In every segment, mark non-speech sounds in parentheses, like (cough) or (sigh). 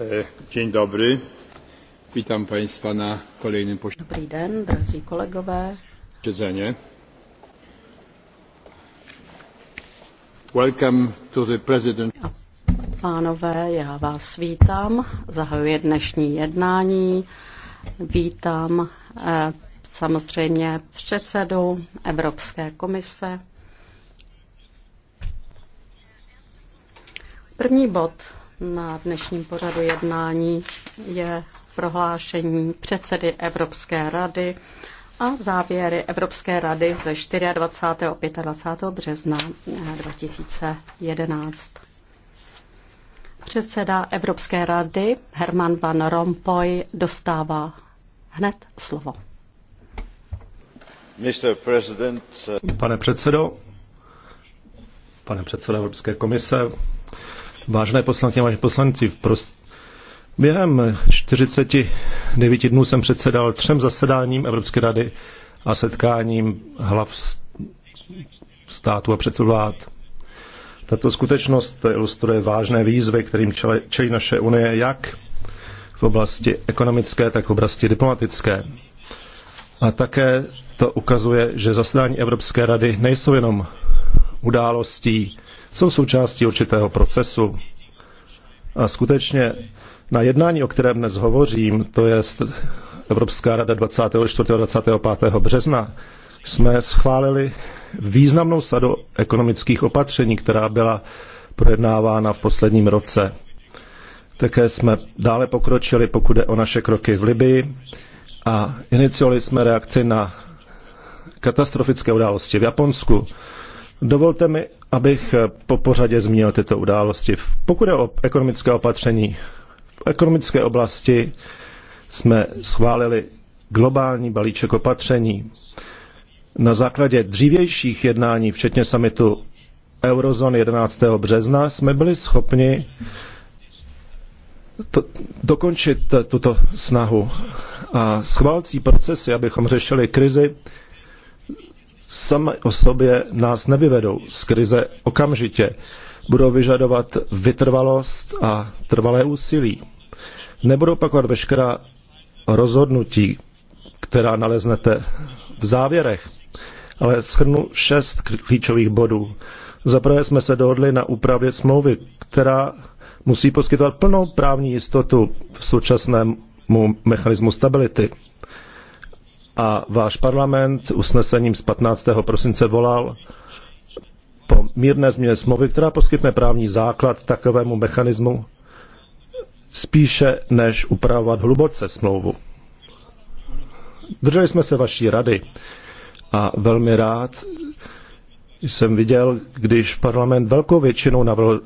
E, dzień dobry. Witam Państwa na kolejnym posiedzeniu. Dobrý den, drazí kolegové. Siedzenie. Welcome to the president. Pánové, já vás vítám. Zahajuji dnešní jednání. Vítám e, samozřejmě předsedu Evropské komise První bod na dnešním pořadu jednání je prohlášení předsedy Evropské rady a závěry Evropské rady ze 24. a 25. března 2011. Předseda Evropské rady Herman Van Rompuy dostává hned slovo. Uh, pane předsedo, pane předsedo Evropské komise, Vážné poslankyně, vážení poslanci, v prost... během 49 dnů jsem předsedal třem zasedáním Evropské rady a setkáním hlav státu a předsedů vlád. Tato skutečnost ilustruje vážné výzvy, kterým čelí naše Unie jak v oblasti ekonomické, tak v oblasti diplomatické. A také to ukazuje, že zasedání Evropské rady nejsou jenom událostí, jsou součástí určitého procesu. A skutečně na jednání, o kterém dnes hovořím, to je Evropská rada 24. a 25. března, jsme schválili významnou sadu ekonomických opatření, která byla projednávána v posledním roce. Také jsme dále pokročili, pokud jde o naše kroky v Libii a iniciovali jsme reakci na katastrofické události v Japonsku. Dovolte mi, abych eh, po pořadě zmínil tyto události. Pokud je o ekonomické opatření, v ekonomické oblasti jsme schválili globální balíček opatření. Na základě dřívějších jednání, včetně samitu Eurozone 11. března, jsme byli schopni to, dokončit tuto snahu. A schválcí procesy, abychom řešili krizi, Samé o sobě nás nevyvedou z krize okamžitě. Budou vyžadovat vytrvalost a trvalé úsilí. Nebudou opakovat veškerá rozhodnutí, která naleznete v závěrech, ale schrnu šest klíčových bodů. Za prvé jsme se dohodli na úpravě smlouvy, která musí poskytovat plnou právní jistotu v současnému mechanismu stability a váš parlament usnesením z 15. prosince volal po mírné změně smlouvy, která poskytne právní základ takovému mechanismu spíše než upravovat hluboce smlouvu. Drželi jsme se vaší rady a velmi rád jsem viděl, když parlament velkou většinou navrhl,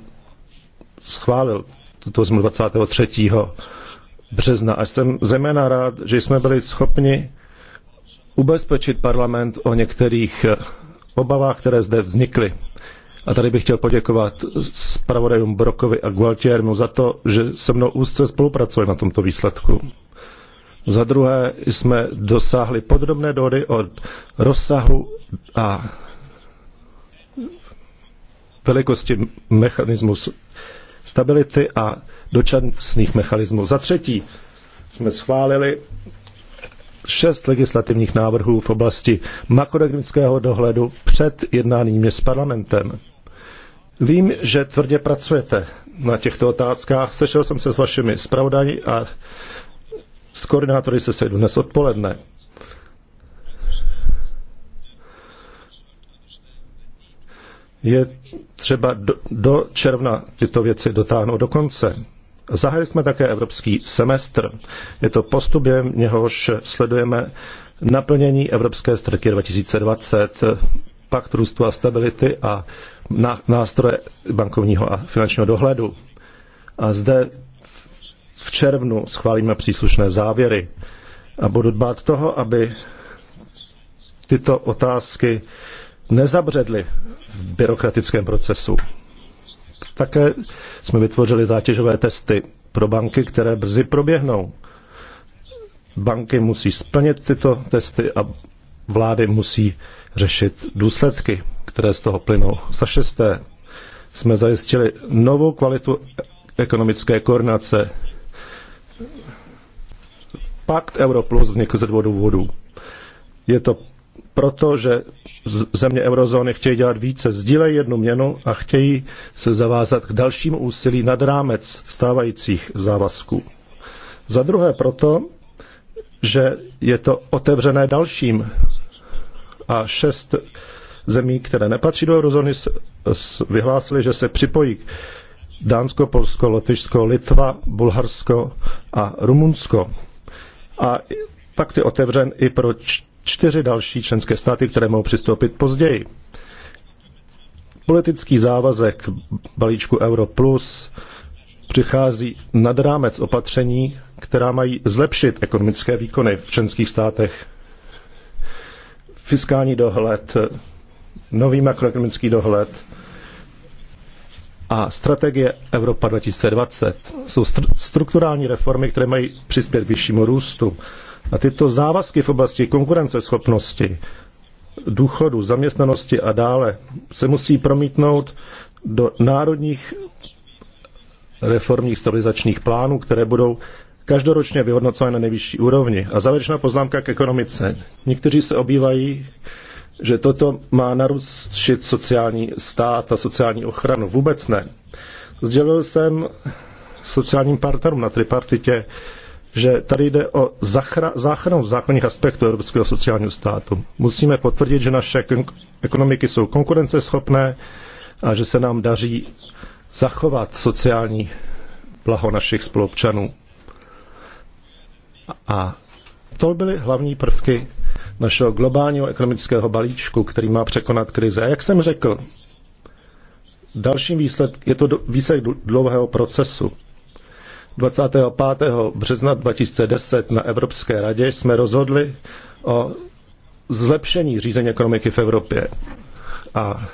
schválil tuto zmluvu 23. března. A jsem zejména rád, že jsme byli schopni ubezpečit parlament o některých eh, obavách, které zde vznikly. A tady bych chtěl poděkovat zpravodajům Brokovi a Gualtiermu za to, že se mnou úzce spolupracuje na tomto výsledku. Za druhé jsme dosáhli podrobné dohody o rozsahu a velikosti mechanismu stability a dočasných mechanismů. Za třetí jsme schválili šest legislativních návrhů v oblasti makroekonomického dohledu před jednáním s parlamentem. Vím, že tvrdě pracujete na těchto otázkách. Sešel jsem se s vašimi zpravodaji a s koordinátory se sejdu dnes odpoledne. Je třeba do, do června tyto věci dotáhnout do konce. Zahájili jsme také evropský semestr. Je to postup, během něhož sledujeme naplnění Evropské strategie 2020, pakt růstu a stability a nástroje bankovního a finančního dohledu. A zde v červnu schválíme příslušné závěry a budu dbát toho, aby tyto otázky nezabředly v byrokratickém procesu. Také jsme vytvořili zátěžové testy pro banky, které brzy proběhnou. Banky musí splnit tyto testy a vlády musí řešit důsledky, které z toho plynou. Za šesté jsme zajistili novou kvalitu ekonomické koordinace. Pakt Euro Plus vznikl ze dvou důvodů. Je to protože země eurozóny chtějí dělat více, sdílejí jednu měnu a chtějí se zavázat k dalšímu úsilí nad rámec stávajících závazků. Za druhé proto, že je to otevřené dalším a šest zemí, které nepatří do eurozóny, vyhlásili, že se připojí Dánsko, Polsko, Lotyšsko, Litva, Bulharsko a Rumunsko. A pak je otevřen i pro čtyři další členské státy, které mohou přistoupit později. Politický závazek balíčku Euro Plus přichází nad rámec opatření, která mají zlepšit ekonomické výkony v členských státech. Fiskální dohled, nový makroekonomický dohled a strategie Evropa 2020 jsou strukturální reformy, které mají přispět vyššímu růstu a tyto závazky v oblasti konkurenceschopnosti, důchodu, zaměstnanosti a dále se musí promítnout do národních reformních stabilizačních plánů, které budou každoročně vyhodnocovány na nejvyšší úrovni. A závěrečná poznámka k ekonomice. Někteří se obývají, že toto má narušit sociální stát a sociální ochranu. Vůbec ne. Sdělil jsem sociálním partnerům na tripartitě, že tady jde o záchranu základních aspektů evropského sociálního státu. Musíme potvrdit, že naše ekonomiky jsou konkurenceschopné a že se nám daří zachovat sociální blaho našich spolupčanů. A to byly hlavní prvky našeho globálního ekonomického balíčku, který má překonat krize. A jak jsem řekl, dalším výsledkem je to výsledek dlouhého procesu. 25. března 2010 na Evropské radě jsme rozhodli o zlepšení řízení ekonomiky v Evropě. A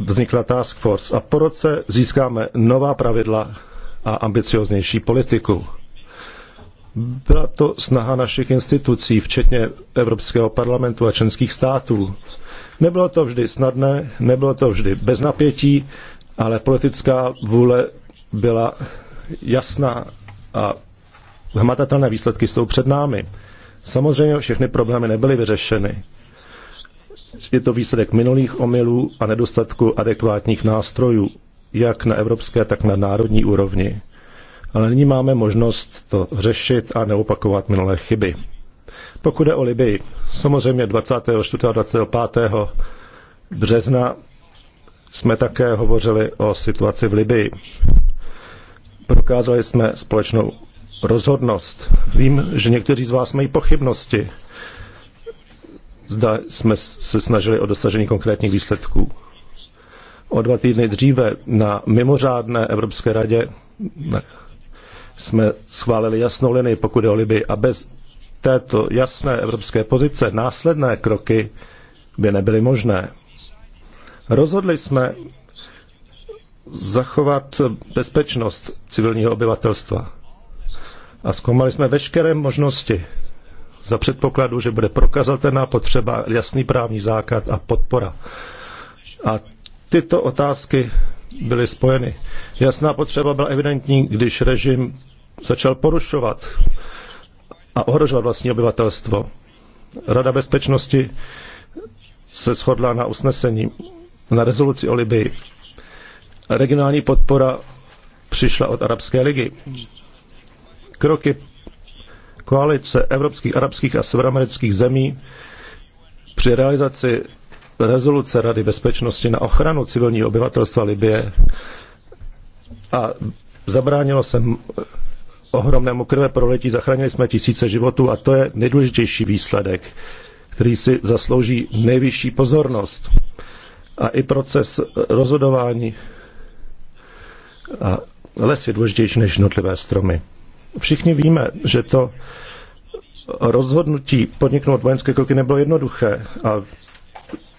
vznikla Task Force a po roce získáme nová pravidla a ambicioznější politiku. Byla to snaha našich institucí, včetně Evropského parlamentu a členských států. Nebylo to vždy snadné, nebylo to vždy bez napětí, ale politická vůle byla jasná a hmatatelné výsledky jsou před námi. Samozřejmě všechny problémy nebyly vyřešeny. Je to výsledek minulých omylů a nedostatku adekvátních nástrojů, jak na evropské, tak na národní úrovni. Ale nyní máme možnost to řešit a neopakovat minulé chyby. Pokud je o Libii, samozřejmě 24. a 25. března jsme také hovořili o situaci v Libii. Prokázali jsme společnou rozhodnost. Vím, že někteří z vás mají pochybnosti. Zda jsme se snažili o dosažení konkrétních výsledků. O dva týdny dříve na mimořádné Evropské radě ne, jsme schválili jasnou linii, pokud je o Libii, a bez této jasné evropské pozice následné kroky by nebyly možné. Rozhodli jsme zachovat bezpečnost civilního obyvatelstva. A zkoumali jsme veškeré možnosti za předpokladu, že bude prokazatelná potřeba, jasný právní základ a podpora. A tyto otázky byly spojeny. Jasná potřeba byla evidentní, když režim začal porušovat a ohrožovat vlastní obyvatelstvo. Rada bezpečnosti se shodla na usnesení, na rezoluci o Libii regionální podpora přišla od Arabské ligy. Kroky koalice evropských, arabských a severoamerických zemí při realizaci rezoluce Rady bezpečnosti na ochranu civilního obyvatelstva Libie a zabránilo se ohromnému krve proletí, zachránili jsme tisíce životů a to je nejdůležitější výsledek, který si zaslouží nejvyšší pozornost. A i proces rozhodování a les je důležitější než jednotlivé stromy. Všichni víme, že to rozhodnutí podniknout vojenské kroky nebylo jednoduché a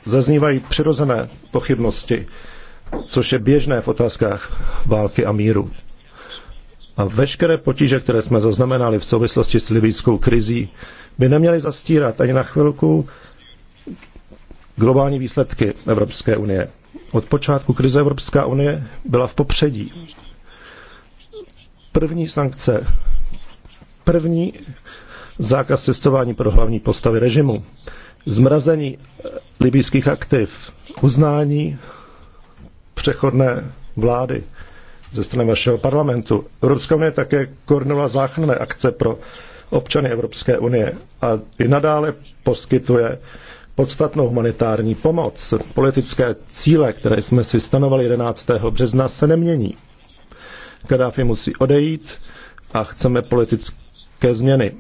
zaznívají přirozené pochybnosti, což je běžné v otázkách války a míru. A veškeré potíže, které jsme zaznamenali v souvislosti s libijskou krizí, by neměly zastírat ani na chvilku globální výsledky Evropské unie. Od počátku krize Evropská unie byla v popředí. První sankce, první zákaz cestování pro hlavní postavy režimu, zmrazení eh, libijských aktiv, uznání přechodné vlády ze strany vašeho parlamentu. Evropská unie také koordinovala záchranné akce pro občany Evropské unie a i nadále poskytuje podstatnou humanitární pomoc. Politické cíle, které jsme si stanovali 11. března, se nemění. Kadáfi musí odejít a chceme politické změny.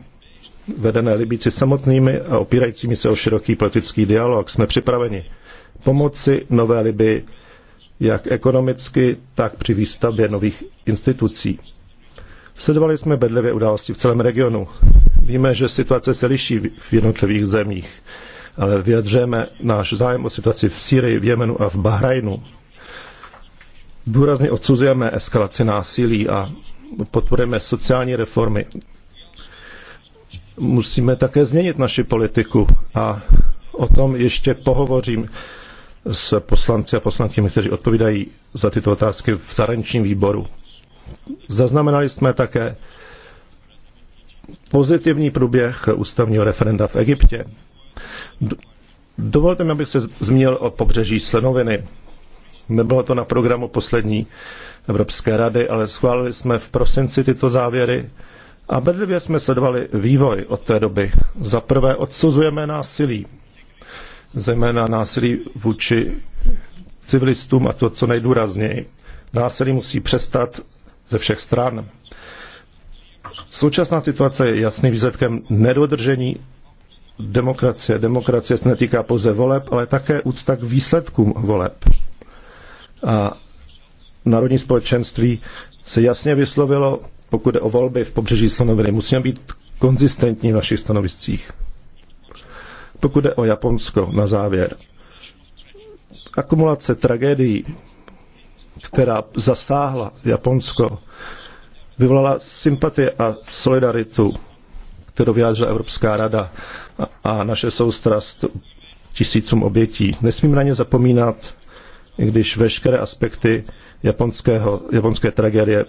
Vedené Libíci samotnými a opírajícími se o široký politický dialog jsme připraveni pomoci nové Liby jak ekonomicky, tak při výstavbě nových institucí. Sledovali jsme bedlivě události v celém regionu. Víme, že situace se liší v jednotlivých zemích ale vyjadřujeme náš zájem o situaci v Sýrii, v Jemenu a v Bahrajnu. Důrazně odsuzujeme eskalaci násilí a podporujeme sociální reformy. Musíme také změnit naši politiku a o tom ještě pohovořím s poslanci a poslankymi, kteří odpovídají za tyto otázky v zahraničním výboru. Zaznamenali jsme také pozitivní průběh ústavního referenda v Egyptě. Dovolte mi, abych se zmínil o pobřeží Slenoviny. Nebylo to na programu poslední Evropské rady, ale schválili jsme v prosinci tyto závěry a bedlivě jsme sledovali vývoj od té doby. Za prvé odsuzujeme násilí, zejména násilí vůči civilistům a to, co nejdůrazněji. Násilí musí přestat ze všech stran. Současná situace je jasným výsledkem nedodržení demokracie. Demokracie se netýká pouze voleb, ale také úcta k výsledkům voleb. A národní společenství se jasně vyslovilo, pokud jde o volby v pobřeží Slonoviny. Musíme být konzistentní v našich stanoviscích. Pokud jde o Japonsko na závěr. Akumulace tragédií, která zasáhla Japonsko, vyvolala sympatie a solidaritu kterou vyjádřila Evropská rada a naše soustrast tisícům obětí. Nesmíme na ně zapomínat, když veškeré aspekty japonského, japonské tragédie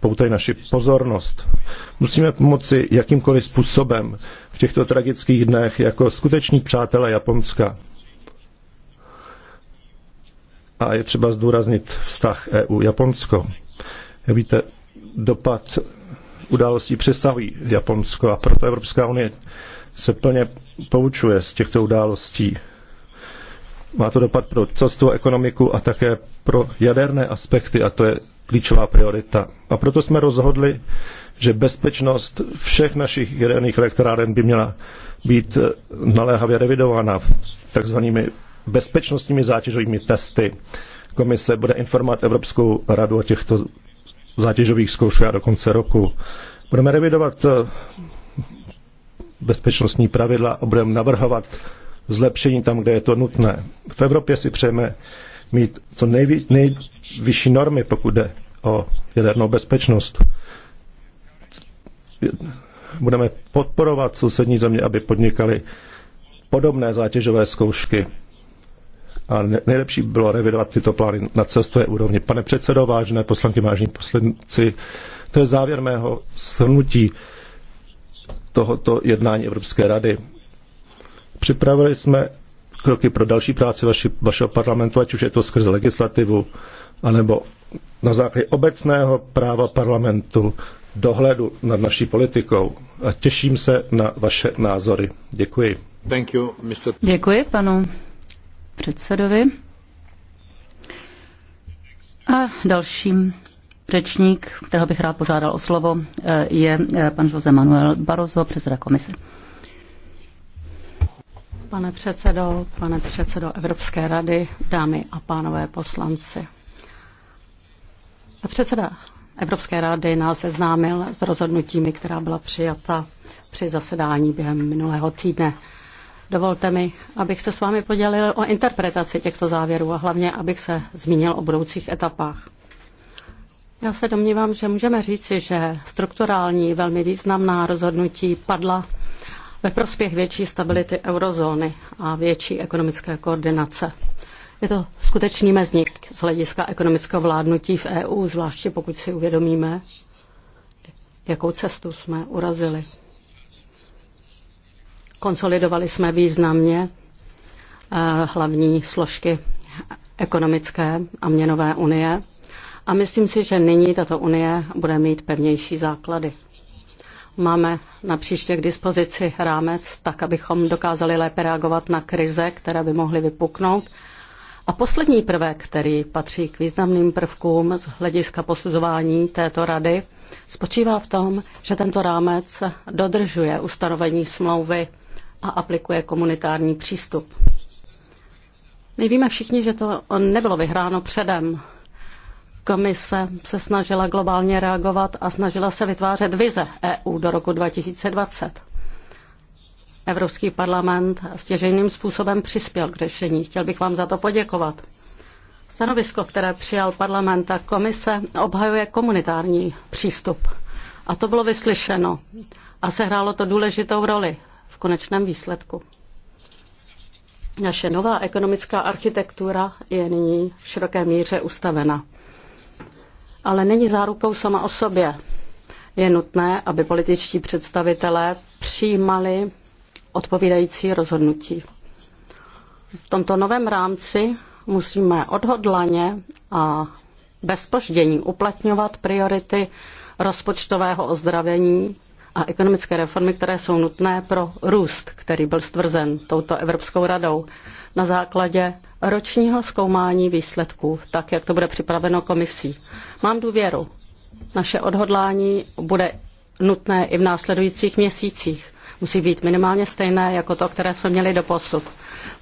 poutají naši pozornost. Musíme pomoci jakýmkoliv způsobem v těchto tragických dnech jako skuteční přátelé Japonska. A je třeba zdůraznit vztah EU-Japonsko. Jak víte, dopad událostí přesahují Japonsko a proto Evropská unie se plně poučuje z těchto událostí. Má to dopad pro celou ekonomiku a také pro jaderné aspekty a to je klíčová priorita. A proto jsme rozhodli, že bezpečnost všech našich jaderných elektráren by měla být eh, naléhavě revidována takzvanými bezpečnostními zátěžovými testy. Komise bude informovat Evropskou radu o těchto zátěžových zkoušek a do konce roku. Budeme revidovat eh, bezpečnostní pravidla a budeme navrhovat zlepšení tam, kde je to nutné. V Evropě si přejeme mít co nejvy, nejvyšší normy, pokud jde o jadernou bezpečnost. Budeme podporovat sousední země, aby podnikali podobné zátěžové zkoušky a nejlepší bylo revidovat tyto plány na celstvé úrovni. Pane předsedo, vážené poslanky, vážení poslanci, to je závěr mého shrnutí tohoto jednání Evropské rady. Připravili jsme kroky pro další práci vaši, vašeho parlamentu, ať už je to skrze legislativu, anebo na základě obecného práva parlamentu dohledu nad naší politikou. A těším se na vaše názory. Děkuji. You, Děkuji panu předsedovi. A dalším řečník, kterého bych rád požádal o slovo, eh, je eh, pan Jose Manuel Barroso, předseda komise. Pane předsedo, pane předsedo Evropské rady, dámy a pánové poslanci. Předseda Evropské rady nás seznámil s rozhodnutími, která byla přijata při zasedání během minulého týdne. Dovolte mi, abych se s vámi podělil o interpretaci těchto závěrů a hlavně, abych se zmínil o budoucích etapách. Já se domnívám, že můžeme říci, že strukturální velmi významná rozhodnutí padla ve prospěch větší stability eurozóny a větší ekonomické koordinace. Je to skutečný mezník z hlediska ekonomického vládnutí v EU, zvláště pokud si uvědomíme, jakou cestu jsme urazili. Konsolidovali jsme významně eh, hlavní složky ekonomické a měnové unie a myslím si, že nyní tato unie bude mít pevnější základy. Máme na příště k dispozici rámec, tak abychom dokázali lépe reagovat na krize, které by mohly vypuknout. A poslední prvek, který patří k významným prvkům z hlediska posuzování této rady, spočívá v tom, že tento rámec dodržuje ustanovení smlouvy a aplikuje komunitární přístup. My víme všichni, že to nebylo vyhráno předem. Komise se snažila globálně reagovat a snažila se vytvářet vize EU do roku 2020. Evropský parlament stěžejným způsobem přispěl k řešení. Chtěl bych vám za to poděkovat. Stanovisko, které přijal parlament a komise, obhajuje komunitární přístup. A to bylo vyslyšeno. A sehrálo to důležitou roli v konečném výsledku. Naše nová ekonomická architektura je nyní v široké míře ustavena. Ale není zárukou sama o sobě. Je nutné, aby političtí představitelé přijímali odpovídající rozhodnutí. V tomto novém rámci musíme odhodlaně a bez poždění uplatňovat priority rozpočtového ozdravení a ekonomické reformy, které jsou nutné pro růst, který byl stvrzen touto Evropskou radou na základě ročního zkoumání výsledků, tak jak to bude připraveno komisí. Mám důvěru. Naše odhodlání bude nutné i v následujících měsících. Musí být minimálně stejné jako to, které jsme měli do posud.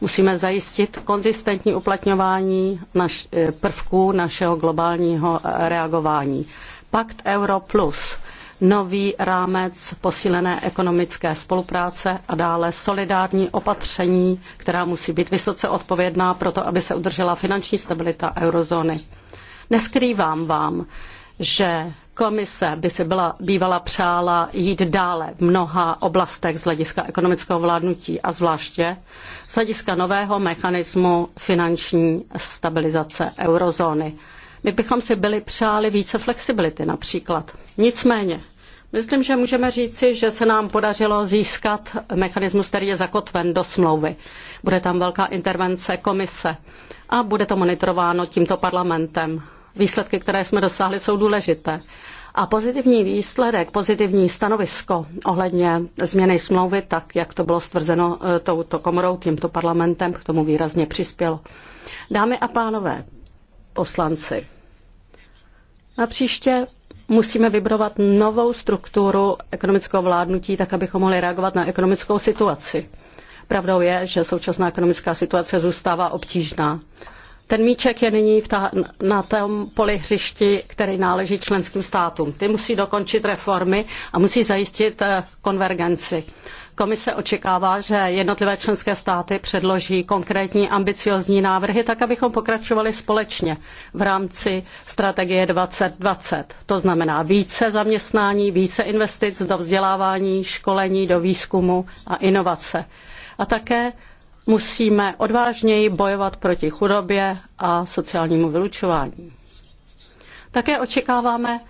Musíme zajistit konzistentní uplatňování naš, eh, prvků našeho globálního eh, reagování. Pakt Euro Plus nový rámec posílené ekonomické spolupráce a dále solidární opatření, která musí být vysoce odpovědná pro to, aby se udržela finanční stabilita eurozóny. Neskrývám vám, že komise by si byla, bývala přála jít dále v mnoha oblastech z hlediska ekonomického vládnutí a zvláště z hlediska nového mechanismu finanční stabilizace eurozóny. My bychom si byli přáli více flexibility například. Nicméně, myslím, že můžeme říci, že se nám podařilo získat mechanismus, který je zakotven do smlouvy. Bude tam velká intervence komise a bude to monitorováno tímto parlamentem. Výsledky, které jsme dosáhli, jsou důležité. A pozitivní výsledek, pozitivní stanovisko ohledně změny smlouvy, tak jak to bylo stvrzeno e, touto komorou, tímto parlamentem, k tomu výrazně přispělo. Dámy a pánové, poslanci, na příště musíme vybrovat novou strukturu ekonomického vládnutí, tak abychom mohli reagovat na ekonomickou situaci. Pravdou je, že současná ekonomická situace zůstává obtížná. Ten míček je nyní ta, na tom poli hřišti, který náleží členským státům. Ty musí dokončit reformy a musí zajistit eh, konvergenci. Komise očekává, že jednotlivé členské státy předloží konkrétní ambiciozní návrhy, tak abychom pokračovali společně v rámci strategie 2020. To znamená více zaměstnání, více investic do vzdělávání, školení, do výzkumu a inovace. A také Musíme odvážněji bojovat proti chudobě a sociálnímu vylučování. Také očekáváme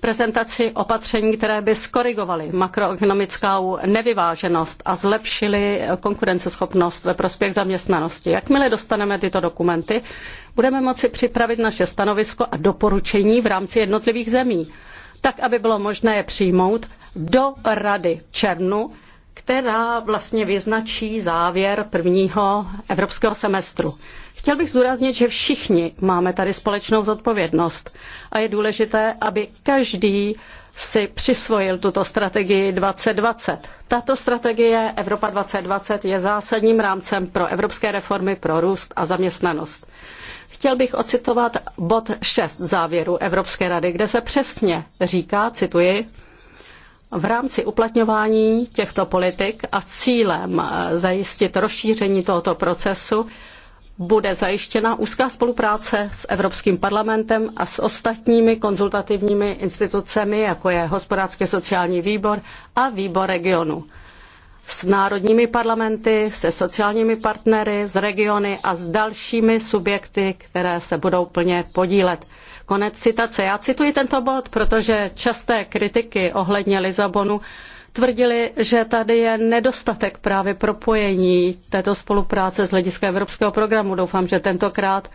prezentaci opatření, které by skorigovaly makroekonomickou nevyváženost a zlepšily konkurenceschopnost ve prospěch zaměstnanosti. Jakmile dostaneme tyto dokumenty, budeme moci připravit naše stanovisko a doporučení v rámci jednotlivých zemí, tak aby bylo možné je přijmout do rady v červnu která vlastně vyznačí závěr prvního evropského semestru. Chtěl bych zdůraznit, že všichni máme tady společnou zodpovědnost a je důležité, aby každý si přisvojil tuto strategii 2020. Tato strategie Evropa 2020 je zásadním rámcem pro evropské reformy pro růst a zaměstnanost. Chtěl bych ocitovat bod 6 závěru Evropské rady, kde se přesně říká, cituji, v rámci uplatňování těchto politik a cílem eh, zajistit rozšíření tohoto procesu bude zajištěna úzká spolupráce s Evropským parlamentem a s ostatními konzultativními institucemi, jako je hospodářský sociální výbor a výbor regionu. S národními parlamenty, se sociálními partnery, s regiony a s dalšími subjekty, které se budou plně podílet. Konec citace. Já cituji tento bod, protože časté kritiky ohledně Lisabonu tvrdili, že tady je nedostatek právě propojení této spolupráce z hlediska evropského programu. Doufám, že tentokrát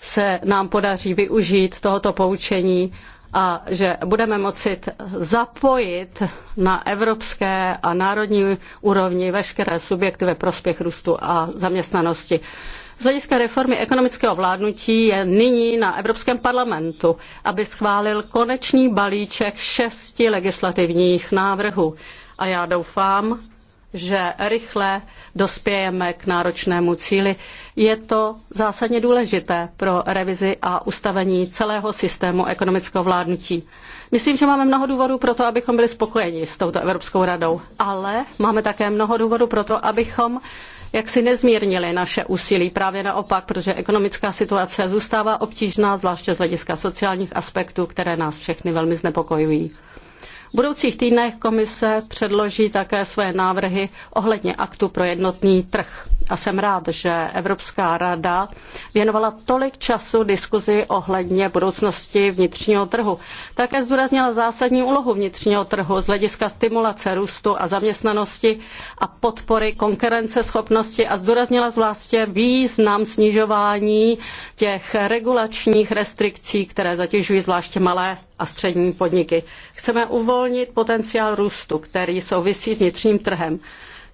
se nám podaří využít tohoto poučení a že budeme moci zapojit na evropské a národní úrovni veškeré subjekty ve prospěch růstu a zaměstnanosti. Z hlediska reformy ekonomického vládnutí je nyní na Evropském parlamentu, aby schválil konečný balíček šesti legislativních návrhů. A já doufám, že rychle dospějeme k náročnému cíli. Je to zásadně důležité pro revizi a ustavení celého systému ekonomického vládnutí. Myslím, že máme mnoho důvodů pro to, abychom byli spokojeni s touto Evropskou radou, ale máme také mnoho důvodů pro to, abychom jak si nezmírnili naše úsilí. Právě naopak, protože ekonomická situace zůstává obtížná, zvláště z hlediska sociálních aspektů, které nás všechny velmi znepokojují. V budoucích týdnech komise předloží také své návrhy ohledně aktu pro jednotný trh. A jsem rád, že Evropská rada věnovala tolik času diskuzi ohledně budoucnosti vnitřního trhu. Také zdůraznila zásadní úlohu vnitřního trhu z hlediska stimulace růstu a zaměstnanosti a podpory konkurenceschopnosti a zdůraznila zvláště význam snižování těch regulačních restrikcí, které zatěžují zvláště malé a střední podniky. Chceme uvolnit potenciál růstu, který souvisí s vnitřním trhem.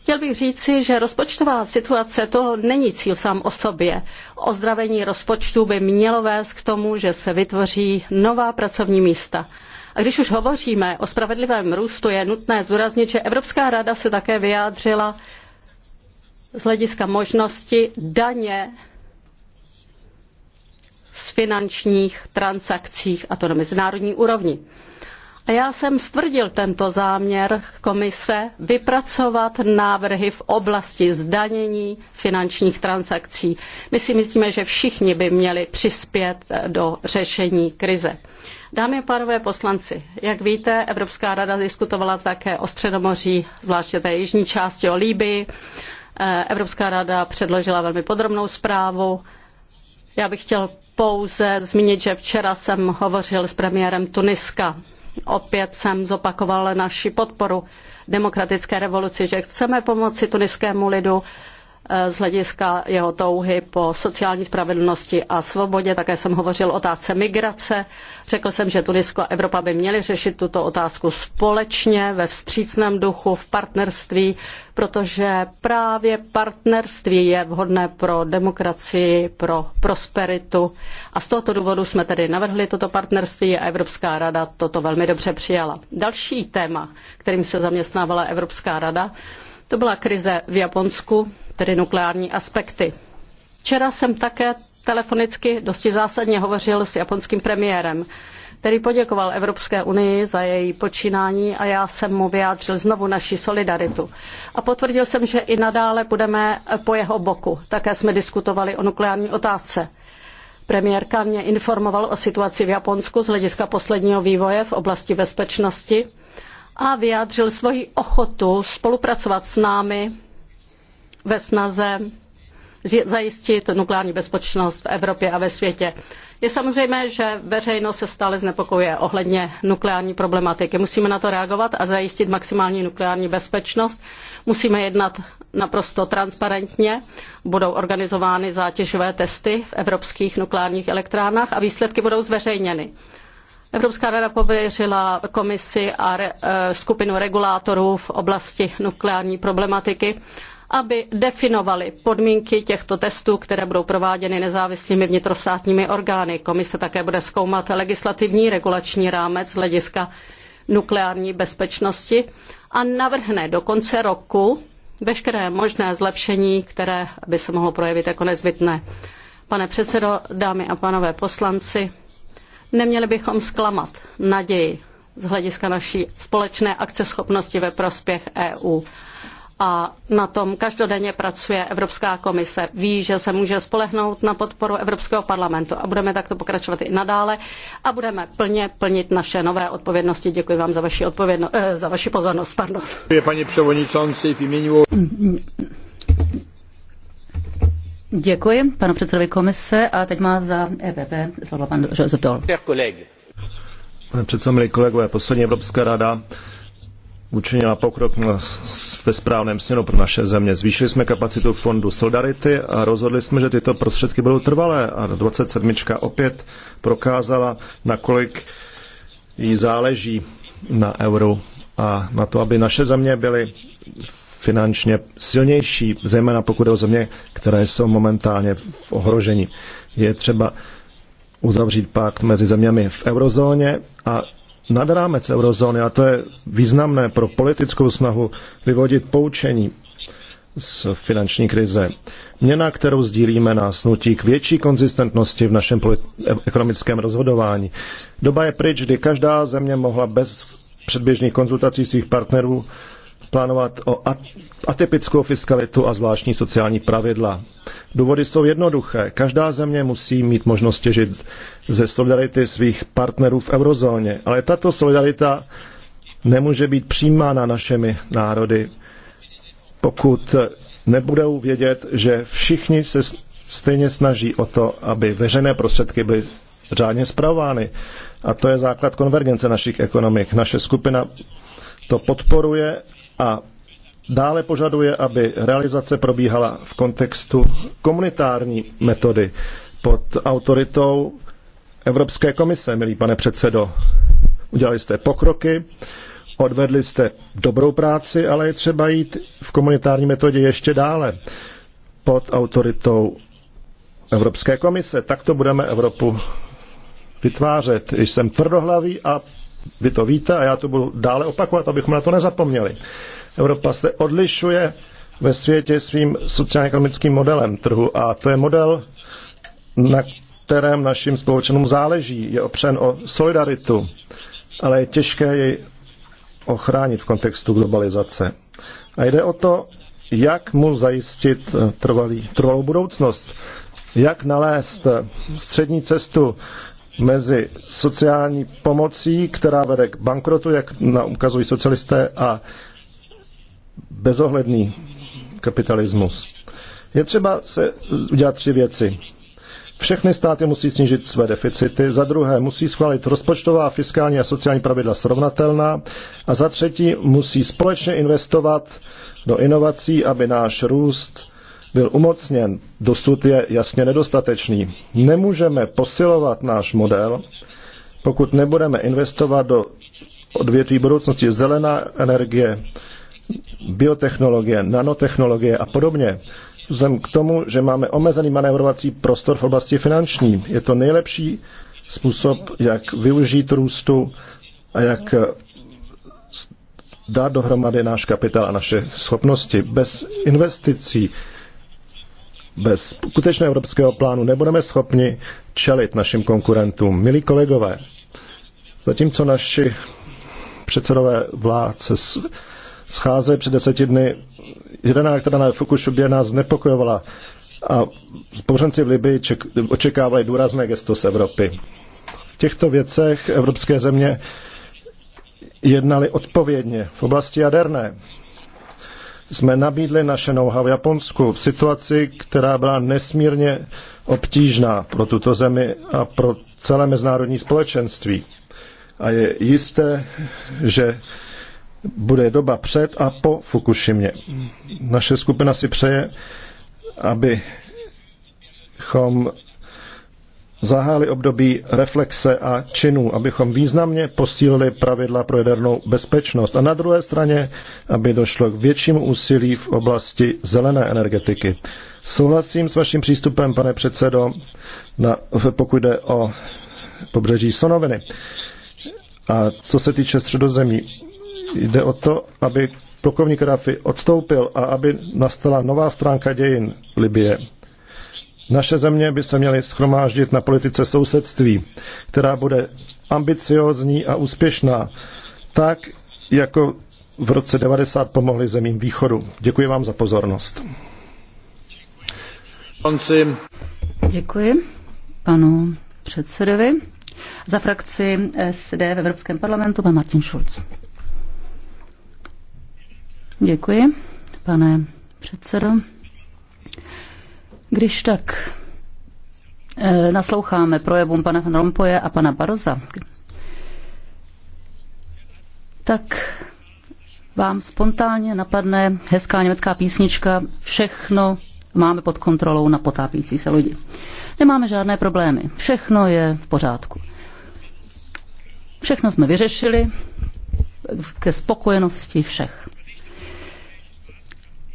Chtěl bych říci, že rozpočtová situace to není cíl sám o sobě. Ozdravení rozpočtu by mělo vést k tomu, že se vytvoří nová pracovní místa. A když už hovoříme o spravedlivém růstu, je nutné zdůraznit, že Evropská rada se také vyjádřila z hlediska možnosti daně z finančních transakcích, a to na mezinárodní úrovni. A já jsem stvrdil tento záměr komise vypracovat návrhy v oblasti zdanění finančních transakcí. My si myslíme, že všichni by měli přispět do řešení krize. Dámy a pánové poslanci, jak víte, Evropská rada diskutovala také o Středomoří, zvláště té jižní části o Líbii. Evropská rada předložila velmi podrobnou zprávu. Já bych chtěl pouze zmínit, že včera jsem hovořil s premiérem Tuniska. Opět jsem zopakoval naši podporu demokratické revoluci, že chceme pomoci tuniskému lidu Eh, z hlediska jeho touhy po sociální spravedlnosti a svobodě. Také jsem hovořil o otázce migrace. Řekl jsem, že Tunisko a Evropa by měly řešit tuto otázku společně, ve vstřícném duchu, v partnerství, protože právě partnerství je vhodné pro demokracii, pro prosperitu. A z tohoto důvodu jsme tedy navrhli toto partnerství a Evropská rada toto velmi dobře přijala. Další téma, kterým se zaměstnávala Evropská rada, to byla krize v Japonsku, tedy nukleární aspekty. Včera jsem také telefonicky dosti zásadně hovořil s japonským premiérem, který poděkoval Evropské unii za její počínání a já jsem mu vyjádřil znovu naši solidaritu. A potvrdil jsem, že i nadále budeme po jeho boku. Také jsme diskutovali o nukleární otázce. Premiérka mě informoval o situaci v Japonsku z hlediska posledního vývoje v oblasti bezpečnosti a vyjádřil svoji ochotu spolupracovat s námi ve snaze zajistit nukleární bezpečnost v Evropě a ve světě. Je samozřejmé, že veřejnost se stále znepokojuje ohledně nukleární problematiky. Musíme na to reagovat a zajistit maximální nukleární bezpečnost. Musíme jednat naprosto transparentně. Budou organizovány zátěžové testy v evropských nukleárních elektrárnách a výsledky budou zveřejněny. Evropská rada pověřila komisi a re, e, skupinu regulátorů v oblasti nukleární problematiky, aby definovali podmínky těchto testů, které budou prováděny nezávislými vnitrostátními orgány. Komise také bude zkoumat legislativní regulační rámec hlediska nukleární bezpečnosti a navrhne do konce roku veškeré možné zlepšení, které by se mohlo projevit jako nezbytné. Pane předsedo, dámy a pánové poslanci, Neměli bychom zklamat naději z hlediska naší společné akceschopnosti ve prospěch EU. A na tom každodenně pracuje Evropská komise. Ví, že se může spolehnout na podporu Evropského parlamentu a budeme takto pokračovat i nadále a budeme plně plnit naše nové odpovědnosti. Děkuji vám za vaši, odpovědno, eh, za vaši pozornost. Pardon. Děkuji, paní V Děkuji panu předsedovi komise a teď má za EPP slovo pan Josef Dol. Pane předsedo, milí kolegové, poslední Evropská rada učinila pokrok ve správném směru pro naše země. Zvýšili jsme kapacitu fondu Solidarity a rozhodli jsme, že tyto prostředky budou trvalé a 27. opět prokázala, nakolik jí záleží na euro a na to, aby naše země byly v finančně silnější, zejména pokud je o země, které jsou momentálně v ohrožení. Je třeba uzavřít pakt mezi zeměmi v eurozóně a nad rámec eurozóny, a to je významné pro politickou snahu vyvodit poučení z finanční krize. Měna, kterou sdílíme, nás nutí k větší konzistentnosti v našem ekonomickém rozhodování. Doba je pryč, kdy každá země mohla bez předběžných konzultací svých partnerů plánovat o atypickou fiskalitu a zvláštní sociální pravidla. Důvody jsou jednoduché. Každá země musí mít možnost těžit ze solidarity svých partnerů v eurozóně, ale tato solidarita nemůže být přijímána našemi národy, pokud nebudou vědět, že všichni se stejně snaží o to, aby veřejné prostředky byly řádně zpravovány. A to je základ konvergence našich ekonomik. Naše skupina to podporuje a dále požaduje, aby realizace probíhala v kontextu komunitární metody pod autoritou Evropské komise, milý pane předsedo. Udělali jste pokroky, odvedli jste dobrou práci, ale je třeba jít v komunitární metodě ještě dále pod autoritou Evropské komise. Tak to budeme Evropu vytvářet. Jsem tvrdohlavý a vy to víte a já to budu dále opakovat, abychom na to nezapomněli. Evropa se odlišuje ve světě svým sociálně-ekonomickým modelem trhu a to je model, na kterém našim společenům záleží. Je opřen o solidaritu, ale je těžké jej ochránit v kontextu globalizace. A jde o to, jak mu zajistit eh, trvalý, trvalou budoucnost, jak nalézt eh, střední cestu mezi sociální pomocí, která vede k bankrotu, jak nám ukazují socialisté, a bezohledný kapitalismus. Je třeba se udělat tři věci. Všechny státy musí snížit své deficity, za druhé musí schválit rozpočtová, fiskální a sociální pravidla srovnatelná a za třetí musí společně investovat do inovací, aby náš růst byl umocněn, dosud je jasně nedostatečný. Nemůžeme posilovat náš model, pokud nebudeme investovat do odvětví budoucnosti zelená energie, biotechnologie, nanotechnologie a podobně. Vzhledem k tomu, že máme omezený manévrovací prostor v oblasti finanční, je to nejlepší způsob, jak využít růstu a jak dát dohromady náš kapitál a naše schopnosti. Bez investicí bez skutečného evropského plánu nebudeme schopni čelit našim konkurentům. Milí kolegové, zatímco naši předsedové vlád se scházeli před deseti dny, jedená, která na Fukushubě nás znepokojovala a zbořenci v Libii ček, očekávali důrazné gesto z Evropy. V těchto věcech evropské země jednali odpovědně v oblasti jaderné jsme nabídli naše know-how v Japonsku v situaci, která byla nesmírně obtížná pro tuto zemi a pro celé mezinárodní společenství. A je jisté, že bude doba před a po Fukushimě. Naše skupina si přeje, abychom zahájili období reflexe a činů, abychom významně posílili pravidla pro jadernou bezpečnost a na druhé straně, aby došlo k většímu úsilí v oblasti zelené energetiky. Souhlasím s vaším přístupem, pane předsedo, na, pokud jde o pobřeží Sonoviny. A co se týče středozemí, jde o to, aby plukovník Rafi odstoupil a aby nastala nová stránka dějin Libie naše země by se měly schromáždit na politice sousedství, která bude ambiciózní a úspěšná, tak jako v roce 90 pomohli zemím východu. Děkuji vám za pozornost. Děkuji panu předsedovi. Za frakci SD v Evropském parlamentu pan Martin Schulz. Děkuji, pane předsedo. Když tak eh, nasloucháme projevům pana Van a pana Baroza, tak vám spontánně napadne hezká německá písnička Všechno máme pod kontrolou na potápící se lodi. Nemáme žádné problémy. Všechno je v pořádku. Všechno jsme vyřešili ke spokojenosti všech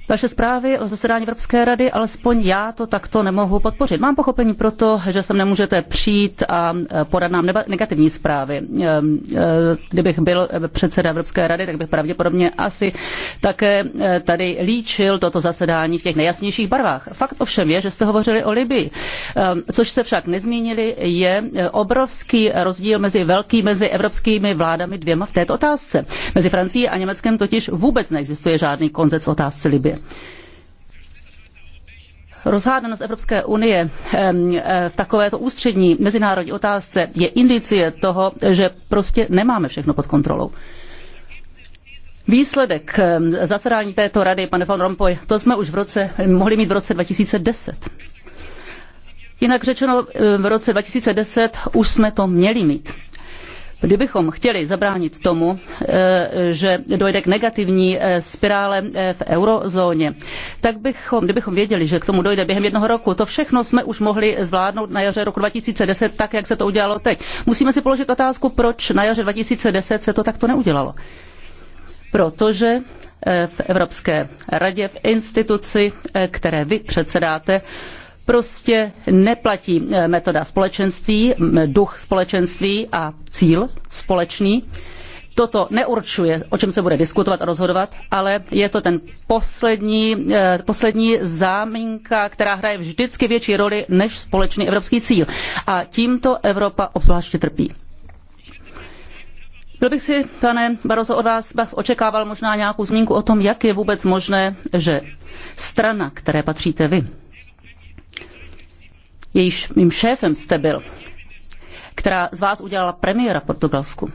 vaše zprávy o zasedání Evropské rady, alespoň já to takto nemohu podpořit. Mám pochopení proto, že sem nemůžete přijít a e, podat nám negativní zprávy. E, e, kdybych byl předseda Evropské rady, tak bych pravděpodobně asi také tady líčil toto zasedání v těch nejasnějších barvách. Fakt ovšem je, že jste hovořili o Libii. Což se však nezmínili, je obrovský rozdíl mezi velkými, mezi evropskými vládami dvěma v této otázce. Mezi Francií a Německem totiž vůbec neexistuje žádný konzec v otázce Libie. Evropě. Rozhádanost Evropské unie e, v takovéto ústřední mezinárodní otázce je indicie toho, že prostě nemáme všechno pod kontrolou. Výsledek zasedání této rady, pane von Rompuy, to jsme už v roce, mohli mít v roce 2010. Jinak řečeno, v roce 2010 už jsme to měli mít. Kdybychom chtěli zabránit tomu, eh, že dojde k negativní eh, spirále eh, v eurozóně, tak bychom, kdybychom věděli, že k tomu dojde během jednoho roku, to všechno jsme už mohli zvládnout na jaře roku 2010 tak, jak se to udělalo teď. Musíme si položit otázku, proč na jaře 2010 se to takto neudělalo. Protože v Evropské radě, v instituci, které vy předsedáte, prostě neplatí eh, metoda společenství, duch společenství a cíl společný. Toto neurčuje, o čem se bude diskutovat a rozhodovat, ale je to ten poslední, eh, poslední záminka, která hraje vždycky větší roli než společný evropský cíl. A tímto Evropa obzvláště trpí. Byl bych si, pane Barozo, od vás očekával možná nějakou zmínku o tom, jak je vůbec možné, že strana, které patříte vy, jejíž mým šéfem jste byl, která z vás udělala premiéra v Portugalsku.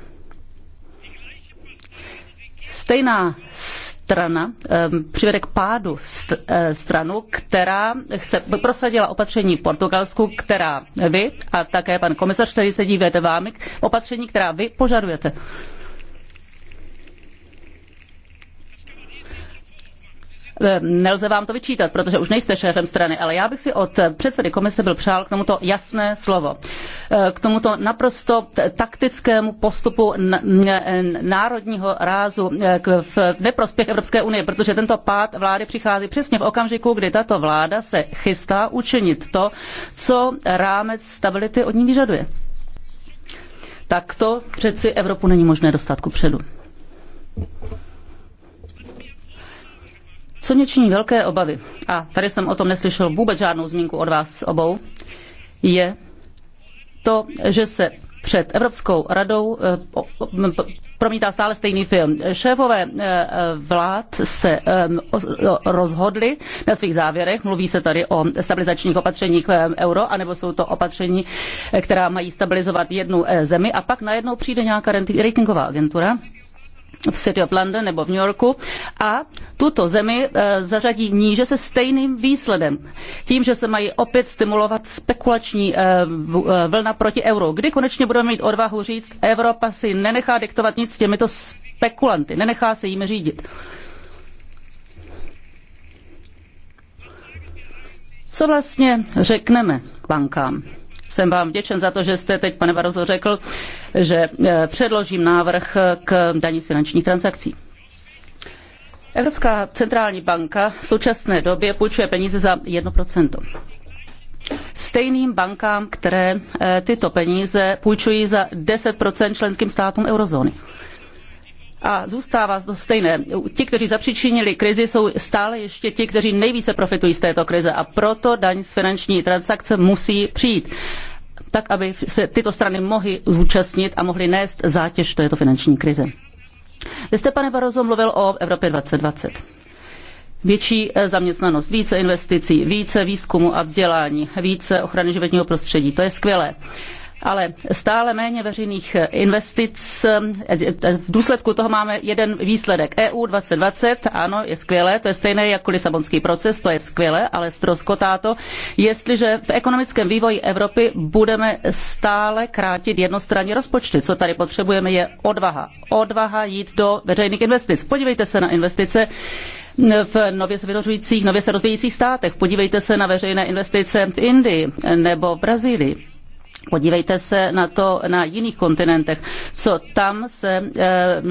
Stejná strana přivede k pádu e, stranu, která chce, prosadila opatření v Portugalsku, která vy a také pan komisař, který sedí vedle vámi, opatření, která vy požadujete. Eh, nelze vám to vyčítat, protože už nejste šéfem strany, ale já bych si od předsedy komise byl přál k tomuto jasné slovo. Eh, k tomuto naprosto taktickému postupu národního rázu eh, v neprospěch Evropské unie, protože tento pád vlády přichází přesně v okamžiku, kdy tato vláda se chystá učinit to, co rámec stability od ní vyžaduje. Tak to přeci Evropu není možné dostat ku předu. Co mě činí velké obavy, a tady jsem o tom neslyšel vůbec žádnou zmínku od vás obou, je to, že se před Evropskou radou eh, promítá stále stejný film. Šéfové eh, vlád se eh, rozhodli na svých závěrech, mluví se tady o stabilizačních opatřeních euro, anebo jsou to opatření, která mají stabilizovat jednu zemi a pak najednou přijde nějaká ratingová agentura v City of London nebo v New Yorku a tuto zemi eh, zařadí níže se stejným výsledem. Tím, že se mají opět stimulovat spekulační eh, eh, vlna proti euro. Kdy konečně budeme mít odvahu říct, Evropa si nenechá diktovat nic těmito spekulanty, nenechá se jimi řídit. Co vlastně řekneme bankám? Jsem vám vděčen za to, že jste teď, pane Barozo, řekl, že eh, předložím návrh k daní z finančních transakcí. Evropská centrální banka v současné době půjčuje peníze za 1%. Stejným bankám, které eh, tyto peníze půjčují za 10% členským státům eurozóny a zůstává to stejné. Ti, kteří zapříčinili krizi, jsou stále ještě ti, kteří nejvíce profitují z této krize a proto daň z finanční transakce musí přijít tak, aby se tyto strany mohly zúčastnit a mohly nést zátěž této finanční krize. Vy jste, pane Barozo, mluvil o Evropě 2020 větší eh, zaměstnanost, více investicí, více výzkumu a vzdělání, více ochrany životního prostředí. To je skvělé ale stále méně veřejných investic. Eh, v důsledku toho máme jeden výsledek. EU 2020, ano, je skvělé, to je stejné jako Lisabonský proces, to je skvělé, ale stroskotá to, jestliže v ekonomickém vývoji Evropy budeme stále krátit jednostranně rozpočty. Co tady potřebujeme je odvaha. Odvaha jít do veřejných investic. Podívejte se na investice, v nově se vynořujících, nově se rozvíjících státech. Podívejte se na veřejné investice v Indii nebo v Brazílii. Podívejte se na to na jiných kontinentech, co tam se eh,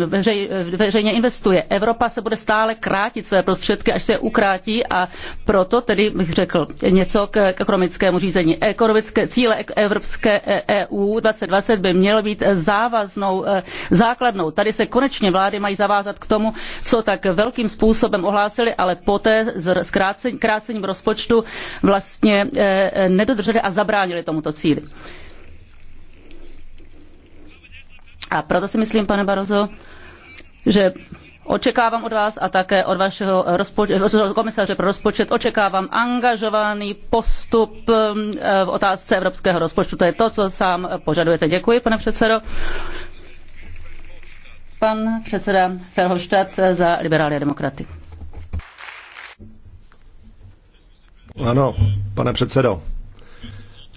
veřejně investuje. Evropa se bude stále krátit své prostředky, až se je ukrátí a proto tedy bych řekl něco k ekonomickému řízení. Ekonomické cíle Evropské EU eh, e 2020 by měly být závaznou eh, základnou. Tady se konečně vlády mají zavázat k tomu, co tak velkým způsobem ohlásili, ale poté s krácením rozpočtu vlastně nedodrželi a zabránili tomuto cíli. A proto si myslím, pane Barozo, že Očekávám od vás a také od vašeho rozpoč- komisaře pro rozpočet, očekávám angažovaný postup um, v otázce evropského rozpočtu. To je to, co sám požadujete. Děkuji, pane předsedo. Pan předseda Ferhofstadt za liberály a demokraty. Ano, pane předsedo.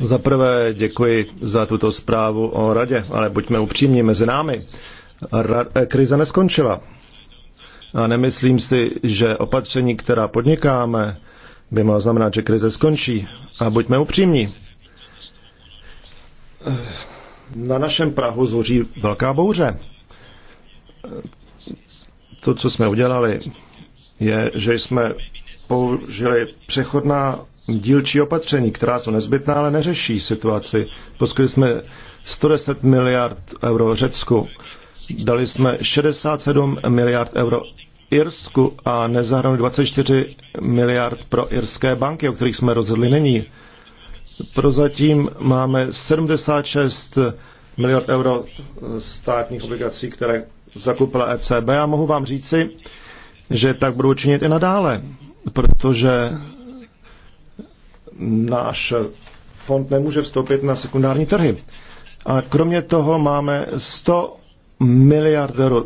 Za prvé děkuji za tuto zprávu o radě, ale buďme upřímní mezi námi. Ra- eh, krize neskončila. A nemyslím si, že opatření, která podnikáme, by mohlo znamenat, že krize skončí. A buďme upřímní. Na našem Prahu zhoří velká bouře. To, co jsme udělali, je, že jsme použili přechodná dílčí opatření, která jsou nezbytná, ale neřeší situaci. Poskytli jsme 110 miliard euro Řecku, dali jsme 67 miliard euro Irsku a nezahrnuli 24 miliard pro irské banky, o kterých jsme rozhodli nyní. Prozatím máme 76 miliard euro státních obligací, které zakoupila ECB a mohu vám říci, že tak budou činit i nadále, protože náš fond nemůže vstoupit na sekundární trhy. A kromě toho máme 100 miliard euro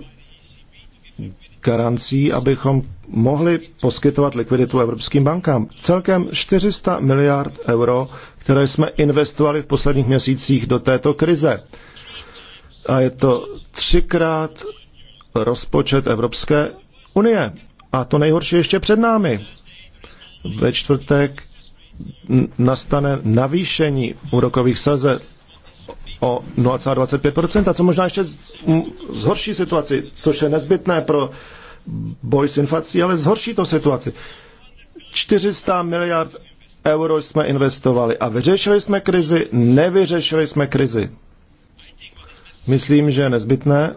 garancí, abychom mohli poskytovat likviditu evropským bankám. Celkem 400 miliard euro, které jsme investovali v posledních měsících do této krize. A je to třikrát rozpočet Evropské unie. A to nejhorší ještě před námi. Ve čtvrtek nastane navýšení úrokových sazeb o 0,25%, co možná ještě zhorší situaci, což je nezbytné pro boj s inflací, ale zhorší to situaci. 400 miliard euro jsme investovali a vyřešili jsme krizi, nevyřešili jsme krizi. Myslím, že je nezbytné,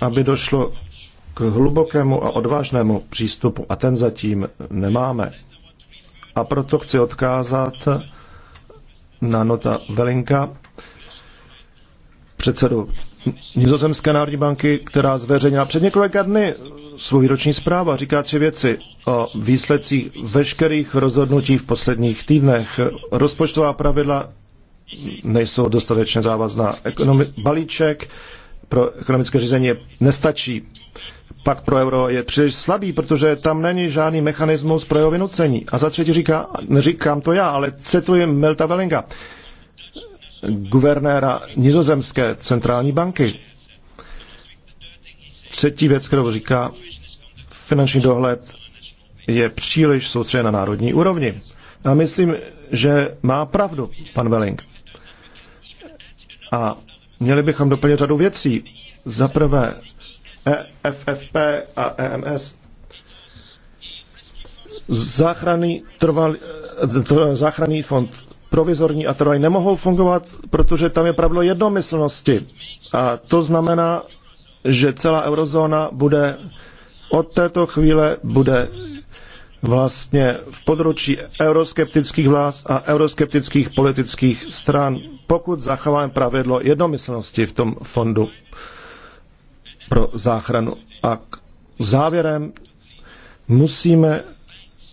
aby došlo k hlubokému a odvážnému přístupu a ten zatím nemáme. A proto chci odkázat na nota Velinka, předsedu Nizozemské národní banky, která zveřejnila před několika dny svou výroční zprávu a říká tři věci o výsledcích veškerých rozhodnutí v posledních týdnech. Rozpočtová pravidla nejsou dostatečně závazná. Ekonomi- balíček pro ekonomické řízení nestačí pakt pro euro je příliš slabý, protože tam není žádný mechanismus pro jeho vynucení. A za třetí říká, neříkám to já, ale cituji Melta Wellinga, guvernéra nizozemské centrální banky. Třetí věc, kterou říká, finanční dohled je příliš soustředěn na národní úrovni. A myslím, že má pravdu pan Welling. A měli bychom doplnit řadu věcí. Za prvé, E FFP a EMS. Záchranný, trval, e, e, záchranný fond provizorní a trvalý nemohou fungovat, protože tam je pravidlo jednomyslnosti. A to znamená, že celá eurozóna bude od této chvíle bude vlastně v područí euroskeptických vlás a euroskeptických politických stran, pokud zachováme pravidlo jednomyslnosti v tom fondu pro záchranu. A závěrem musíme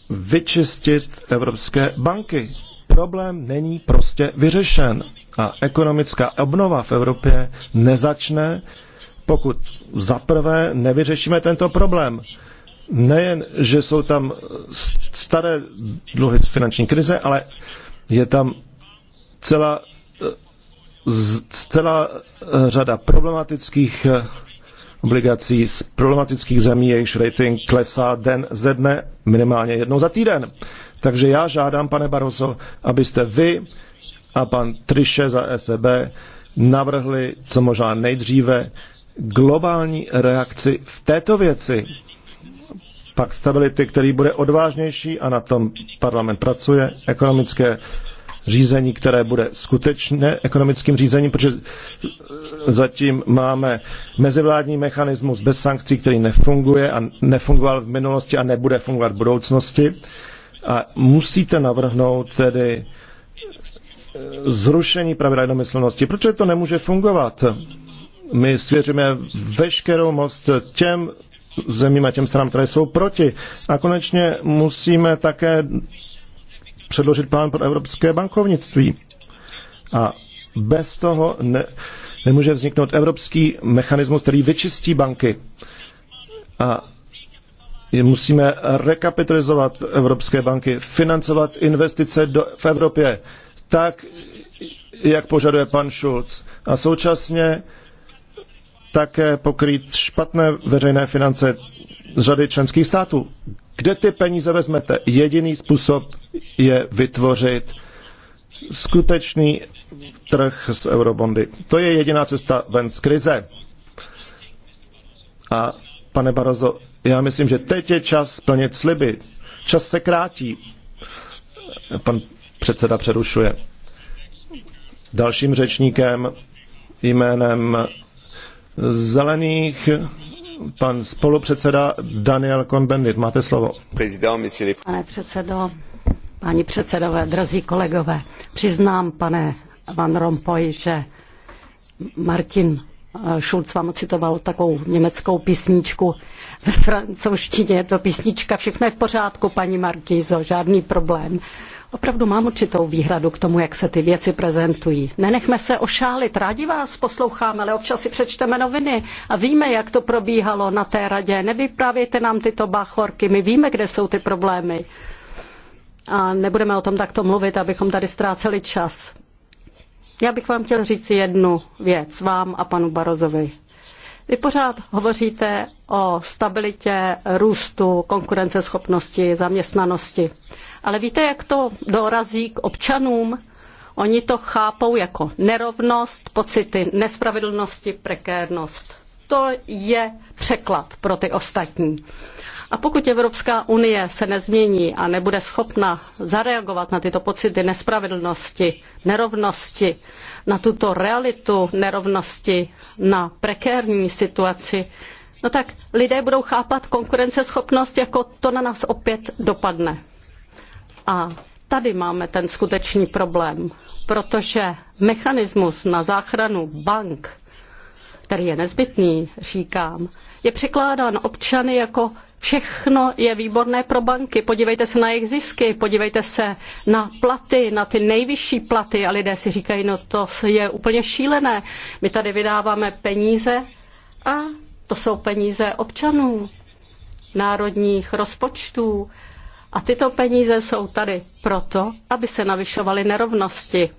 vyčistit evropské banky. Problém není prostě vyřešen a ekonomická obnova v Evropě nezačne, pokud zaprvé nevyřešíme tento problém. Nejen, že jsou tam staré dluhy z finanční krize, ale je tam celá, celá eh, řada problematických eh, obligací z problematických zemí, jejichž rating klesá den ze dne minimálně jednou za týden. Takže já žádám, pane Barroso, abyste vy a pan Triše za SEB navrhli co možná nejdříve globální reakci v této věci. Pak stability, který bude odvážnější a na tom parlament pracuje, ekonomické řízení, které bude skutečně ekonomickým řízením, protože eh, zatím máme mezivládní mechanismus bez sankcí, který nefunguje a nefungoval v minulosti a nebude fungovat v budoucnosti. A musíte navrhnout tedy eh, zrušení pravidla jednomyslnosti, Proč to nemůže fungovat. My svěříme veškerou moc těm zemím a těm stranám, které jsou proti. A konečně musíme také předložit plán pro evropské bankovnictví. A bez toho ne, nemůže vzniknout evropský mechanismus, který vyčistí banky. A musíme rekapitalizovat evropské banky, financovat investice do, v Evropě tak, jak požaduje pan Schulz. A současně také pokrýt špatné veřejné finance řady členských států. Kde ty peníze vezmete? Jediný způsob je vytvořit skutečný trh s eurobondy. To je jediná cesta ven z krize. A pane Barozo, já myslím, že teď je čas plnit sliby. Čas se krátí. Pan předseda přerušuje. Dalším řečníkem jménem zelených pan spolupředseda Daniel Cohn-Bendit. Máte slovo. Pane předsedo, páni předsedové, drazí kolegové, přiznám, pane Van Rompuy, že Martin eh, Schulz vám ocitoval takovou německou písničku. Ve francouzštině je to písnička Všechno je v pořádku, paní Markýzo, žádný problém. Opravdu mám určitou výhradu k tomu, jak se ty věci prezentují. Nenechme se ošálit, rádi vás posloucháme, ale občas si přečteme noviny a víme, jak to probíhalo na té radě. Nevyprávějte nám tyto báchorky, my víme, kde jsou ty problémy. A nebudeme o tom takto mluvit, abychom tady ztráceli čas. Já bych vám chtěl říct jednu věc, vám a panu Barozovi. Vy pořád hovoříte o stabilitě, růstu, konkurenceschopnosti, zaměstnanosti. Ale víte, jak to dorazí k občanům? Oni to chápou jako nerovnost, pocity nespravedlnosti, prekérnost. To je překlad pro ty ostatní. A pokud Evropská unie se nezmění a nebude schopna zareagovat na tyto pocity nespravedlnosti, nerovnosti na tuto realitu nerovnosti, na prekérní situaci, no tak lidé budou chápat konkurenceschopnost, jako to na nás opět dopadne. A tady máme ten skutečný problém, protože mechanismus na záchranu bank, který je nezbytný, říkám, je překládán občany jako Všechno je výborné pro banky. Podívejte se na jejich zisky, podívejte se na platy, na ty nejvyšší platy a lidé si říkají, no to je úplně šílené. My tady vydáváme peníze a to jsou peníze občanů, národních rozpočtů. A tyto peníze jsou tady proto, aby se navyšovaly nerovnosti.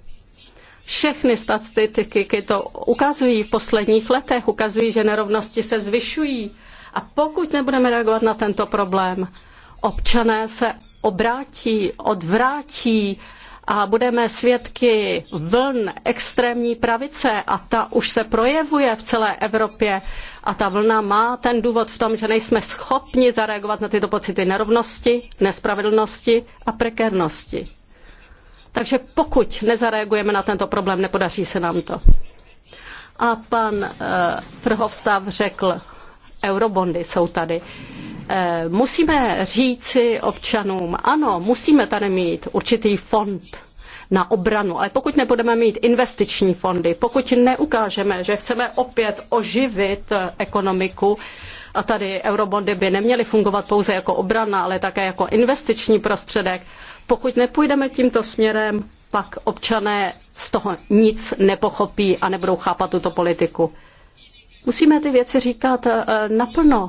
Všechny statistiky to ukazují v posledních letech, ukazují, že nerovnosti se zvyšují a pokud nebudeme reagovat na tento problém, občané se obrátí, odvrátí a budeme svědky vln extrémní pravice a ta už se projevuje v celé Evropě a ta vlna má ten důvod v tom, že nejsme schopni zareagovat na tyto pocity nerovnosti, nespravedlnosti a prekérnosti. Takže pokud nezareagujeme na tento problém, nepodaří se nám to. A pan eh, Prhovstav řekl, eurobondy jsou tady. Eh, musíme říci občanům, ano, musíme tady mít určitý fond na obranu. Ale pokud nebudeme mít investiční fondy, pokud neukážeme, že chceme opět oživit eh, ekonomiku, a tady eurobondy by neměly fungovat pouze jako obrana, ale také jako investiční prostředek, pokud nepůjdeme tímto směrem, pak občané z toho nic nepochopí a nebudou chápat tuto politiku. Musíme ty věci říkat eh, naplno.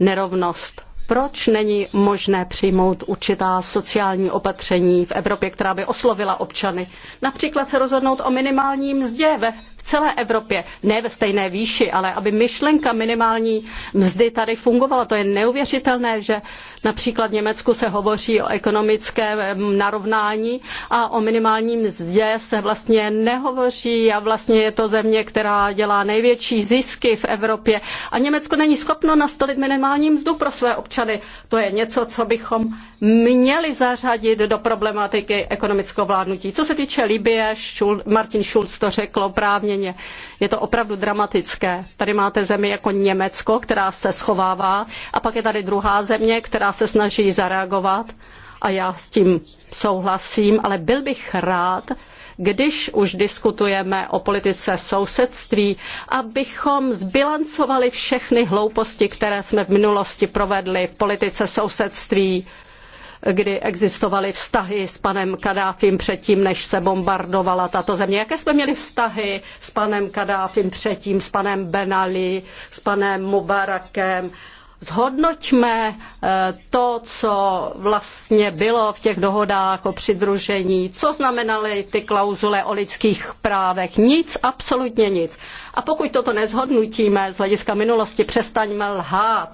Nerovnost. Proč není možné přijmout určitá sociální opatření v Evropě, která by oslovila občany? Například se rozhodnout o minimální mzdě ve celé Evropě, ne ve stejné výši, ale aby myšlenka minimální mzdy tady fungovala. To je neuvěřitelné, že například v Německu se hovoří o ekonomickém narovnání a o minimální mzdě se vlastně nehovoří a vlastně je to země, která dělá největší zisky v Evropě a Německo není schopno nastolit minimální mzdu pro své občany. To je něco, co bychom měli zařadit do problematiky ekonomického vládnutí. Co se týče Libie, Martin Schulz to řekl oprávněně, je to opravdu dramatické. Tady máte zemi jako Německo, která se schovává a pak je tady druhá země, která se snaží zareagovat a já s tím souhlasím, ale byl bych rád, když už diskutujeme o politice sousedství, abychom zbilancovali všechny hlouposti, které jsme v minulosti provedli v politice sousedství kdy existovaly vztahy s panem Kadáfim předtím, než se bombardovala tato země. Jaké jsme měli vztahy s panem Kadáfim předtím, s panem Benali, s panem Mubarakem, zhodnoťme eh, to, co vlastně bylo v těch dohodách o přidružení, co znamenaly ty klauzule o lidských právech. Nic, absolutně nic. A pokud toto nezhodnotíme z hlediska minulosti, přestaňme lhát.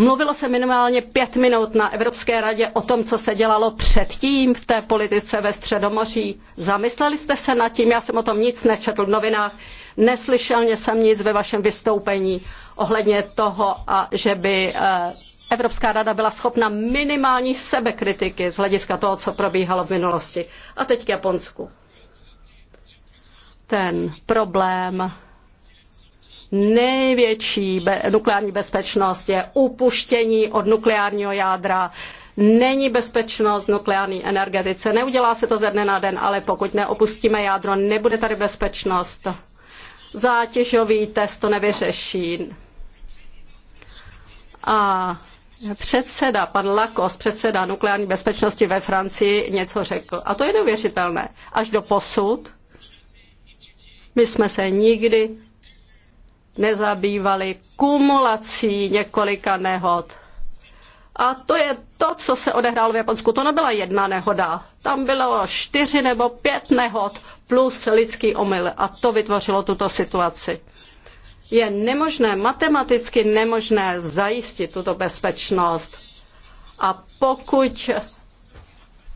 Mluvilo se minimálně pět minut na Evropské radě o tom, co se dělalo předtím v té politice ve Středomoří. Zamysleli jste se nad tím? Já jsem o tom nic nečetl v novinách, neslyšel jsem nic ve vašem vystoupení ohledně toho, a že by eh, Evropská rada byla schopna minimální sebekritiky z hlediska toho, co probíhalo v minulosti. A teď k Japonsku. Ten problém Největší be- nukleární bezpečnost je upuštění od nukleárního jádra. Není bezpečnost v nukleární energetice. Neudělá se to ze dne na den, ale pokud neopustíme jádro, nebude tady bezpečnost. Zátěžový test to nevyřeší. A předseda, pan Lakos, předseda nukleární bezpečnosti ve Francii, něco řekl. A to je neuvěřitelné. Až do posud my jsme se nikdy nezabývali kumulací několika nehod. A to je to, co se odehrálo v Japonsku. To nebyla jedna nehoda. Tam bylo čtyři nebo pět nehod plus lidský omyl. A to vytvořilo tuto situaci. Je nemožné, matematicky nemožné zajistit tuto bezpečnost. A pokud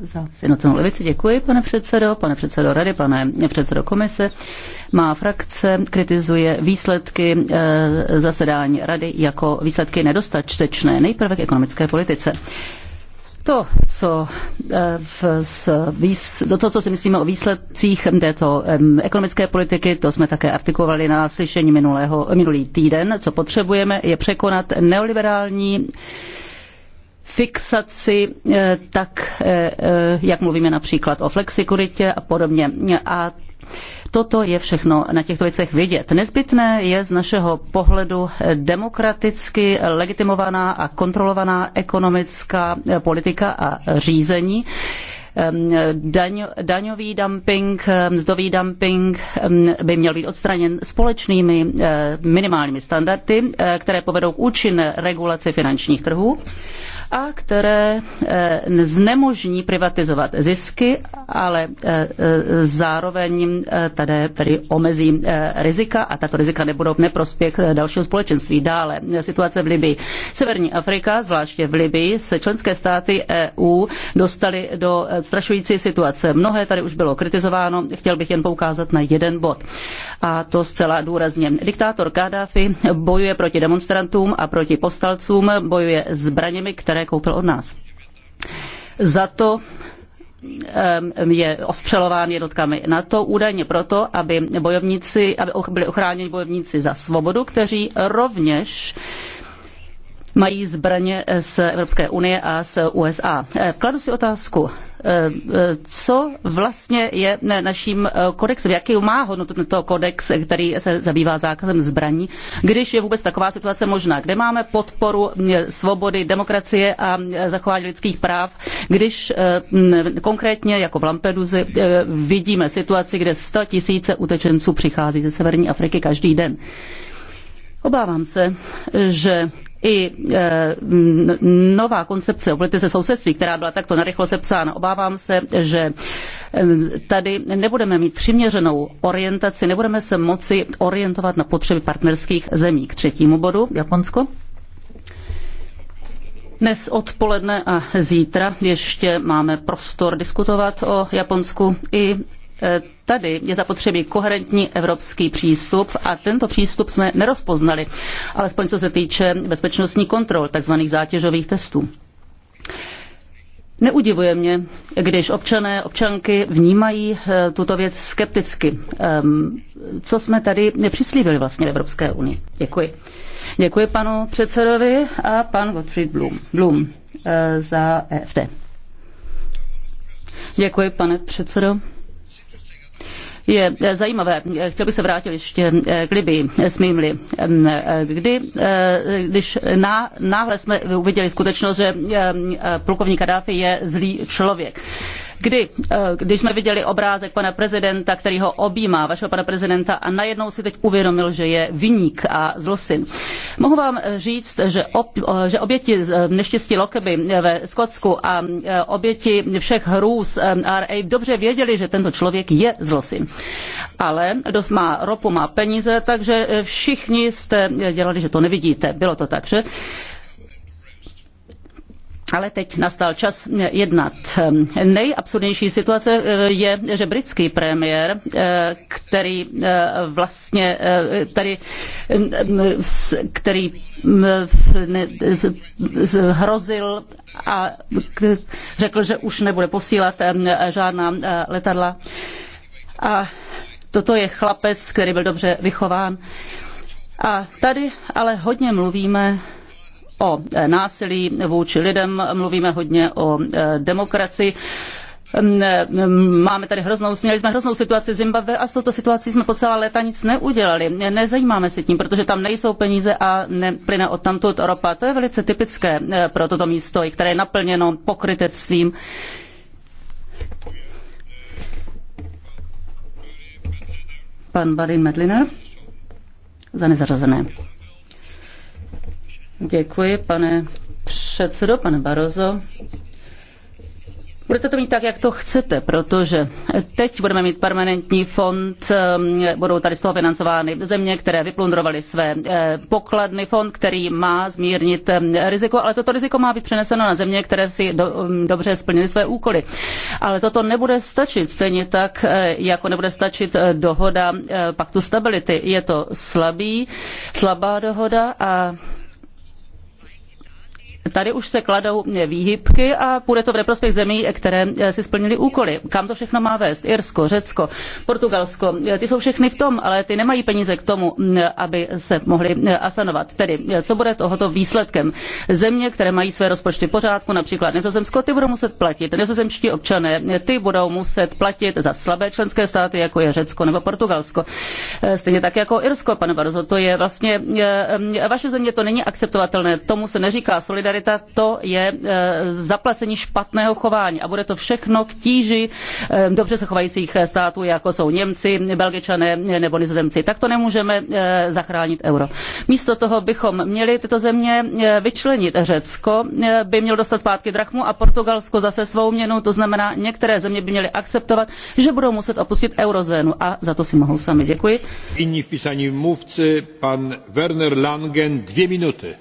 za sjednocenou levici. Děkuji, pane předsedo, pane předsedo rady, pane předsedo komise. Má frakce kritizuje výsledky e, zasedání rady jako výsledky nedostatečné nejprve k ekonomické politice. To co, eh, v, s, to, co si myslíme o výsledcích této ekonomické politiky, to jsme také artikulovali na slyšení minulého, minulý týden. Co potřebujeme, je překonat neoliberální fixaci, eh, tak eh, eh, jak mluvíme například o flexikuritě a podobně. A Toto je všechno na těchto věcech vidět. Nezbytné je z našeho pohledu demokraticky legitimovaná a kontrolovaná ekonomická politika a řízení ehm, daň, daňový dumping, mzdový dumping ehm, by měl být odstraněn společnými minimálními standardy, které povedou k účinné regulaci finančních trhů a které eh, znemožní privatizovat zisky, ale eh, eh, zároveň tady, tady omezí rizika a tato rizika nebudou v neprospěch dalšího společenství. Dále situace v Libii. Severní Afrika, zvláště v Libii, se členské státy EU dostaly do strašující situace. Mnohé tady už bylo kritizováno, chtěl bych jen poukázat na jeden bod. A to zcela důrazně. Diktátor Kadáfi bojuje proti demonstrantům a proti postalcům bojuje zbraněmi, které které koupil od nás. Za to je ostřelován jednotkami NATO, údajně proto, aby bojovníci, aby byli ochráněni bojovníci za svobodu, kteří rovněž mají zbraně z Evropské unie a z USA. Eh, kladu si otázku, eh, eh, co vlastně je naším kodexem, jaký má hodnotu tento kodex, který se zabývá zákazem zbraní, když je vůbec taková situace možná, kde máme podporu svobody, demokracie a zachování lidských práv, když konkrétně jako v Lampeduzi vidíme situaci, kde 100 tisíce utečenců přichází ze severní Afriky každý den. Obávám se, že i e, nová koncepce o politice sousedství, která byla takto narychlo sepsána, obávám se, že e, tady nebudeme mít přiměřenou orientaci, nebudeme se moci orientovat na potřeby partnerských zemí. K třetímu bodu, Japonsko. Dnes odpoledne a zítra ještě máme prostor diskutovat o Japonsku i e, tady je zapotřebí koherentní evropský přístup a tento přístup jsme nerozpoznali, alespoň co se týče bezpečnostní kontrol, takzvaných zátěžových testů. Neudivuje mě, když občané, občanky vnímají eh, tuto věc skepticky. Ehm, co jsme tady nepřislíbili vlastně v Evropské unii? Děkuji. Děkuji panu předsedovi a pan Gottfried Blum, Blum eh, za EFD. Děkuji, pane předsedo je eh, zajímavé. Eh, chtěl bych se vrátit ještě eh, k Libii, smím-li. Mm, kdy, když náhle jsme uviděli skutečnost, že plukovník Kadáfi je zlý člověk. Kdy, když jsme viděli obrázek pana prezidenta, který ho objímá, vašeho pana prezidenta, a najednou si teď uvědomil, že je viník a zlosin. Mohu vám říct, že, ob, že oběti neštěstí Lokeby ve Skotsku a oběti všech hrůz RA dobře věděli, že tento člověk je zlosin. Ale dost má ropu, má peníze, takže eh, všichni jste dělali, že to nevidíte. Bylo to tak, že? Ale teď nastal čas eh, jednat. Eh, nejabsurdnější situace je, že britský premiér, který vlastně tady, který hrozil a řekl, že už nebude posílat žádná letadla, a toto je chlapec, který byl dobře vychován. A tady ale hodně mluvíme o eh, násilí vůči lidem, mluvíme hodně o eh, demokracii. Mm, eh, mm, máme tady hroznou, měli jsme hroznou situaci v Zimbabwe a s touto situací jsme po celá léta nic neudělali. Nezajímáme se tím, protože tam nejsou peníze a neplyne od tamtud ropa. To je velice typické pro toto místo, které je naplněno pokrytectvím. Pan Barin Medliner za nezařazené. Děkuji, pane předsedo, pane Barozo. Budete to mít tak, jak to chcete, protože teď budeme mít permanentní fond, ehm, budou tady z toho financovány země, které vyplundrovaly své eh, pokladny, fond, který má zmírnit ehm, riziko, ale toto riziko má být přeneseno na země, které si do, ehm, dobře splnily své úkoly. Ale toto nebude stačit, stejně tak, eh, jako nebude stačit eh, dohoda paktu stability. Je to slabý, slabá dohoda a tady už se kladou výhybky a půjde to v neprospěch zemí, které eh, si splnily úkoly. Kam to všechno má vést? Irsko, Řecko, Portugalsko, eh, ty jsou všechny v tom, ale ty nemají peníze k tomu, mm, aby se mohly eh, asanovat. Tedy, co bude tohoto výsledkem? Země, které mají své rozpočty v pořádku, například Nizozemsko, ty budou muset platit. Nizozemští občané, ty budou muset platit za slabé členské státy, jako je Řecko nebo Portugalsko. Stejně tak jako Irsko, pane Barzo, to je vlastně vaše země, to není akceptovatelné. Tomu se neříká solidarita solidarita to je e, zaplacení špatného chování a bude to všechno k tíži e, dobře se chovajících států, jako jsou Němci, Belgičané nebo Nizozemci. Tak to nemůžeme e, zachránit euro. Místo toho bychom měli tyto země vyčlenit. Řecko by mělo dostat zpátky drachmu a Portugalsko zase svou měnu, to znamená, některé země by měly akceptovat, že budou muset opustit eurozónu a za to si mohou sami. Děkuji. Jiní vpísaní mluvci, pan Werner Langen, dvě minuty.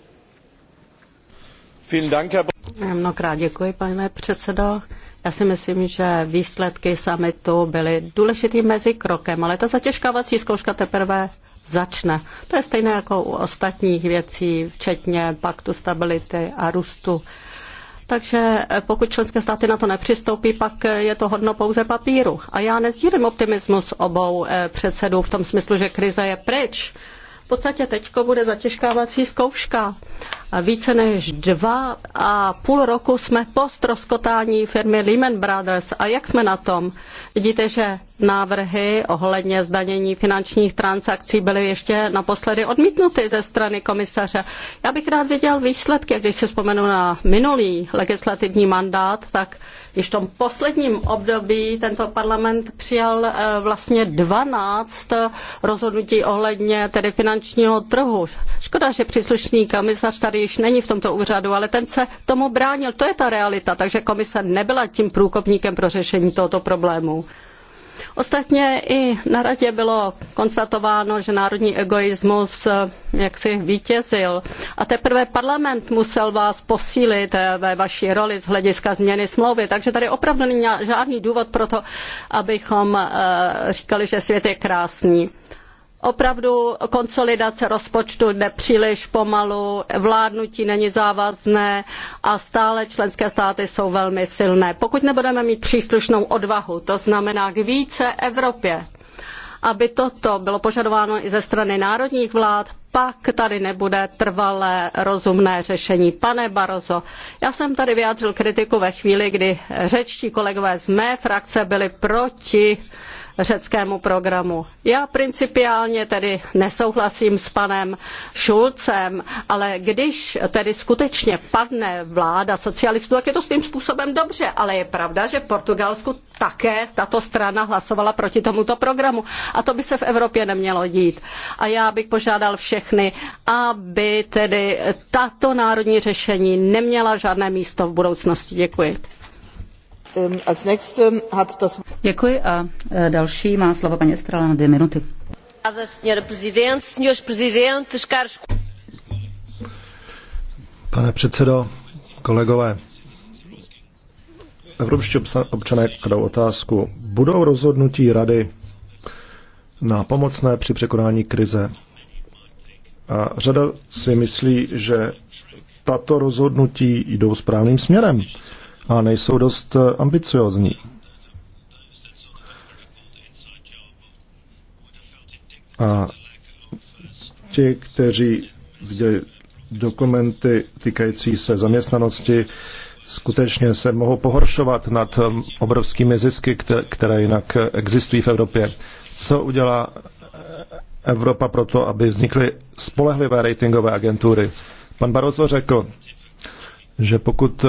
Eh, mnohokrát děkuji, pane předsedo. Já si myslím, že výsledky summitu byly důležitým mezikrokem, ale ta zatěžkávací zkouška teprve začne. To je stejné jako u ostatních věcí, včetně paktu stability a růstu. Takže eh, pokud členské státy na to nepřistoupí, pak eh, je to hodno pouze papíru. A já nezdílím optimismus obou předsedů v tom smyslu, že krize je pryč podstatě teďko bude zatěžkávací zkouška. Více než dva a půl roku jsme po stroskotání firmy Lehman Brothers. A jak jsme na tom? Vidíte, že návrhy ohledně zdanění finančních transakcí byly ještě naposledy odmítnuty ze strany komisaře. Já bych rád viděl výsledky, když se vzpomenu na minulý legislativní mandát, tak Již v tom posledním období tento parlament přijal eh, vlastně 12 eh, rozhodnutí ohledně tedy finančního trhu. Škoda, že příslušný komisař tady již není v tomto úřadu, ale ten se tomu bránil. To je ta realita, takže komise nebyla tím průkopníkem pro řešení tohoto problému. Ostatně i na radě bylo konstatováno, že národní egoismus eh, jaksi vítězil a teprve parlament musel vás posílit eh, ve vaší roli z hlediska změny smlouvy, takže tady opravdu není žádný důvod pro to, abychom eh, říkali, že svět je krásný opravdu konsolidace rozpočtu jde příliš pomalu, vládnutí není závazné a stále členské státy jsou velmi silné. Pokud nebudeme mít příslušnou odvahu, to znamená k více Evropě, aby toto bylo požadováno i ze strany národních vlád, pak tady nebude trvalé rozumné řešení. Pane Barozo, já jsem tady vyjádřil kritiku ve chvíli, kdy řečtí kolegové z mé frakce byli proti uh, řeckému programu. Já principiálně tedy nesouhlasím s panem Šulcem, ale když tedy skutečně padne vláda socialistů, tak je to svým způsobem dobře, ale je pravda, že v Portugalsku také tato strana hlasovala proti tomuto programu a to by se v Evropě nemělo dít. A já bych požádal všechny, aby tedy tato národní řešení neměla žádné místo v budoucnosti. Děkuji. Ähm, Děkuji a e, další má slovo paní Estrela na dvě minuty. Pane předsedo, kolegové, evropští občané kladou otázku, budou rozhodnutí rady na pomocné při překonání krize? A řada si myslí, že tato rozhodnutí jdou správným směrem a nejsou dost eh, ambiciozní. A ti, kteří viděli dokumenty týkající se zaměstnanosti, skutečně se mohou pohoršovat nad eh, obrovskými zisky, které jinak eh, existují v Evropě. Co udělá Evropa pro to, aby vznikly spolehlivé ratingové agentury? Pan Barozo řekl, že pokud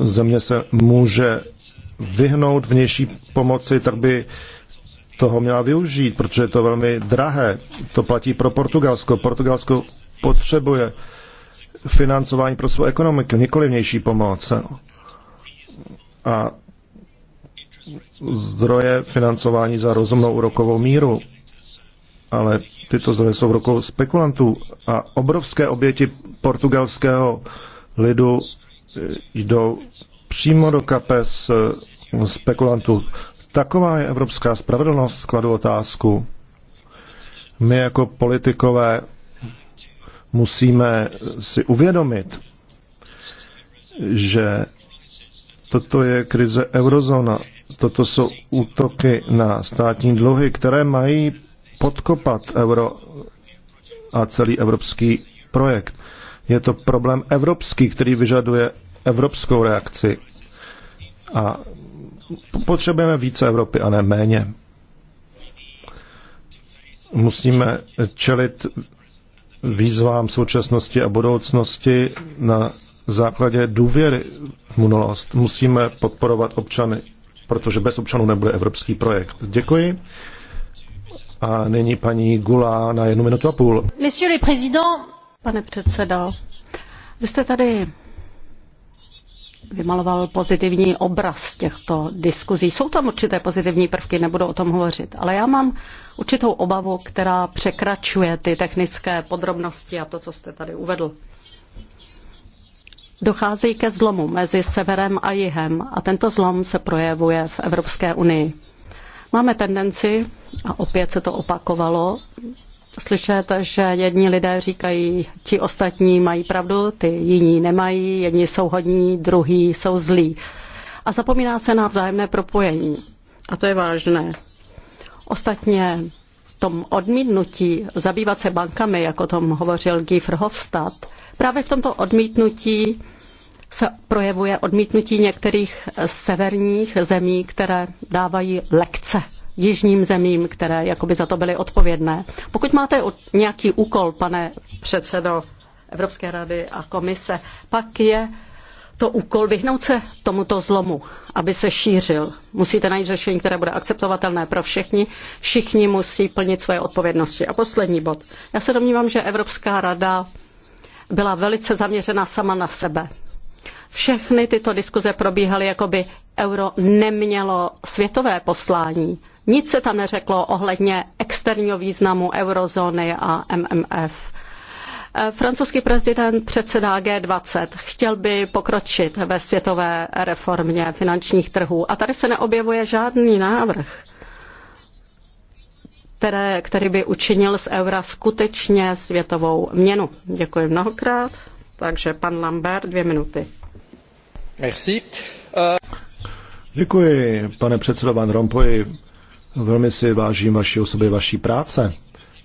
země se může vyhnout vnější pomoci, tak by toho měla využít, protože je to velmi drahé. To platí pro Portugalsko. Portugalsko potřebuje financování pro svou ekonomiku, nikoli vnější pomoc. A zdroje financování za rozumnou úrokovou míru. Ale tyto zdroje jsou v rukou spekulantů a obrovské oběti portugalského lidu jdou přímo do kapes eh, spekulantů. Taková je evropská spravedlnost, kladu otázku. My jako politikové musíme si uvědomit, že toto je krize eurozóna, toto jsou útoky na státní dluhy, které mají podkopat euro a celý evropský projekt. Je to problém evropský, který vyžaduje evropskou reakci. A potřebujeme více Evropy a ne méně. Musíme čelit výzvám současnosti a budoucnosti na základě důvěry v minulost. Musíme podporovat občany, protože bez občanů nebude evropský projekt. Děkuji. A nyní paní Gula na jednu minutu a půl. Monsieur le président, Pane předsedo, vy jste tady vymaloval pozitivní obraz těchto diskuzí. Jsou tam určité pozitivní prvky, nebudu o tom hovořit, ale já mám určitou obavu, která překračuje ty technické podrobnosti a to, co jste tady uvedl. Dochází ke zlomu mezi severem a jihem a tento zlom se projevuje v Evropské unii. Máme tendenci, a opět se to opakovalo, slyšet, že jedni lidé říkají, ti ostatní mají pravdu, ty jiní nemají, jedni jsou hodní, druhý jsou zlí. A zapomíná se na vzájemné propojení. A to je vážné. Ostatně tom odmítnutí zabývat se bankami, jako o tom hovořil Guy Verhofstadt, právě v tomto odmítnutí se projevuje odmítnutí některých severních zemí, které dávají lekce jižním zemím, které jakoby za to byly odpovědné. Pokud máte nějaký úkol, pane předsedo Evropské rady a komise, pak je to úkol vyhnout se tomuto zlomu, aby se šířil. Musíte najít řešení, které bude akceptovatelné pro všechny. Všichni musí plnit své odpovědnosti. A poslední bod. Já se domnívám, že Evropská rada byla velice zaměřena sama na sebe. Všechny tyto diskuze probíhaly, jako by euro nemělo světové poslání. Nic se tam neřeklo ohledně externího významu eurozóny a MMF. Eh, francouzský prezident předsedá G20. Chtěl by pokročit ve světové reformě finančních trhů. A tady se neobjevuje žádný návrh, které, který by učinil z eura skutečně světovou měnu. Děkuji mnohokrát. Takže pan Lambert, dvě minuty. Merci. Děkuji, pane předsedo Van Rompuy. Velmi si vážím vaší osoby, vaší práce.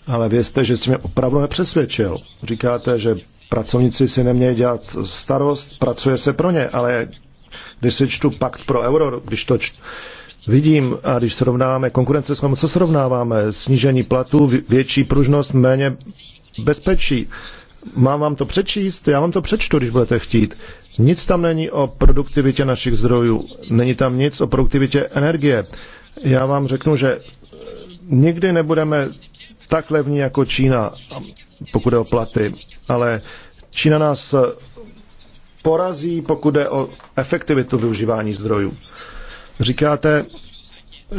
Ale vězte, že jste mě opravdu nepřesvědčil. Říkáte, že pracovníci si nemějí dělat starost, pracuje se pro ně, ale když si čtu pakt pro euro, když to čtu, vidím a když srovnáme konkurence s co srovnáváme? Snížení platů, větší pružnost, méně bezpečí. Mám vám to přečíst? Já vám to přečtu, když budete chtít. Nic tam není o produktivitě našich zdrojů, není tam nic o produktivitě energie. Já vám řeknu, že nikdy nebudeme tak levní jako Čína, pokud je o platy, ale Čína nás porazí, pokud jde o efektivitu využívání zdrojů. Říkáte,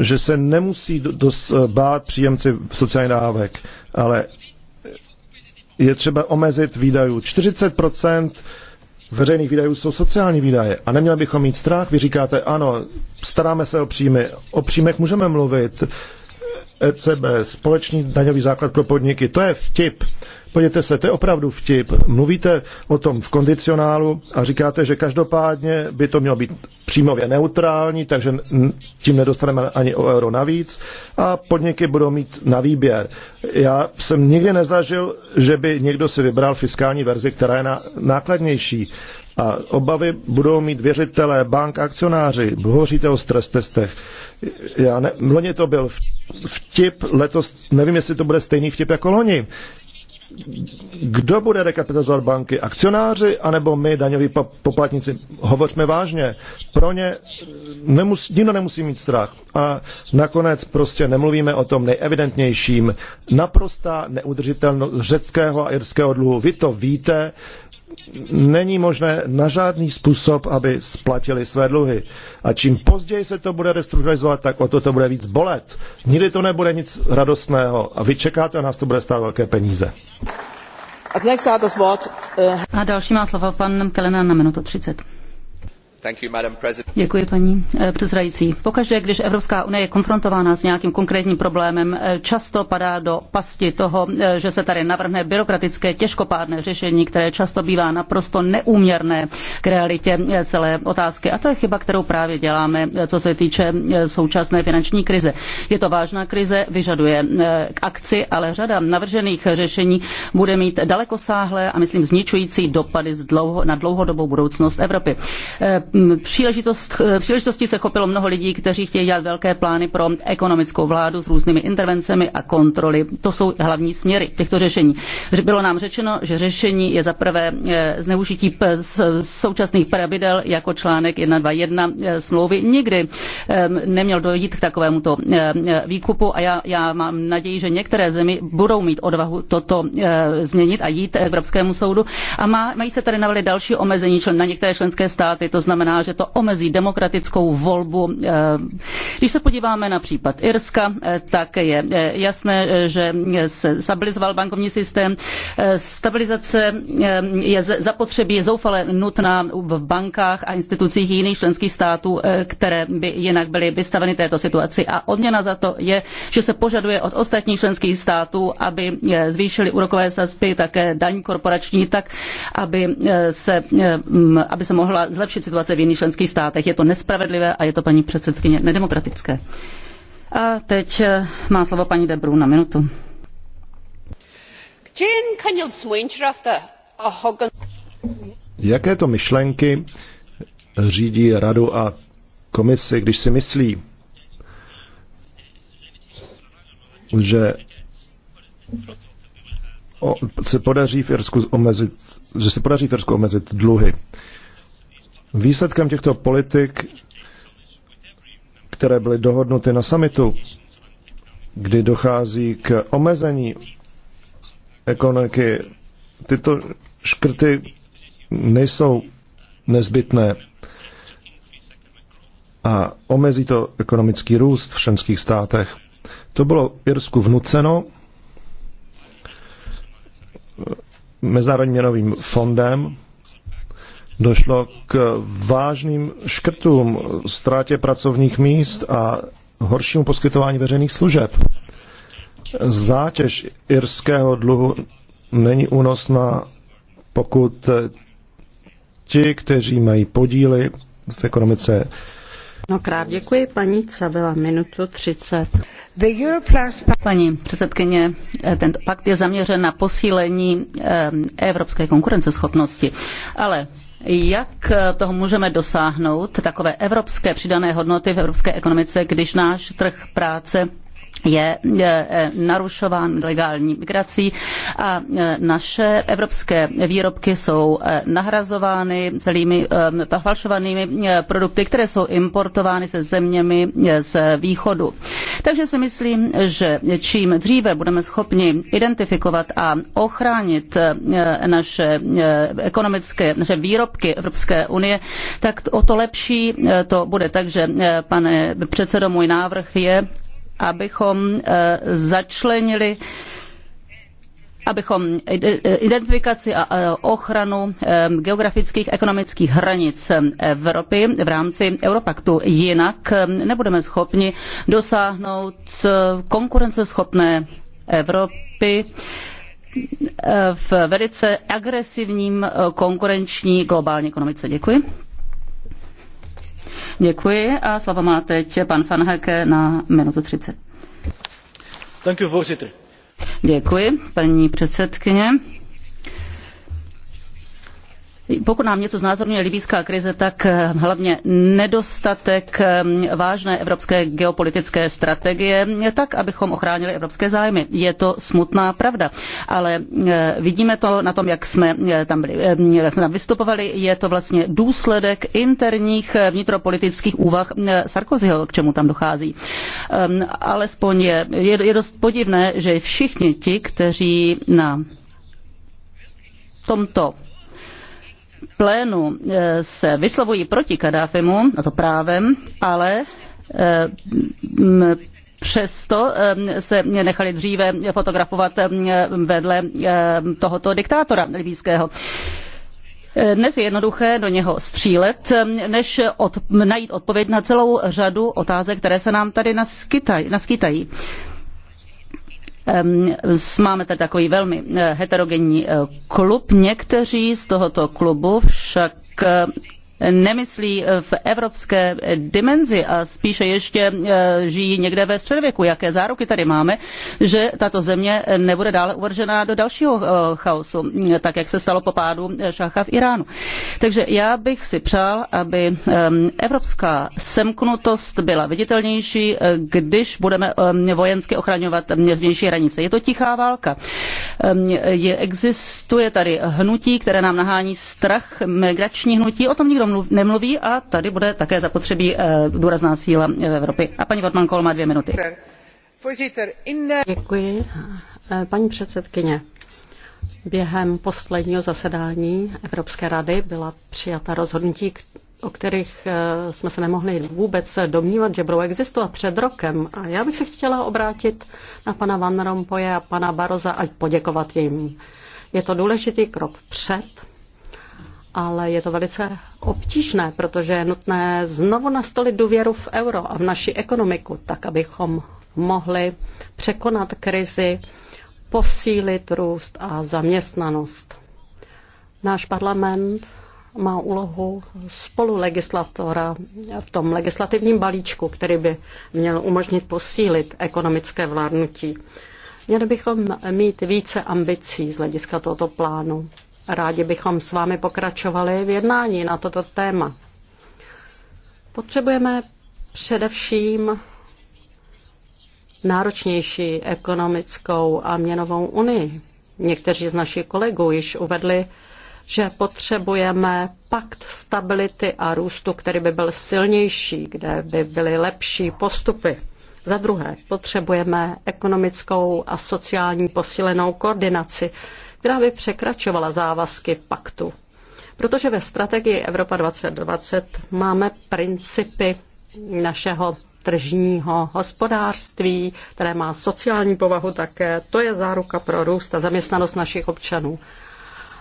že se nemusí dos- bát příjemci sociálních dávek, ale je třeba omezit výdajů. 40 veřejných výdajů jsou sociální výdaje. A neměli bychom mít strach. Vy říkáte, ano, staráme se o příjmy. O příjmech můžeme mluvit. ECB, společný daňový základ pro podniky, to je vtip. Podívejte se, to je opravdu vtip. Mluvíte o tom v kondicionálu a říkáte, že každopádně by to mělo být přímově neutrální, takže tím nedostaneme ani o euro navíc a podniky budou mít na výběr. Já jsem nikdy nezažil, že by někdo si vybral fiskální verzi, která je nákladnější. A obavy budou mít věřitelé, bank, akcionáři. Hovoříte o stres testech. Já ne, loni to byl vtip, letos nevím, jestli to bude stejný vtip jako loni kdo bude rekapitalizovat banky? Akcionáři anebo my, daňoví poplatníci? Hovořme vážně. Pro ně eh, nemus, nikdo nemusí mít strach. A nakonec prostě nemluvíme o tom nejevidentnějším. Naprostá neudržitelnost řeckého a irského dluhu. Vy to víte, není možné na žádný způsob, aby splatili své dluhy. A čím později se to bude restrukturalizovat, tak o to to bude víc bolet. Nikdy to nebude nic radostného a vy čekáte a nás to bude stát velké peníze. A eh, další má slovo pan Kelena na minutu 30. Děkuji, paní eh, předsedající. Pokaždé, když Evropská unie je konfrontována s nějakým konkrétním problémem, eh, často padá do pasti toho, eh, že se tady navrhne byrokratické, těžkopádné řešení, které často bývá naprosto neúměrné k realitě celé otázky. A to je chyba, kterou právě děláme, co se týče současné finanční krize. Je to vážná krize, vyžaduje k akci, ale řada navržených řešení bude mít dalekosáhlé a myslím zničující dopady na dlouhodobou budoucnost Evropy příležitost, eh, příležitosti se chopilo mnoho lidí, kteří chtějí dělat velké plány pro ekonomickou vládu s různými intervencemi a kontroly. To jsou hlavní směry těchto řešení. Bylo nám řečeno, že řešení je zaprvé eh, zneužití současných pravidel jako článek 121 eh, smlouvy. Nikdy neměl dojít k takovémuto výkupu a já, já mám naději, že některé zemi budou mít odvahu toto změnit a jít k Evropskému soudu. A má, mají se tady navali další omezení člen, na některé členské státy, to znamená znamená, že to omezí demokratickou volbu. Eh, když se podíváme na případ Irska, eh, tak je eh, jasné, že se stabilizoval bankovní systém. Stabilizace je zapotřebí, je zoufale nutná v bankách a institucích jiných členských států, které by jinak byly vystaveny této situaci. A odměna za to je, že se požaduje od ostatních členských států, aby zvýšili úrokové sazby, také daň korporační, tak, aby se, aby se mohla zlepšit situace situace v jiných členských státech. Je to nespravedlivé a je to, paní předsedkyně, nedemokratické. A teď eh, má slovo paní Debru na minutu. Uh, Jaké to myšlenky řídí radu a komisi, když si myslí, že se podaří v Irsku omezit, že se podaří v Irsku omezit dluhy. Výsledkem těchto politik, které byly dohodnuty na summitu, kdy dochází k omezení ekonomiky, tyto škrty nejsou nezbytné a omezí to ekonomický růst v členských státech. To bylo Irsku vnuceno Mezinárodním měnovým fondem došlo k vážným škrtům, ztrátě pracovních míst a horšímu poskytování veřejných služeb. Zátěž irského dluhu není únosná, pokud ti, kteří mají podíly v ekonomice, No krát děkuji, paní Cabela, minutu 30. Paní předsedkyně, eh, tento pakt je zaměřen na posílení eh, evropské konkurenceschopnosti, ale jak toho můžeme dosáhnout, takové evropské přidané hodnoty v evropské ekonomice, když náš trh práce je e, narušován legální migrací a e, naše evropské výrobky jsou e, nahrazovány celými falšovanými produkty, které jsou importovány se zeměmi z východu. Takže si myslím, že čím dříve budeme schopni identifikovat a ochránit naše ekonomické, naše výrobky Evropské unie, tak o to lepší to bude. Takže, pane předsedo, můj návrh je, abychom eh, začlenili abychom eh, identifikaci a eh, ochranu geografických ekonomických hranic Evropy v rámci Europaktu. Jinak nebudeme schopni dosáhnout konkurenceschopné Evropy v velice agresivním konkurenční globální ekonomice. Děkuji. Děkuji a slovo má teď pan Van na minutu 30. Děkuji, paní předsedkyně. Pokud nám něco znázorňuje libýská krize, tak eh, hlavně nedostatek eh, vážné evropské geopolitické strategie, tak, abychom ochránili evropské zájmy. Je to smutná pravda, ale eh, vidíme to na tom, jak jsme tam, byli, tam vystupovali, je to vlastně důsledek interních vnitropolitických úvah Sarkozyho, k čemu tam dochází. Ehm, alespoň je, je, je dost podivné, že všichni ti, kteří na tomto plénu eh, se vyslovují proti Kadáfimu, a to právem, ale eh, Přesto eh, se nechali dříve fotografovat vedle tohoto diktátora libýského. Dnes je jednoduché do něho střílet, než od, najít odpověď na celou řadu otázek, které se nám tady naskytaj, naskytají. Máme tady takový velmi eh, heterogenní eh, klub. Někteří z tohoto klubu však eh, nemyslí v evropské dimenzi a spíše ještě eh, žijí někde ve středověku. Jaké záruky tady máme, že tato země nebude dále uvržená do dalšího eh, chaosu, eh, tak jak se stalo po pádu šacha v Iránu. Takže já bych si přál, aby evropská semknutost byla viditelnější, když budeme vojensky ochraňovat vnější hranice. Je to tichá válka. Je, existuje tady hnutí, které nám nahání strach, migrační hnutí, o tom nikdo tom nemluví a tady bude také zapotřebí eh, důrazná síla eh, Evropy. A paní Vodman má dvě minuty. Děkuji. Eh, paní předsedkyně, během posledního zasedání Evropské rady byla přijata rozhodnutí, o kterých jsme se nemohli vůbec domnívat, že budou existovat před rokem. A já bych se chtěla obrátit na pana Van Rompoje a pana Baroza a poděkovat jim. Je to důležitý krok před ale je to velice obtížné, protože je nutné znovu nastolit důvěru v euro a v naši ekonomiku, tak abychom mohli překonat krizi, posílit růst a zaměstnanost. Náš parlament má úlohu spolulegislatora v tom legislativním balíčku, který by měl umožnit posílit ekonomické vládnutí. Měli bychom mít více ambicí z hlediska tohoto plánu. Rádi bychom s vámi pokračovali v jednání na toto téma. Potřebujeme především náročnější ekonomickou a měnovou unii. Někteří z našich kolegů již uvedli, že potřebujeme pakt stability a růstu, který by byl silnější, kde by byly lepší postupy. Za druhé, potřebujeme ekonomickou a sociální posílenou koordinaci která by překračovala závazky paktu. Protože ve strategii Evropa 2020 máme principy našeho tržního hospodářství, které má sociální povahu také. To je záruka pro růst a zaměstnanost našich občanů.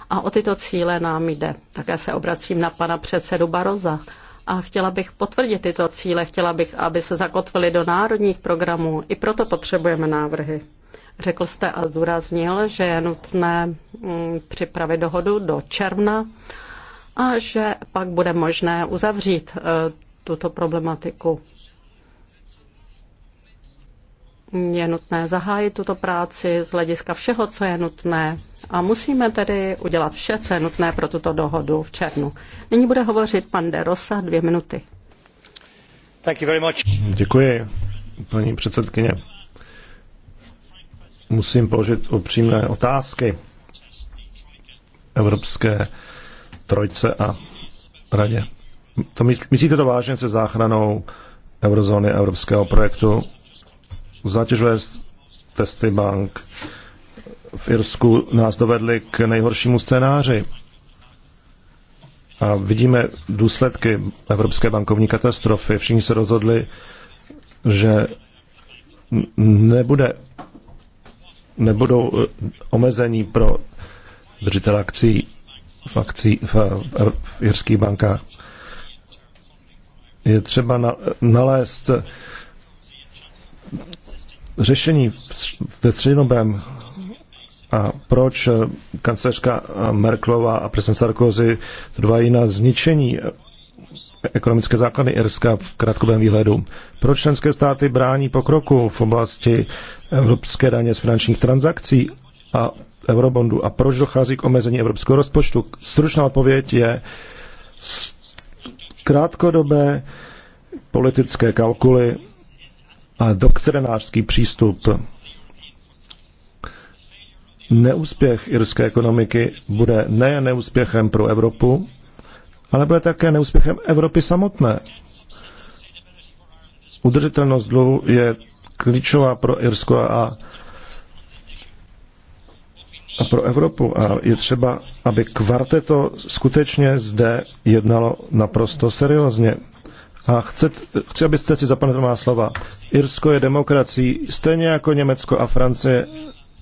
A o tyto cíle nám jde. Také se obracím na pana předsedu Baroza. A chtěla bych potvrdit tyto cíle, chtěla bych, aby se zakotvily do národních programů. I proto potřebujeme návrhy. Řekl jste a zdůraznil, že je nutné mm, připravit dohodu do června a že pak bude možné uzavřít e, tuto problematiku. Je nutné zahájit tuto práci z hlediska všeho, co je nutné a musíme tedy udělat vše, co je nutné pro tuto dohodu v červnu. Nyní bude hovořit pan De Rosa dvě minuty. Thank you very much. Děkuji, paní předsedkyně musím položit upřímné otázky Evropské trojce a radě. To myslí, myslíte to vážně se záchranou eurozóny evropského projektu? Zatěžuje testy bank. V Irsku nás dovedli k nejhoršímu scénáři. A vidíme důsledky evropské bankovní katastrofy. Všichni se rozhodli, že nebude nebudou eh, omezení pro držitel akcí v, akcí, v, eh, v, v jirských bankách. Je třeba na, nalézt eh, řešení ve střednobém a proč kancelářka Merklova a prezident Sarkozy trvají na zničení ekonomické základy Irska v krátkodobém výhledu. Proč členské státy brání pokroku v oblasti evropské daně z finančních transakcí a eurobondu a proč dochází k omezení evropského rozpočtu? Stručná odpověď je krátkodobé politické kalkuly a doktrinářský přístup. Neúspěch irské ekonomiky bude nejen neúspěchem pro Evropu, ale bude také neúspěchem Evropy samotné. Udržitelnost dluhu je klíčová pro Irsko a, a pro Evropu. A je třeba, aby kvarteto skutečně zde jednalo naprosto seriózně. A chci, chci abyste si zapamatili má slova. Irsko je demokracií, stejně jako Německo a Francie,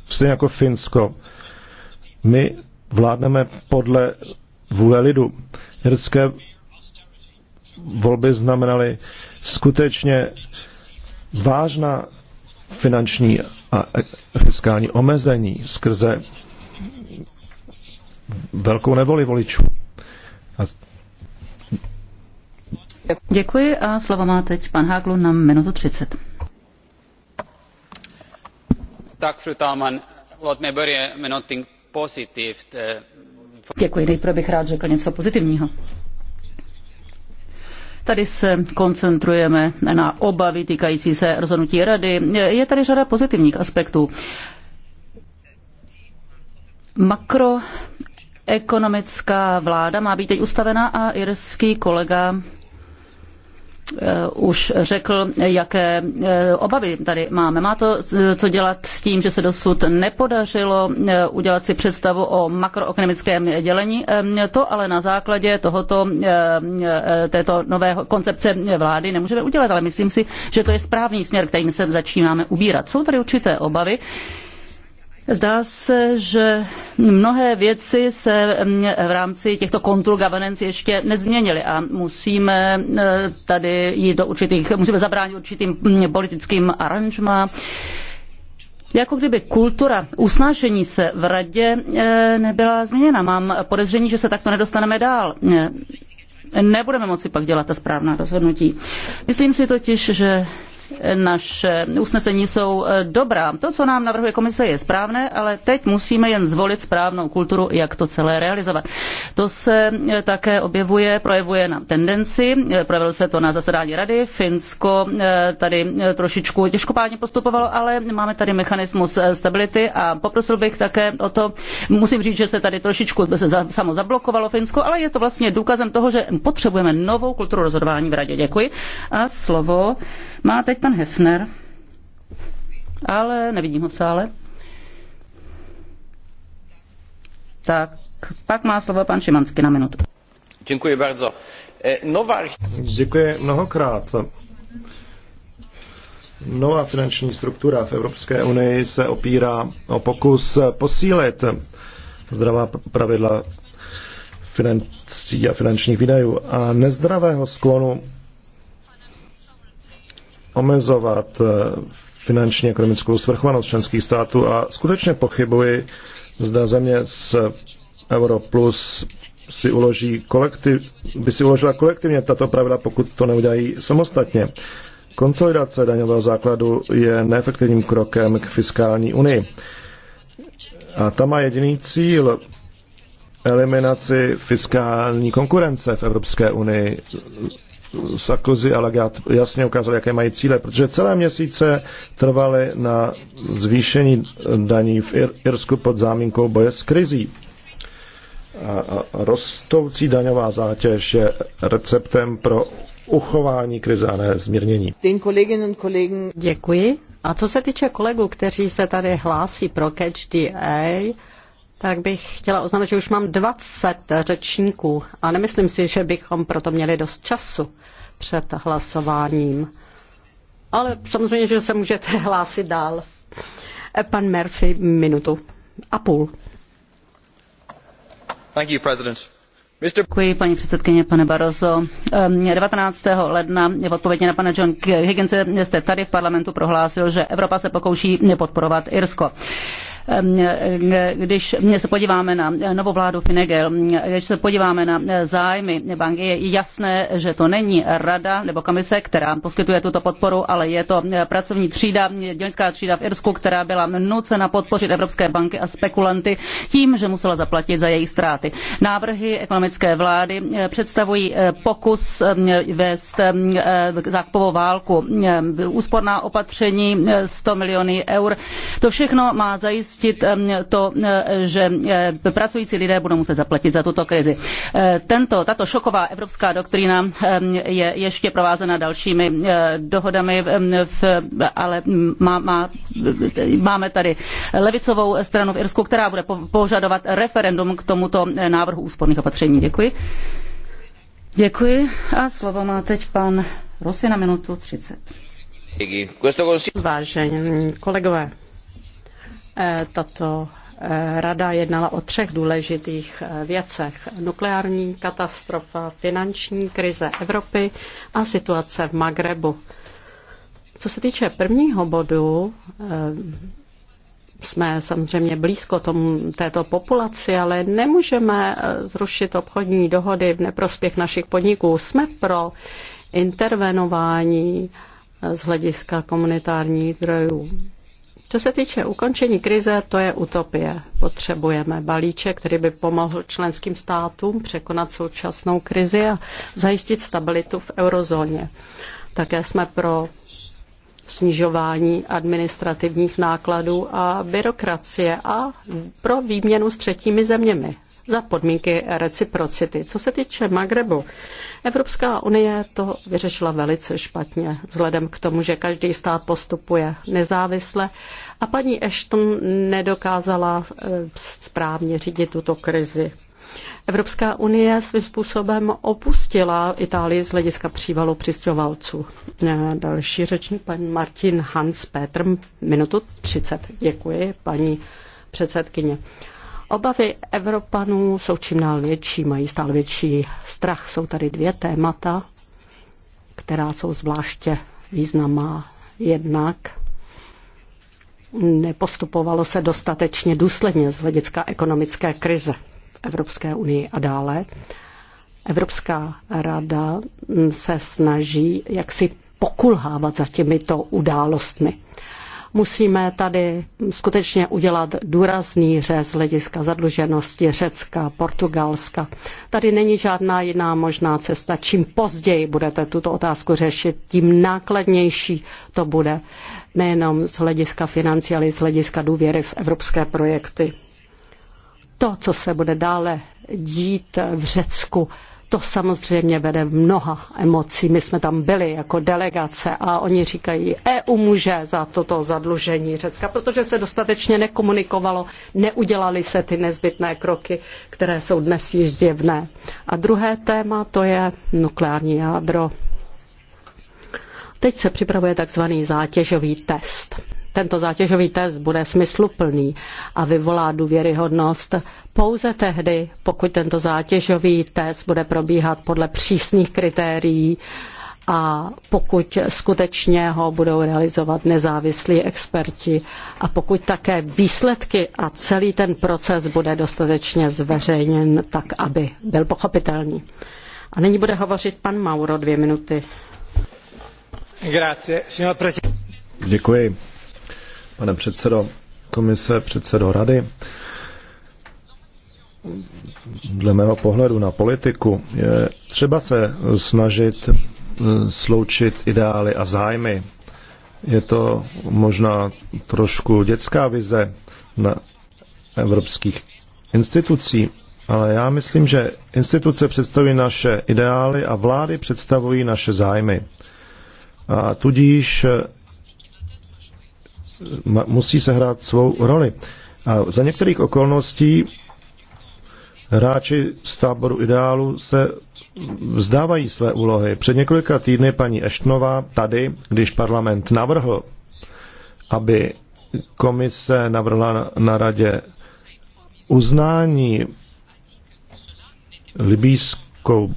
stejně jako Finsko. My vládneme podle vůle lidu hrdské volby znamenaly skutečně vážná finanční a fiskální omezení skrze velkou nevoli voličů. A Děkuji a slovo má teď pan Háglu na minutu 30. Tak, fru talman, låt mig börja med någonting positivt. Děkuji, nejprve bych rád řekl něco pozitivního. Tady se koncentrujeme na obavy týkající se rozhodnutí rady. Je tady řada pozitivních aspektů. Makroekonomická vláda má být teď ustavená a irský kolega Eh, už řekl, jaké eh, obavy tady máme. Má to eh, co dělat s tím, že se dosud nepodařilo udělat si představu o makroekonomickém dělení. To ale na základě tohoto, této nové koncepce vlády nemůžeme udělat, ale myslím si, že to je správný směr, kterým se začínáme ubírat. Jsou tady určité obavy, Zdá se, že mnohé věci se mm, v rámci těchto kontrol governance ještě nezměnily a musíme mm, tady jít do určitých, musíme zabránit určitým mm, politickým aranžmám jako kdyby kultura usnášení se v radě e, nebyla změněna. Mám podezření, že se takto nedostaneme dál. E, nebudeme moci pak dělat ta správná rozhodnutí. Myslím si totiž, že naše usnesení jsou eh, dobrá. To, co nám navrhuje komise, je správné, ale teď musíme jen zvolit správnou kulturu, jak to celé realizovat. To se eh, také objevuje, projevuje na tendenci, eh, projevilo se to na zasedání rady, Finsko tady trošičku těžkopádně postupovalo, ale máme tady mechanismus stability a poprosil bych také o to, musím říct, že se tady trošičku samo zablokovalo Finsko, ale je to vlastně důkazem toho, že potřebujeme novou kulturu rozhodování v radě. Děkuji. A slovo má teď pan Hefner, ale nevidím ho v sále. Tak pak má slovo pan Šimanský na minutu. Děkuji bardzo. E, nová... Děkuji mnohokrát. Nová finanční struktura v Evropské unii se opírá o pokus posílit zdravá pravidla financí a finančních výdajů a nezdravého sklonu omezovat eh, finanční ekonomickou svrchovanost členských států a skutečně pochybuji, zda země z Euro plus si uloží kolektiv, by si uložila kolektivně tato pravidla, pokud to neudělají samostatně. Konsolidace daňového základu je neefektivním krokem k fiskální unii. A ta má jediný cíl eliminaci fiskální konkurence v Evropské unii Sarkozy a Lagarde jasně ukázali, jaké mají cíle, protože celé měsíce trvaly na zvýšení daní v Ir- Irsku pod záminkou boje s krizí. A rostoucí daňová zátěž je receptem pro uchování krize a ne zmírnění. Děkuji. A co se týče kolegů, kteří se tady hlásí pro Catch tak bych chtěla oznámit, že už mám 20 řečníků a nemyslím si, že bychom proto měli dost času před hlasováním. Ale samozřejmě, že se můžete (laughs) hlásit dál. Pan Murphy, minutu a půl. Thank you, President. Děkuji, paní předsedkyně, pane Barroso. 19. Ehm, ledna v odpovědi na pana John Higginse jste tady v parlamentu prohlásil, že Evropa se pokouší nepodporovat Irsko. Ehm, eh, když se podíváme na novou vládu Finegel, když se podíváme na eh, zájmy banky, je jasné, že to není rada nebo komise, která poskytuje tuto podporu, ale je to eh, pracovní třída, dělnická třída v Irsku, která byla nucena podpořit evropské banky a spekulanty tím, že musela zaplatit za jejich ztráty. Návrhy ekonomické vlády představují pokus vést zákupovou válku, úsporná opatření 100 miliony eur. To všechno má zajistit zajistit eh, to, eh, že eh, pracující lidé budou muset zaplatit za tuto krizi. Tento, tato šoková evropská doktrína je ještě provázena dalšími dohodami, v, ale má, má, máme tady levicovou stranu v Irsku, která bude požadovat referendum k tomuto návrhu úsporných opatření. Děkuji. Děkuji a slovo má teď pan Rosy na minutu 30. Vážení kolegové, Eh, tato eh, rada jednala o třech důležitých eh, věcech. Nukleární katastrofa, finanční krize Evropy a situace v Magrebu. Co se týče prvního bodu, jsme samozřejmě blízko tomu, této populaci, ale nemůžeme zrušit obchodní dohody v neprospěch našich podniků. Jsme pro intervenování z hlediska komunitárních zdrojů. Co se týče ukončení krize, to je utopie. Potřebujeme balíček, který by pomohl členským státům překonat současnou krizi a zajistit stabilitu v eurozóně. Také jsme pro snižování administrativních nákladů a byrokracie a pro výměnu s třetími zeměmi za podmínky reciprocity. Co se týče Magrebu, Evropská unie to vyřešila velice špatně, vzhledem k tomu, že každý stát postupuje nezávisle a paní Ashton nedokázala e, správně řídit tuto krizi. Evropská unie svým způsobem opustila Itálii z hlediska přívalu přistěhovalců. E, další řečník, pan Martin Hans Petr, minutu 30. Děkuji, paní předsedkyně. Obavy Evropanů jsou čím dál větší, mají stále větší strach. Jsou tady dvě témata, která jsou zvláště významná. Jednak nepostupovalo se dostatečně důsledně z hlediska ekonomické krize v Evropské unii a dále. Evropská rada se snaží jaksi pokulhávat za těmito událostmi. Musíme tady skutečně udělat důrazný řez hlediska zadluženosti Řecka, Portugalska. Tady není žádná jiná možná cesta. Čím později budete tuto otázku řešit, tím nákladnější to bude. Nejenom z hlediska financí, ale i z hlediska důvěry v evropské projekty. To, co se bude dále dít v Řecku, to samozřejmě vede mnoha emocí. My jsme tam byli jako delegace a oni říkají, EU může za toto zadlužení Řecka, protože se dostatečně nekomunikovalo, neudělali se ty nezbytné kroky, které jsou dnes již zjevné. A druhé téma to je nukleární jádro. Teď se připravuje takzvaný zátěžový test. Tento zátěžový test bude smysluplný a vyvolá důvěryhodnost pouze tehdy, pokud tento zátěžový test bude probíhat podle přísných kritérií a pokud skutečně ho budou realizovat nezávislí experti a pokud také výsledky a celý ten proces bude dostatečně zveřejněn tak, aby byl pochopitelný. A nyní bude hovořit pan Mauro dvě minuty. Děkuji. Pane předsedo komise, předsedo rady, dle mého pohledu na politiku, je třeba se snažit eh, sloučit ideály a zájmy. Je to možná trošku dětská vize na evropských institucí, ale já myslím, že instituce představují naše ideály a vlády představují naše zájmy. A tudíž eh, musí se hrát svou roli. A za některých okolností hráči z táboru ideálu se vzdávají své úlohy. Před několika týdny paní Eštnová tady, když parlament navrhl, aby komise navrhla na radě uznání libýskou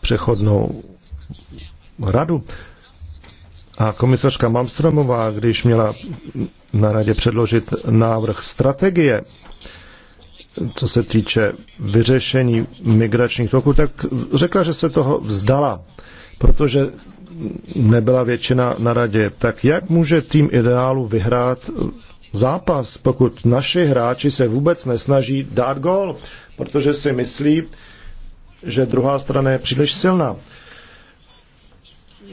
přechodnou radu. A komisařka Malmstromová, když měla na radě předložit návrh strategie co se týče vyřešení migračních toků, tak řekla, že se toho vzdala, protože nebyla většina na radě. Tak jak může tým ideálu vyhrát zápas, pokud naši hráči se vůbec nesnaží dát gol, protože si myslí, že druhá strana je příliš silná.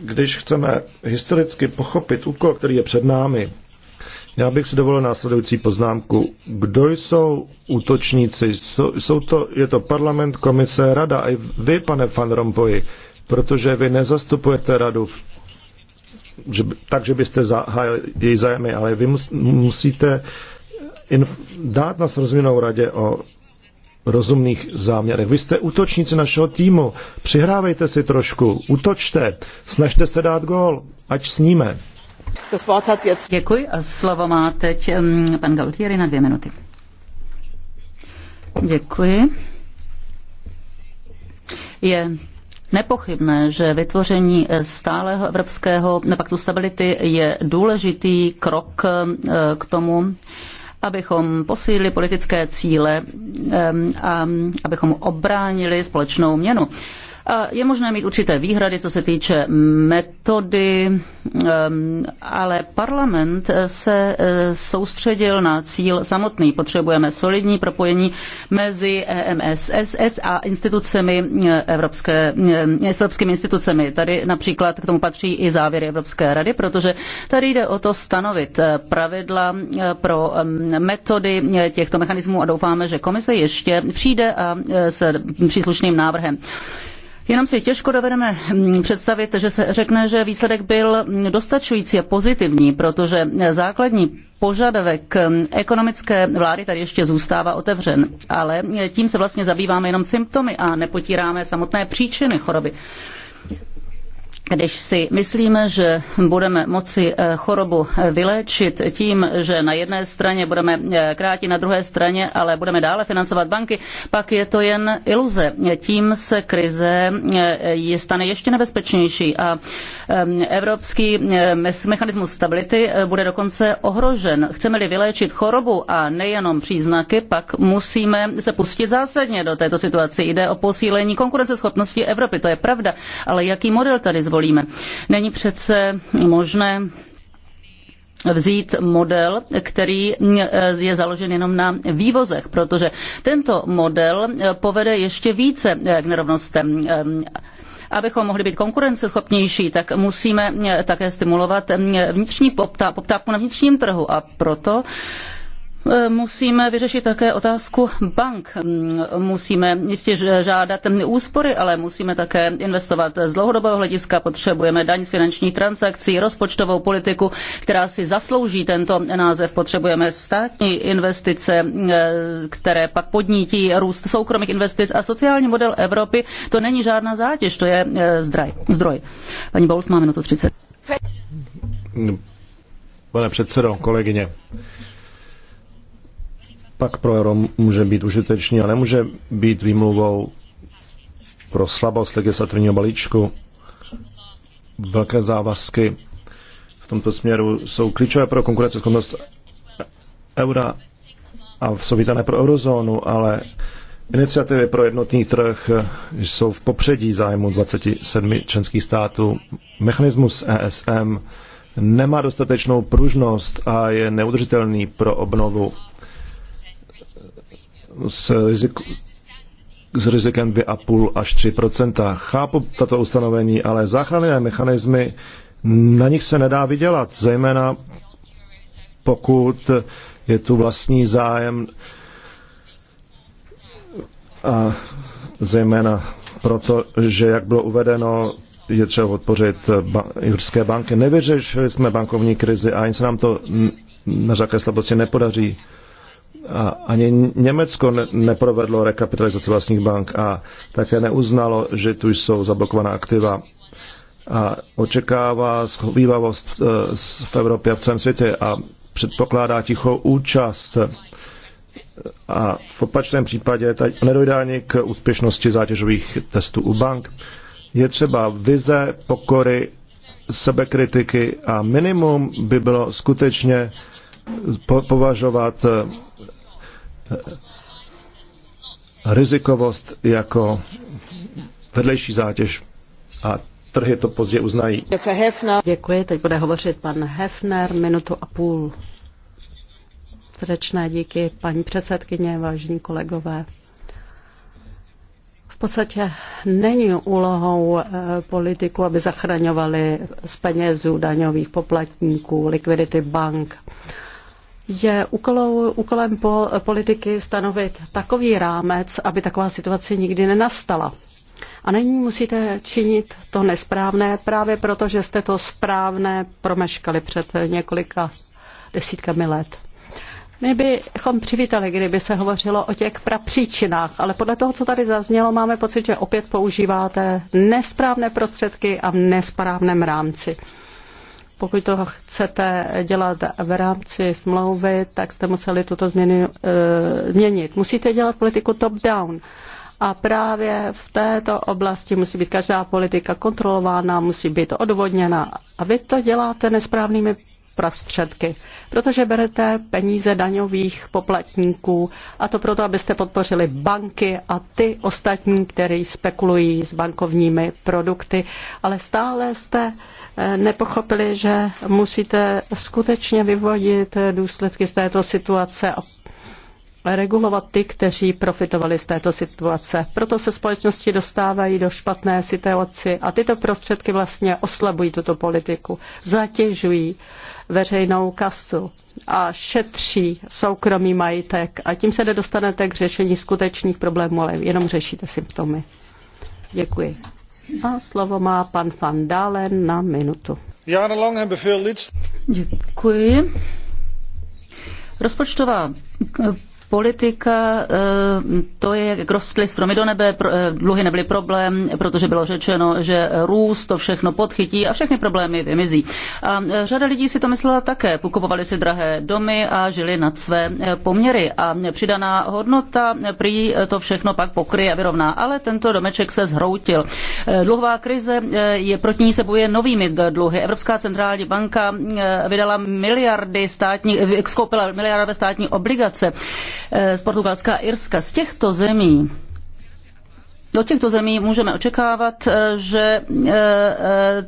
Když chceme historicky pochopit úkol, který je před námi, já bych si dovolil následující poznámku. Kdo jsou útočníci? Jsou, jsou to, je to parlament, komise, rada a i vy, pane Van Rompuy, protože vy nezastupujete radu že, takže byste zahájili její zájmy, ale vy mus, musíte inf, dát na srozuměnou radě o rozumných záměrech. Vy jste útočníci našeho týmu. Přihrávejte si trošku, útočte, snažte se dát gól, ať sníme. Děkuji a slovo má teď mm, pan Galtieri na dvě minuty. Děkuji. Je Nepochybné, že vytvoření stáleho evropského paktu stability je důležitý krok mm, k tomu, abychom posílili politické cíle mm, a abychom obránili společnou měnu. Eh, je možné mít určité výhrady, co se týče metody, ehm, ale parlament eh, se eh, soustředil na cíl samotný. Potřebujeme solidní propojení mezi EMSSS a institucemi evropské, evropskými institucemi. Tady například k tomu patří i závěry Evropské rady, protože tady jde o to stanovit pravidla pro ehm, metody těchto mechanismů a doufáme, že komise ještě přijde a se příslušným návrhem. Jenom si těžko dovedeme hm, představit, že se řekne, že výsledek byl hm, dostačující a pozitivní, protože základní požadavek hm, ekonomické vlády tady ještě zůstává otevřen, ale tím se vlastně zabýváme jenom symptomy a nepotíráme samotné příčiny choroby když si myslíme, že budeme moci eh, chorobu eh, vyléčit tím, že na jedné straně budeme eh, krátit, na druhé straně ale budeme dále financovat banky, pak je to jen iluze. Tím se krize je stane ještě nebezpečnější a evropský mechanismus stability bude dokonce ohrožen. Chceme-li vyléčit chorobu a nejenom příznaky, pak musíme se pustit zásadně do této situace. Jde o posílení konkurenceschopnosti Evropy, to je pravda, ale jaký model tady zvolíme? zvolíme. Není přece možné vzít model, který eh, je založen jenom na vývozech, protože tento model eh, povede ještě více eh, k nerovnostem abychom mohli být konkurenceschopnější, tak musíme také stimulovat vnitřní poptávku na vnitřním trhu. A proto Musíme vyřešit také otázku bank. Musíme jistě žádat úspory, ale musíme také investovat z dlouhodobého hlediska. Potřebujeme daň z finančních transakcí, rozpočtovou politiku, která si zaslouží tento název. Potřebujeme státní investice, které pak podnítí růst soukromých investic a sociální model Evropy. To není žádná zátěž, to je eh, zdraj, zdroj. Paní Bouls má minutu 30. Pane předsedo, kolegyně pak pro euro může být užitečný a nemůže být výmluvou pro slabost legislativního balíčku. Velké závazky v tomto směru jsou klíčové pro konkurenceschopnost eura a jsou vítané pro eurozónu, ale iniciativy pro jednotný trh jsou v popředí zájmu 27 členských států. Mechanismus ESM nemá dostatečnou pružnost a je neudržitelný pro obnovu s, rizik, s rizikem 2,5 až 3 Chápu tato ustanovení, ale záchranné mechanismy, na nich se nedá vydělat, zejména pokud je tu vlastní zájem a zejména proto, že jak bylo uvedeno, je třeba podpořit ba- jurské banky. Nevyřešili jsme bankovní krizi a ani se nám to na řaké slabosti nepodaří. A ani Německo ne- neprovedlo rekapitalizaci vlastních bank a také neuznalo, že tu jsou zablokovaná aktiva a očekává schovývavost eh, v Evropě a v celém světě a předpokládá tichou účast. A v opačném případě nedojde ani k úspěšnosti zátěžových testů u bank. Je třeba vize, pokory, sebekritiky a minimum by bylo skutečně považovat eh, rizikovost jako vedlejší zátěž a trhy to pozdě uznají. Děkuji, teď bude hovořit pan Hefner minutu a půl. Srdečné díky, paní předsedkyně, vážení kolegové. V podstatě není úlohou eh, politiků, aby zachraňovali z penězů daňových poplatníků, likvidity bank je úkolou, úkolem po, politiky stanovit takový rámec, aby taková situace nikdy nenastala. A není musíte činit to nesprávné právě proto, že jste to správné promeškali před několika desítkami let. My bychom přivítali, kdyby se hovořilo o těch prapříčinách, ale podle toho, co tady zaznělo, máme pocit, že opět používáte nesprávné prostředky a v nesprávném rámci. Pokud to chcete dělat v rámci smlouvy, tak jste museli tuto změnu e, eh, změnit. Musíte dělat politiku top-down. A právě v této oblasti musí být každá politika kontrolována, musí být odvodněna. A vy to děláte nesprávnými prostředky, protože berete peníze daňových poplatníků a to proto, abyste podpořili banky a ty ostatní, které spekulují s bankovními produkty, ale stále jste Eh, nepochopili, že musíte skutečně vyvodit důsledky z této situace a regulovat ty, kteří profitovali z této situace. Proto se společnosti dostávají do špatné situace a tyto prostředky vlastně oslabují tuto politiku, zatěžují veřejnou kasu a šetří soukromý majitek a tím se nedostanete k řešení skutečných problémů, ale jenom řešíte symptomy. Děkuji. A slovo má pan Van Dalen na minutu. Děkuji. Rozpočtová politika, eh, to je, jak rostly stromy do nebe, eh, dluhy nebyly problém, protože bylo řečeno, že růst to všechno podchytí a všechny problémy vymizí. A eh, řada lidí si to myslela také. Kupovali si drahé domy a žili nad své poměry. A přidaná hodnota prý to všechno pak pokryje a vyrovná. Ale tento domeček se zhroutil. Dluhová krize je proti ní se boje novými dluhy. Evropská centrální banka vydala miliardy státních, skoupila miliardy státní obligace. Eh, z Portugalska a Irska. Z těchto zemí do těchto zemí můžeme očekávat, eh, že eh,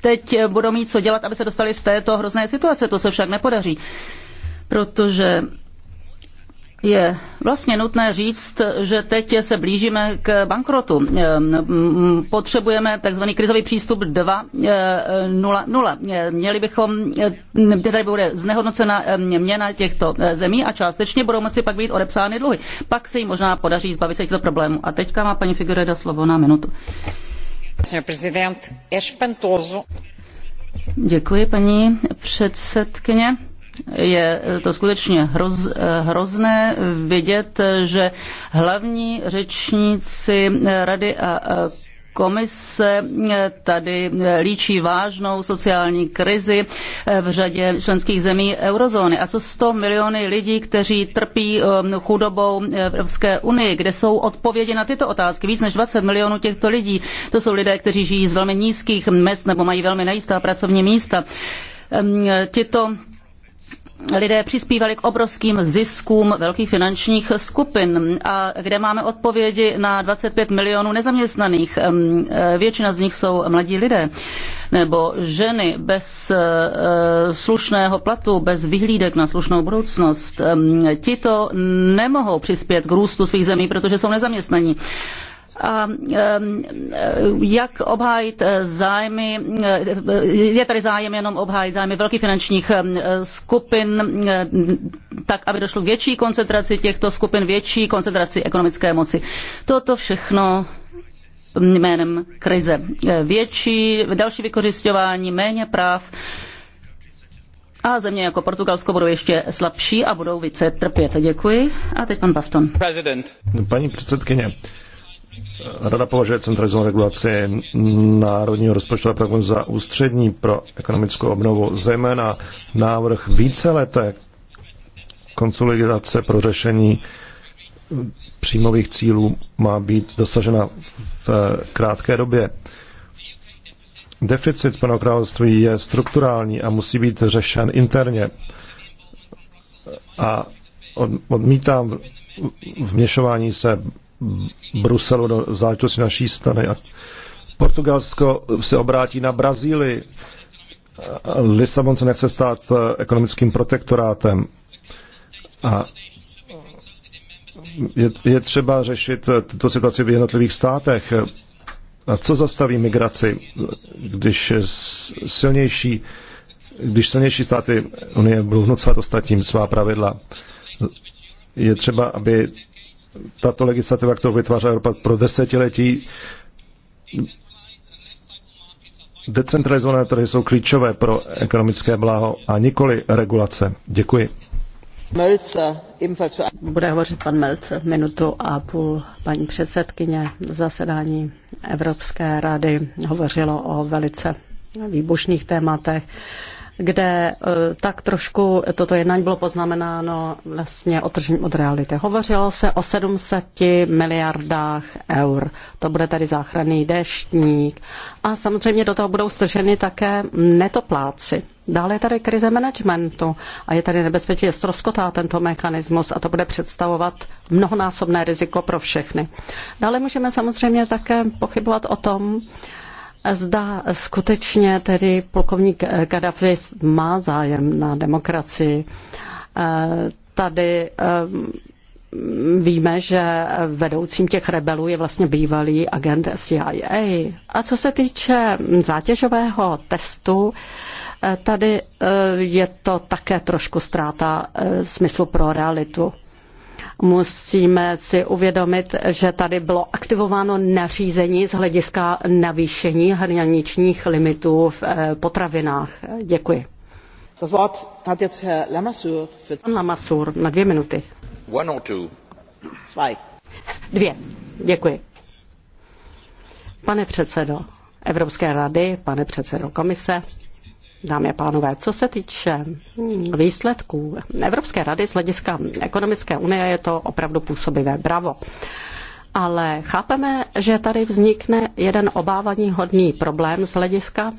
teď budou mít co dělat, aby se dostali z této hrozné situace. To se však nepodaří, protože je vlastně nutné říct, že teď se blížíme k bankrotu. Ehm, potřebujeme tzv. krizový přístup 2.0. Měli bychom, ehm, tady bude znehodnocena ehm, měna těchto eh, zemí a částečně budou moci pak být odepsány dluhy. Pak se jim možná podaří zbavit se těchto problémů. A teďka má paní Figureda slovo na minutu. Děkuji, paní předsedkyně je to skutečně hroz, hrozné vidět, že hlavní řečníci rady a Komise tady líčí vážnou sociální krizi v řadě členských zemí eurozóny. A co 100 miliony lidí, kteří trpí um, chudobou v Evropské unii, kde jsou odpovědi na tyto otázky? Víc než 20 milionů těchto lidí. To jsou lidé, kteří žijí z velmi nízkých mest nebo mají velmi nejistá pracovní místa. Um, tito lidé přispívali k obrovským ziskům velkých finančních skupin a kde máme odpovědi na 25 milionů nezaměstnaných. E, většina z nich jsou mladí lidé nebo ženy bez e, slušného platu, bez vyhlídek na slušnou budoucnost. Tito nemohou přispět k růstu svých zemí, protože jsou nezaměstnaní a um, um, jak obhájit eh, zájmy, eh, je tady zájem jenom obhájit zájmy velkých finančních eh, skupin, tak aby došlo k větší koncentraci těchto skupin, větší koncentraci ekonomické moci. Toto všechno jménem krize. Větší, další vykořišťování, méně práv a země jako Portugalsko budou ještě slabší a budou více trpět. Děkuji. A teď pan Bafton. President. Paní předsedkyně, Rada považuje centralizovanou regulaci Národního rozpočtového programu za ústřední pro ekonomickou obnovu, zejména návrh víceleté konsolidace pro řešení příjmových cílů má být dosažena v krátké době. Deficit Spojeného království je strukturální a musí být řešen interně. A odmítám vměšování se Bruselu do záležitosti naší strany. A Portugalsko se obrátí na Brazílii. Lisabon se nechce stát eh, ekonomickým protektorátem. A je, je třeba řešit eh, tuto situaci v jednotlivých státech. A co zastaví migraci, když silnější, když silnější státy Unie budou vnucovat ostatním svá pravidla? Je třeba, aby tato legislativa, kterou vytváří Evropa pro desetiletí, decentralizované trhy jsou klíčové pro ekonomické bláho a nikoli regulace. Děkuji. Bude hovořit pan Melce minutu a půl. Paní předsedkyně zasedání Evropské rady hovořilo o velice výbušných tématech kde e, tak trošku toto jednání bylo poznamenáno vlastně otržením od reality. Hovořilo se o 700 miliardách eur. To bude tady záchranný deštník. A samozřejmě do toho budou strženy také netopláci. Dále je tady krize managementu a je tady nebezpečí, že rozkotá tento mechanismus a to bude představovat mnohonásobné riziko pro všechny. Dále můžeme samozřejmě také pochybovat o tom, Zda skutečně tedy plukovník Gaddafi má zájem na demokracii. Eh, tady eh, víme, že vedoucím těch rebelů je vlastně bývalý agent CIA. A co se týče zátěžového testu, eh, tady je to také trošku ztráta smyslu pro realitu. Musíme si uvědomit, že tady bylo aktivováno nařízení z hlediska navýšení hraničních limitů v eh, potravinách. Děkuji. Das Wort hat jetzt Herr Lamassur. Für... Lamassur na dvě minuty. One or two. Zwei. Dvě. Děkuji. Pane předsedo Evropské rady, pane předsedo komise, Dámy a pánové, co se týče výsledků Evropské rady z hlediska ekonomické unie, je to opravdu působivé. Bravo. Ale chápeme, že tady vznikne jeden obávaní hodný problém z hlediska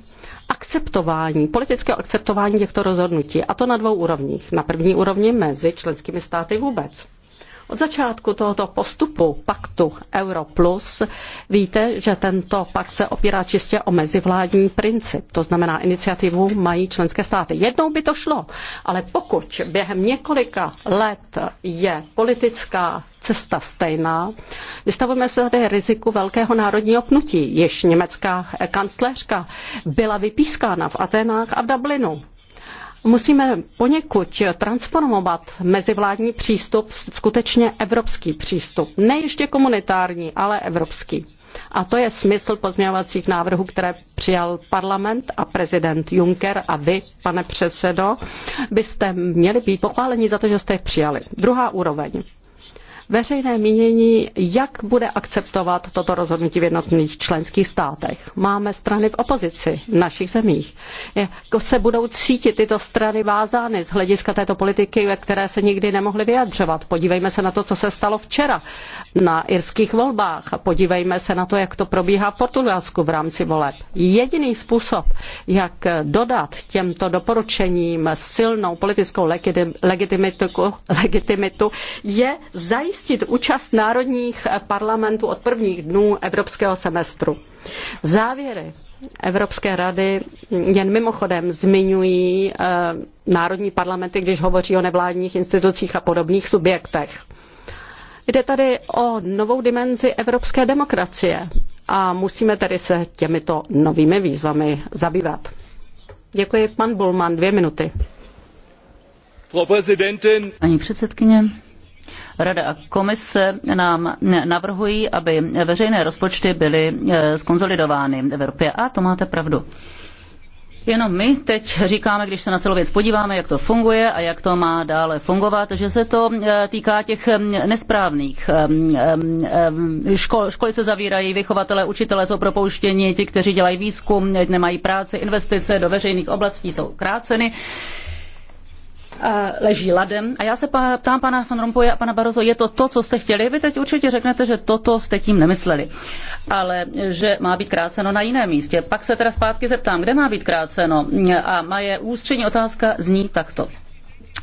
akceptování, politického akceptování těchto rozhodnutí. A to na dvou úrovních. Na první úrovni mezi členskými státy vůbec. Od začátku tohoto postupu paktu Euro Plus víte, že tento pakt se opírá čistě o mezivládní princip. To znamená, iniciativu mají členské státy. Jednou by to šlo, ale pokud během několika let je politická cesta stejná, vystavujeme se tady riziku velkého národního pnutí. Již německá kancléřka byla vypískána v Atenách a v Dublinu. Musíme poněkud transformovat mezivládní přístup v skutečně evropský přístup. Ne ještě komunitární, ale evropský. A to je smysl pozměňovacích návrhů, které přijal parlament a prezident Juncker a vy, pane předsedo, byste měli být pochváleni za to, že jste je přijali. Druhá úroveň veřejné mínění, jak bude akceptovat toto rozhodnutí v jednotných členských státech. Máme strany v opozici v našich zemích. Jak se budou cítit tyto strany vázány z hlediska této politiky, ve které se nikdy nemohly vyjadřovat. Podívejme se na to, co se stalo včera na irských volbách a podívejme se na to, jak to probíhá v Portugalsku v rámci voleb. Jediný způsob, jak dodat těmto doporučením silnou politickou legitimitu, legitimitu je zajistit zajistit účast národních parlamentů od prvních dnů evropského semestru. Závěry Evropské rady jen mimochodem zmiňují eh, národní parlamenty, když hovoří o nevládních institucích a podobných subjektech. Jde tady o novou dimenzi evropské demokracie a musíme tedy se těmito novými výzvami zabývat. Děkuji, pan Bulman, dvě minuty. Paní předsedkyně, Rada a komise nám navrhují, aby veřejné rozpočty byly eh, skonsolidovány v Evropě. A to máte pravdu. Jenom my teď říkáme, když se na celou věc podíváme, jak to funguje a jak to má dále fungovat, že se to eh, týká těch eh, nesprávných. Školy se zavírají, vychovatelé, učitelé jsou propouštěni, ti, kteří dělají výzkum, nemají práci, investice do veřejných oblastí jsou kráceny leží ladem. A já se ptám pana Van Rompuy a pana Barozo, je to to, co jste chtěli? Vy teď určitě řeknete, že toto jste tím nemysleli, ale že má být kráceno na jiném místě. Pak se teda zpátky zeptám, kde má být kráceno? A moje ústřední otázka zní takto.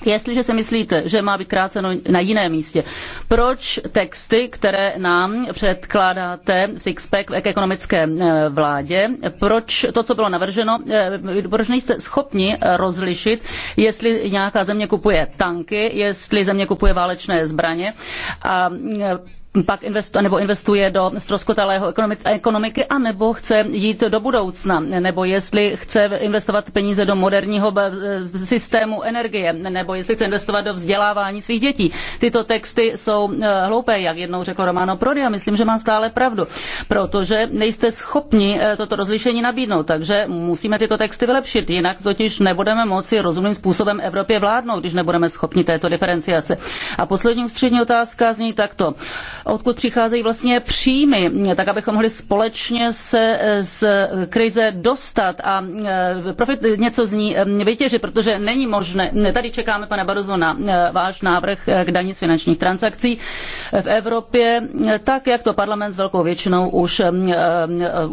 Jestliže si myslíte, že má být kráceno na jiném místě, proč texty, které nám předkládáte v Sixpack k ekonomické eh, vládě, proč to, co bylo navrženo, eh, proč nejste schopni rozlišit, jestli nějaká země kupuje tanky, jestli země kupuje válečné zbraně a eh, pak investuje, nebo investuje do stroskotalého ekonomiky, anebo chce jít do budoucna, nebo jestli chce investovat peníze do moderního systému energie, nebo jestli chce investovat do vzdělávání svých dětí. Tyto texty jsou eh, hloupé, jak jednou řekl Romano Prodi a myslím, že má stále pravdu, protože nejste schopni eh, toto rozlišení nabídnout, takže musíme tyto texty vylepšit, jinak totiž nebudeme moci rozumným způsobem Evropě vládnout, když nebudeme schopni této diferenciace. A poslední ústřední otázka zní takto odkud přicházejí vlastně příjmy, tak abychom mohli společně se eh, z krize dostat a eh, profit, něco z ní eh, vytěžit, protože není možné. Tady čekáme, pane Barozo, na váš návrh k daní z finančních transakcí v Evropě, tak jak to parlament s velkou většinou už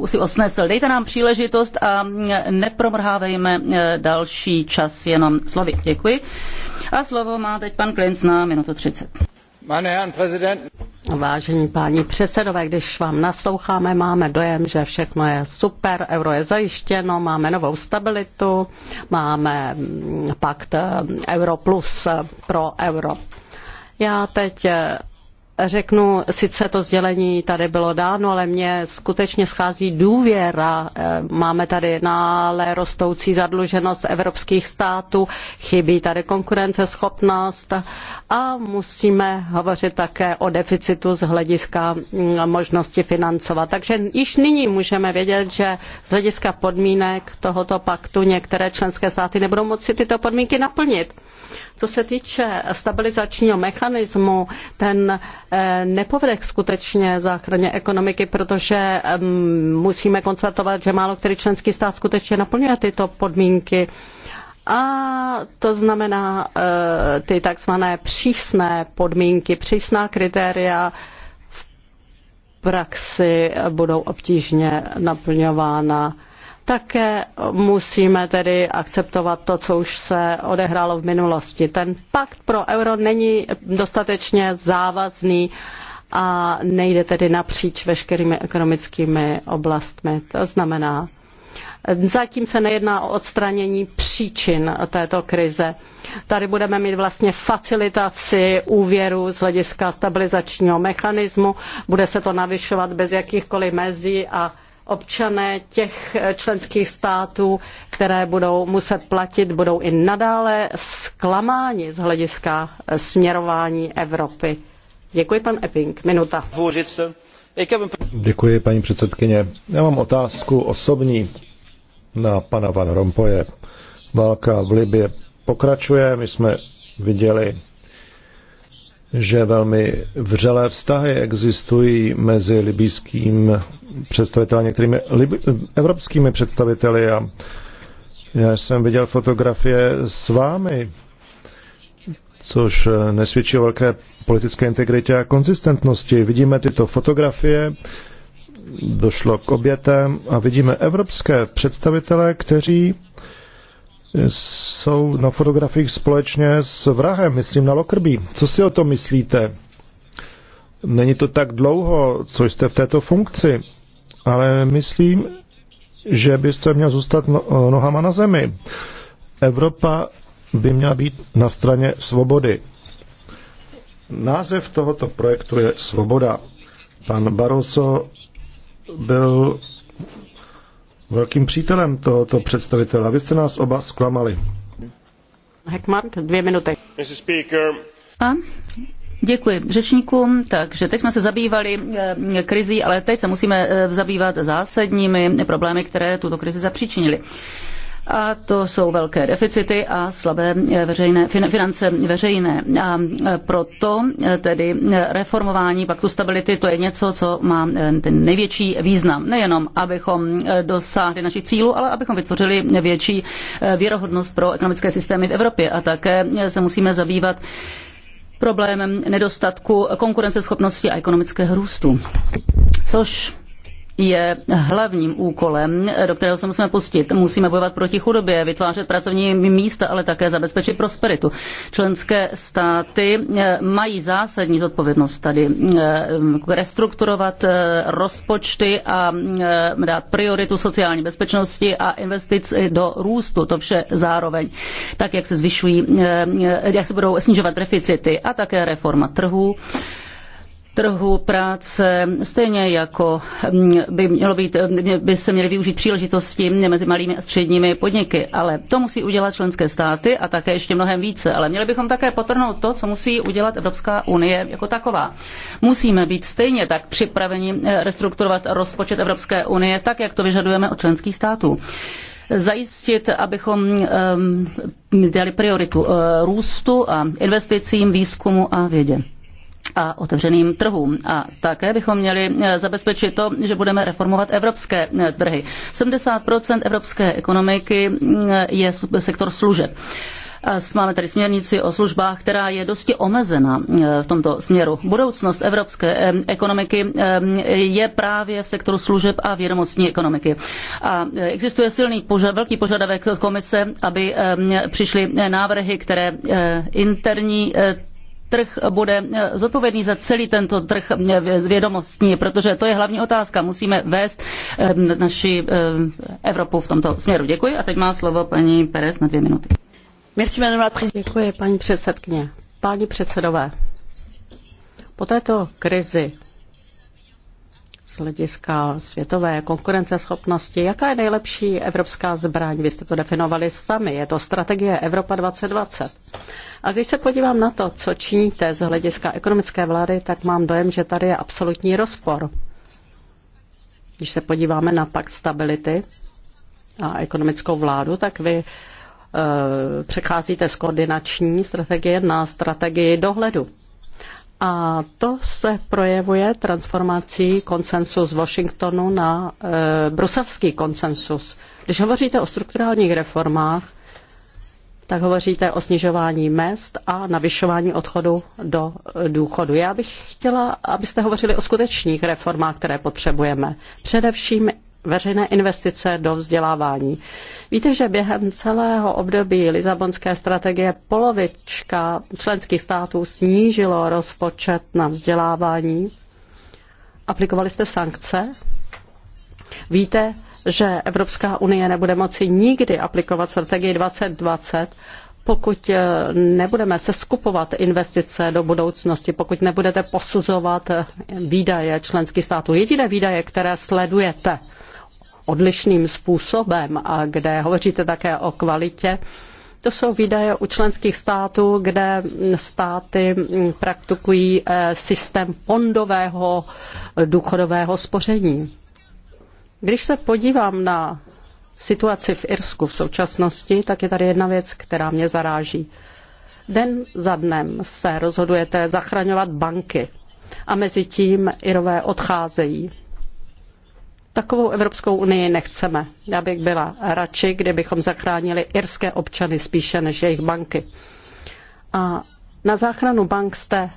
si osnesl. Dejte nám příležitost a nepromrhávejme další čas jenom slovy. Děkuji. A slovo má teď pan Klinc na minutu 30. Vážení páni předsedové, když vám nasloucháme, máme dojem, že všechno je super, euro je zajištěno, máme novou stabilitu, máme mm, pakt eh, euro plus eh, pro euro. Já teď eh, řeknu, sice to sdělení tady bylo dáno, ale mě skutečně schází důvěra. Eh, máme tady nále rostoucí zadluženost evropských států, chybí tady konkurenceschopnost a musíme hovořit také o deficitu z hlediska mm, možnosti financovat. Takže již nyní můžeme vědět, že z hlediska podmínek tohoto paktu některé členské státy nebudou moci tyto podmínky naplnit. Co se týče stabilizačního mechanismu, ten eh, nepovede skutečně záchraně ekonomiky, protože mm, musíme konstatovat, že málo který členský stát skutečně naplňuje tyto podmínky. A to znamená eh, ty takzvané přísné podmínky, přísná kritéria v praxi budou obtížně naplňována. Také musíme tedy akceptovat to, co už se odehrálo v minulosti. Ten pakt pro euro není dostatečně závazný a nejde tedy napříč veškerými ekonomickými oblastmi. To znamená, zatím se nejedná o odstranění příčin této krize. Tady budeme mít vlastně facilitaci úvěru z hlediska stabilizačního mechanismu, bude se to navyšovat bez jakýchkoliv mezí a občané těch eh, členských států, které budou muset platit, budou i nadále zklamáni z hlediska eh, směrování Evropy. Děkuji, pan Epping. Minuta. Děkuji, paní předsedkyně. Já mám otázku osobní na pana Van Rompoje. Válka v Libě pokračuje. My jsme viděli že velmi vřelé vztahy existují mezi libýským představiteli, a některými lib- evropskými představiteli. A já jsem viděl fotografie s vámi, což nesvědčí o velké politické integritě a konzistentnosti. Vidíme tyto fotografie, došlo k obětem a vidíme evropské představitele, kteří jsou na fotografiích společně s vrahem, myslím na Lokrbí. Co si o tom myslíte? Není to tak dlouho, co jste v této funkci, ale myslím, že byste měl zůstat no, nohama na zemi. Evropa by měla být na straně svobody. Název tohoto projektu je Svoboda. Pan Barroso byl velkým přítelem tohoto představitele. Vy jste nás oba zklamali. Heckmark, dvě minuty. A? Děkuji řečníkům. Takže teď jsme se zabývali eh, krizí, ale teď se musíme eh, zabývat zásadními problémy, které tuto krizi zapříčinili a to jsou velké deficity a slabé veřejné, finance veřejné. A e, proto e, tedy e, reformování paktu stability to je něco, co má ten největší význam. Nejenom, abychom dosáhli našich cílů, ale abychom vytvořili větší věrohodnost pro ekonomické systémy v Evropě a také se musíme zabývat problémem nedostatku konkurenceschopnosti a ekonomického růstu. Což je hlavním úkolem, do kterého se musíme pustit. Musíme bojovat proti chudobě, vytvářet pracovní místa, ale také zabezpečit prosperitu. Členské státy eh, mají zásadní zodpovědnost tady eh, restrukturovat eh, rozpočty a dát prioritu sociální bezpečnosti a investici do růstu. To vše zároveň, tak jak se zvyšují, jak se budou snižovat deficity a také reforma trhů trhu práce, stejně jako mm, by, mělo být, mm, by se měly využít příležitosti mezi malými a středními podniky. Ale to musí udělat členské státy a také ještě mnohem více. Ale měli bychom také potrhnout to, co musí udělat Evropská unie jako taková. Musíme být stejně tak připraveni eh, restrukturovat rozpočet Evropské unie tak, jak to vyžadujeme od členských států zajistit, abychom um, dali prioritu eh, růstu a investicím, výzkumu a vědě a otevřeným trhům. A také bychom měli eh, zabezpečit to, že budeme reformovat evropské eh, trhy. 70 evropské ekonomiky eh, je sektor služeb. Máme tady směrnici o službách, která je dosti omezena v tomto směru. Budoucnost evropské ekonomiky je právě v sektoru služeb a vědomostní ekonomiky. A existuje silný požad, velký požadavek komise, aby přišly návrhy, které interní trh bude eh, zodpovědný za celý tento trh eh, vědomostní, protože to je hlavní otázka. Musíme vést eh, naši Evropu v tomto směru. Děkuji a teď má slovo paní Perez na dvě minuty. Děkuji, paní předsedkyně. Páni předsedové, po této krizi z hlediska světové konkurenceschopnosti, jaká je nejlepší evropská zbraň? Vy jste to definovali sami, je to strategie Evropa 2020. A když se podívám na to, co činíte z hlediska ekonomické vlády, tak mám dojem, že tady je absolutní rozpor. Když se podíváme na pakt stability a ekonomickou vládu, tak vy eh, přecházíte z koordinační strategie na strategii dohledu. A to se projevuje transformací z Washingtonu na e, bruselský konsensus. Když hovoříte o strukturálních reformách, tak hovoříte o snižování mest a navyšování odchodu do důchodu. Já bych chtěla, abyste hovořili o skutečných reformách, které potřebujeme. Především veřejné investice do vzdělávání. Víte, že během celého období Lisabonské strategie polovička členských států snížilo rozpočet na vzdělávání. Aplikovali jste sankce? Víte, že Evropská unie nebude moci nikdy aplikovat strategii 2020, pokud eh, nebudeme seskupovat investice do budoucnosti, pokud nebudete posuzovat eh, výdaje členských států, jediné výdaje, které sledujete odlišným způsobem a kde hovoříte také o kvalitě, to jsou výdaje u členských států, kde státy mm, praktikují eh, systém fondového důchodového spoření. Když se podívám na situaci v Irsku v současnosti, tak je tady jedna věc, která mě zaráží. Den za dnem se rozhodujete zachraňovat banky a mezi tím Irové odcházejí. Takovou Evropskou unii nechceme. Já bych byla radši, kdybychom zachránili irské občany spíše než jejich banky. A na záchranu bank jste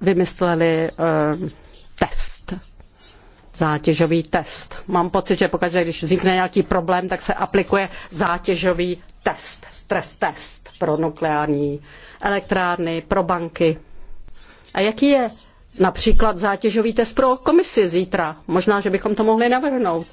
vymysleli eh, test zátěžový test. Mám pocit, že pokaždé, když vznikne nějaký problém, tak se aplikuje zátěžový test, stres test pro nukleární elektrárny, pro banky. A jaký je například zátěžový test pro komisi zítra? Možná, že bychom to mohli navrhnout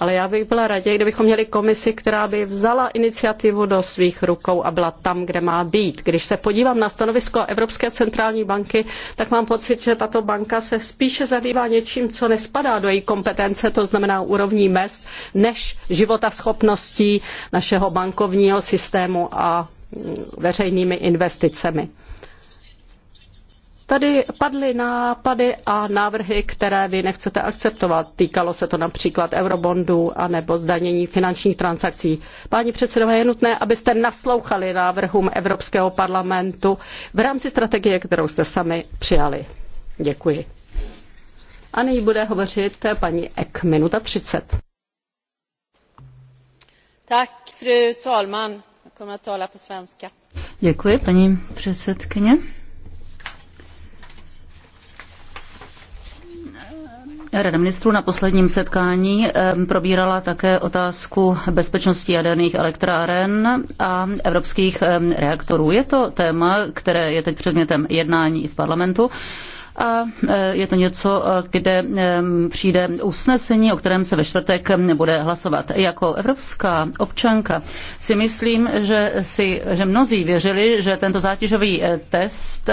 ale já bych byla raději, kdybychom měli komisi, která by vzala iniciativu do svých rukou a byla tam, kde má být. Když se podívám na stanovisko Evropské centrální banky, tak mám pocit, že tato banka se spíše zabývá něčím, co nespadá do její kompetence, to znamená úrovní mest, než života schopností našeho bankovního systému a mm, veřejnými investicemi. Tady padly nápady a návrhy, které vy nechcete akceptovat. Týkalo se to například eurobondů a nebo zdanění finančních transakcí. Páni předsedové, je nutné, abyste naslouchali návrhům Evropského parlamentu v rámci strategie, kterou jste sami přijali. Děkuji. A nyní bude hovořit paní Ek, minuta 30. Tak, fru talman. Děkuji, paní předsedkyně. Rada ministrů na posledním setkání probírala také otázku bezpečnosti jaderných elektráren a evropských reaktorů. Je to téma, které je teď předmětem jednání v parlamentu a e, je to něco, e, kde e, přijde usnesení, o kterém se ve čtvrtek bude hlasovat. Jako evropská občanka si myslím, že, si, že mnozí věřili, že tento zátěžový test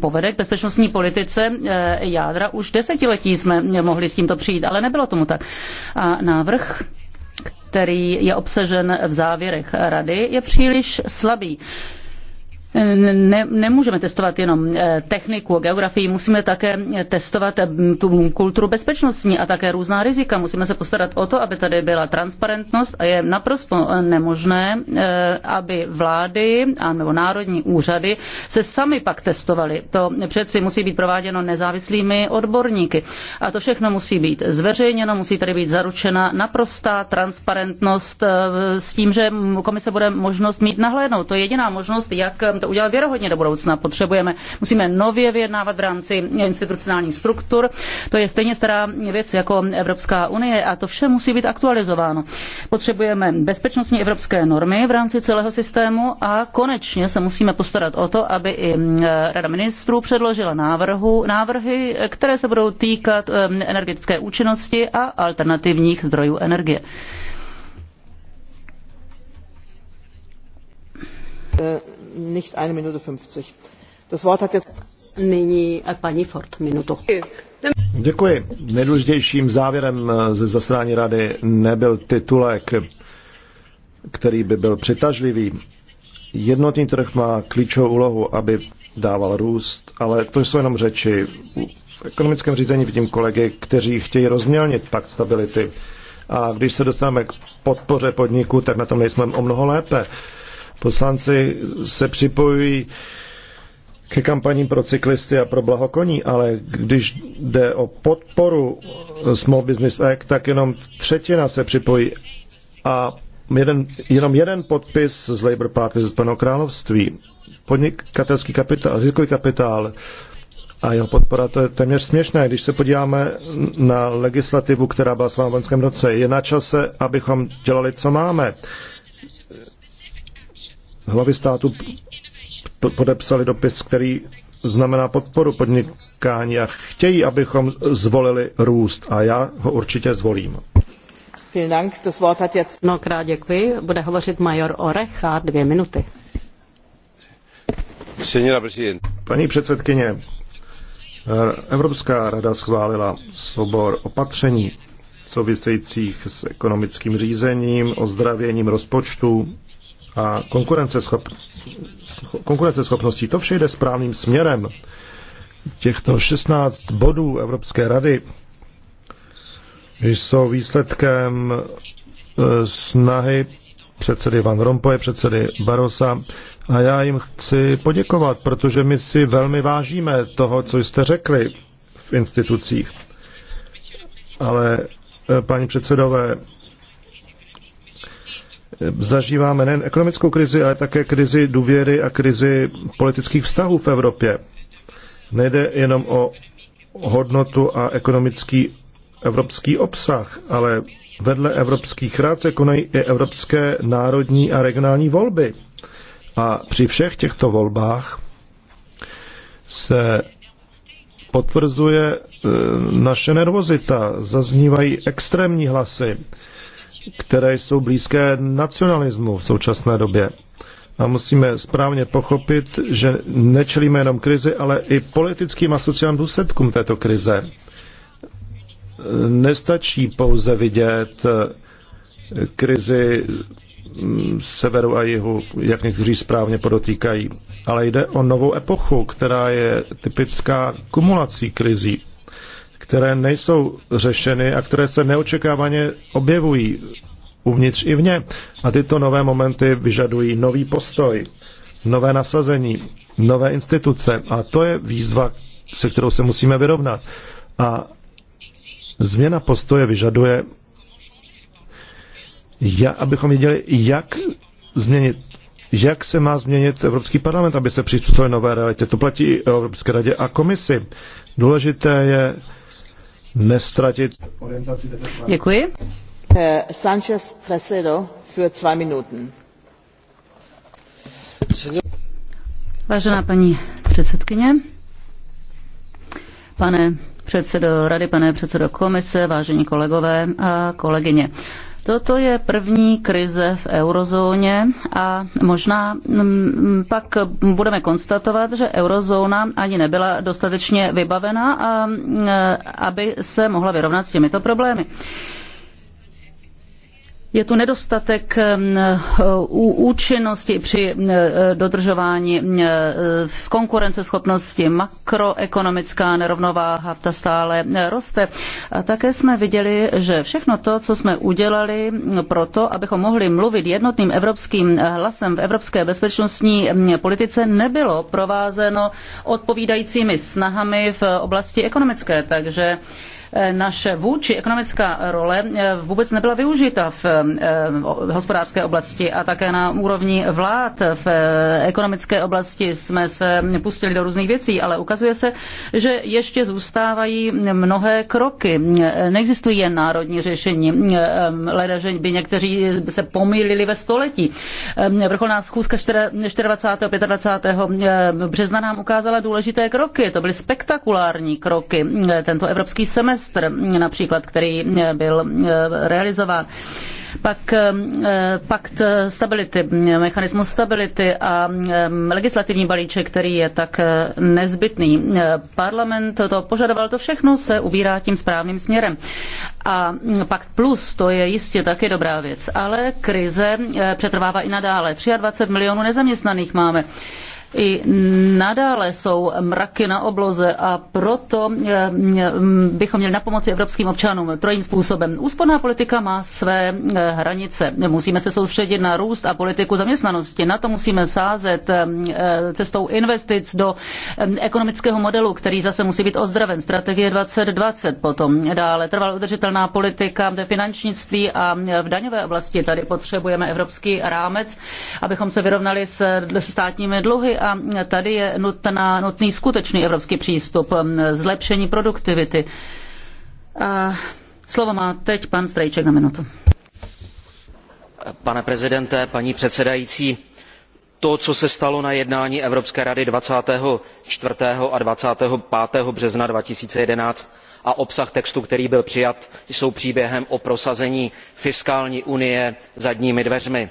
povede k bezpečnostní politice jádra. Už desetiletí jsme mohli s tímto přijít, ale nebylo tomu tak. A návrh který je obsažen v závěrech rady, je příliš slabý ne, nemůžeme testovat jenom eh, techniku, geografii, musíme také testovat eh, tu kulturu bezpečnostní a také různá rizika. Musíme se postarat o to, aby tady byla transparentnost a je naprosto eh, nemožné, aby vlády a nebo národní úřady se sami pak testovaly. To přeci musí být prováděno nezávislými odborníky. A to všechno musí být zveřejněno, musí tady být zaručena naprostá transparentnost s tím, že komise bude možnost mít nahlédnout. To je jediná možnost, jak to udělat věrohodně do budoucna. Potřebujeme, musíme nově vyjednávat v rámci institucionálních struktur. To je stejně stará věc jako Evropská unie a to vše musí být aktualizováno. Potřebujeme bezpečnostní evropské normy v rámci celého systému a konečně se musíme postarat o to, aby i Rada ministrů předložila návrhu, návrhy, které se budou týkat energetické účinnosti a alternativních zdrojů energie. Uh Eh, Děkuji. Nejdůležitějším závěrem eh, ze zasedání rady nebyl titulek, který by byl přitažlivý. Jednotný trh má klíčovou úlohu, aby dával růst, ale to jsou jenom řeči. V ekonomickém řízení vidím kolegy, kteří chtějí rozmělnit pakt stability. A když se dostaneme k podpoře podniků, tak na tom nejsme o mnoho lépe. Poslanci se připojují ke kampaním pro cyklisty a pro blaho koní, ale když jde o podporu Small Business Act, tak jenom třetina se připojí a jeden, jenom jeden podpis z Labour Party ze Spojeného království. Podnikatelský kapitál, ziskový kapitál a jeho podpora, to je téměř směšné. Když se podíváme na legislativu, která byla schválena v loňském roce, je na čase, abychom dělali, co máme hlavy státu podepsali dopis, který znamená podporu podnikání a chtějí, abychom zvolili růst a já ho určitě zvolím. Mnohokrát děkuji. Bude hovořit major Orecha dvě minuty. Paní předsedkyně, Evropská rada schválila soubor opatření souvisejících s ekonomickým řízením, ozdravěním rozpočtu, a konkurenceschopností. To vše jde správným směrem. Těchto 16 bodů Evropské rady jsou výsledkem e, snahy předsedy Van Rompuy, předsedy Barosa. A já jim chci poděkovat, protože my si velmi vážíme toho, co jste řekli v institucích. Ale, e, paní předsedové, zažíváme nejen ekonomickou krizi, ale také krizi důvěry a krizi politických vztahů v Evropě. Nejde jenom o hodnotu a ekonomický evropský obsah, ale vedle evropských rád se konají i evropské národní a regionální volby. A při všech těchto volbách se potvrzuje e, naše nervozita, zaznívají extrémní hlasy, které jsou blízké nacionalismu v současné době. A musíme správně pochopit, že nečelíme jenom krizi, ale i politickým a sociálním důsledkům této krize. Nestačí pouze vidět eh, krizi mm, severu a jihu, jak někteří správně podotýkají, ale jde o novou epochu, která je typická kumulací krizí které nejsou řešeny a které se neočekávaně objevují uvnitř i vně. A tyto nové momenty vyžadují nový postoj, nové nasazení, nové instituce. A to je výzva, se kterou se musíme vyrovnat. A změna postoje vyžaduje, ja, abychom viděli, jak změnit jak se má změnit Evropský parlament, aby se přizpůsobil nové realitě. To platí i Evropské radě a komisi. Důležité je nestratit orientaci. Děkuji. Eh, Sanchez Presedo für zwei Minuten. Vážená paní předsedkyně, pane předsedo rady, pane předsedo komise, vážení kolegové a kolegyně. Toto je první krize v eurozóně a možná mm, pak budeme konstatovat, že eurozóna ani nebyla dostatečně vybavena, mm, aby se mohla vyrovnat s těmito problémy. Je tu nedostatek účinnosti při dodržování v konkurenceschopnosti, makroekonomická nerovnováha, ta stále roste. A také jsme viděli, že všechno to, co jsme udělali pro to, abychom mohli mluvit jednotným evropským hlasem v evropské bezpečnostní politice, nebylo provázeno odpovídajícími snahami v oblasti ekonomické. Takže Eh, naše vůči ekonomická role eh, vůbec nebyla využita v eh, hospodářské oblasti a také na úrovni vlád v ekonomické oblasti jsme se pustili do různých věcí, ale ukazuje se, že ještě zůstávají mnohé kroky. Neexistují jen národní řešení, leda, že by někteří se pomýlili ve století. Vrcholná schůzka 24. 25. března nám ukázala důležité kroky. To byly spektakulární kroky. Tento evropský semestr klastr například, který eh, byl eh, realizován pak eh, pakt stability, mechanismus stability a legislativní balíček, který je tak nezbytný. Parlament to požadoval, to všechno se ubírá tím správným směrem. A hm, pakt plus, to je jistě taky dobrá věc, ale krize přetrvává i nadále. 23 milionů nezaměstnaných máme. I nadále jsou mraky na obloze a proto eh, bychom měli napomoci evropským občanům trojím způsobem. Úsporná politika má své eh, hranice. Musíme se soustředit na růst a politiku zaměstnanosti. Na to musíme sázet eh, cestou investic do ekonomického modelu, který zase musí být ozdraven. Strategie 2020 potom dále trvalá udržitelná politika ve finančnictví a v daňové oblasti. Tady potřebujeme evropský rámec, abychom se vyrovnali s státními dluhy a tady je nutná, nutný skutečný evropský přístup, zlepšení produktivity. A slovo má teď pan Strejček na minutu. Pane prezidente, paní předsedající, to, co se stalo na jednání Evropské rady 24. a 25. března 2011, a obsah textu který byl přijat jsou příběhem o prosazení fiskální unie zadními dveřmi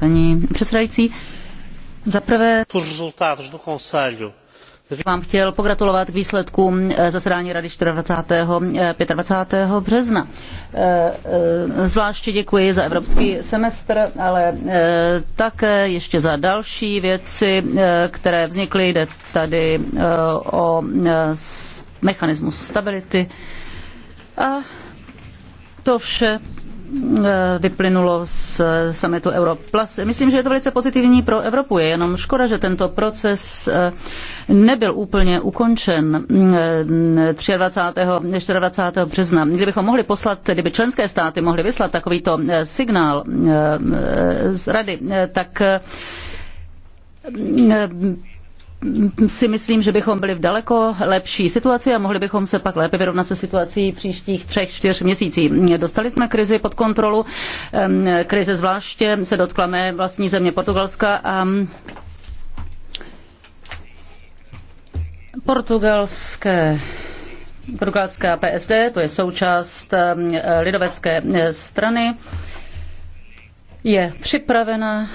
Paní předsedající, zaprvé vám chtěl pogratulovat k výsledkům eh, zasedání Rady 24. 25. Eh, března. Eh, zvláště děkuji za evropský semestr, ale také ještě za další věci, které vznikly. Jde tady o mechanismus stability. A to vše Eh, vyplynulo z eh, summitu Plus. Myslím, že je to velice pozitivní pro Evropu. Je jenom škoda, že tento proces eh, nebyl úplně ukončen 23. Mm, 24. března. Kdybychom mohli poslat, kdyby členské státy mohly vyslat takovýto signál z rady, tak si myslím, že bychom byli v daleko lepší situaci a mohli bychom se pak lépe vyrovnat se situací příštích třech, čtyř měsící. Dostali jsme krizi pod kontrolu, krize zvláště se dotkla mé vlastní země Portugalska a portugalské portugalská PSD, to je součást lidovecké strany, je připravena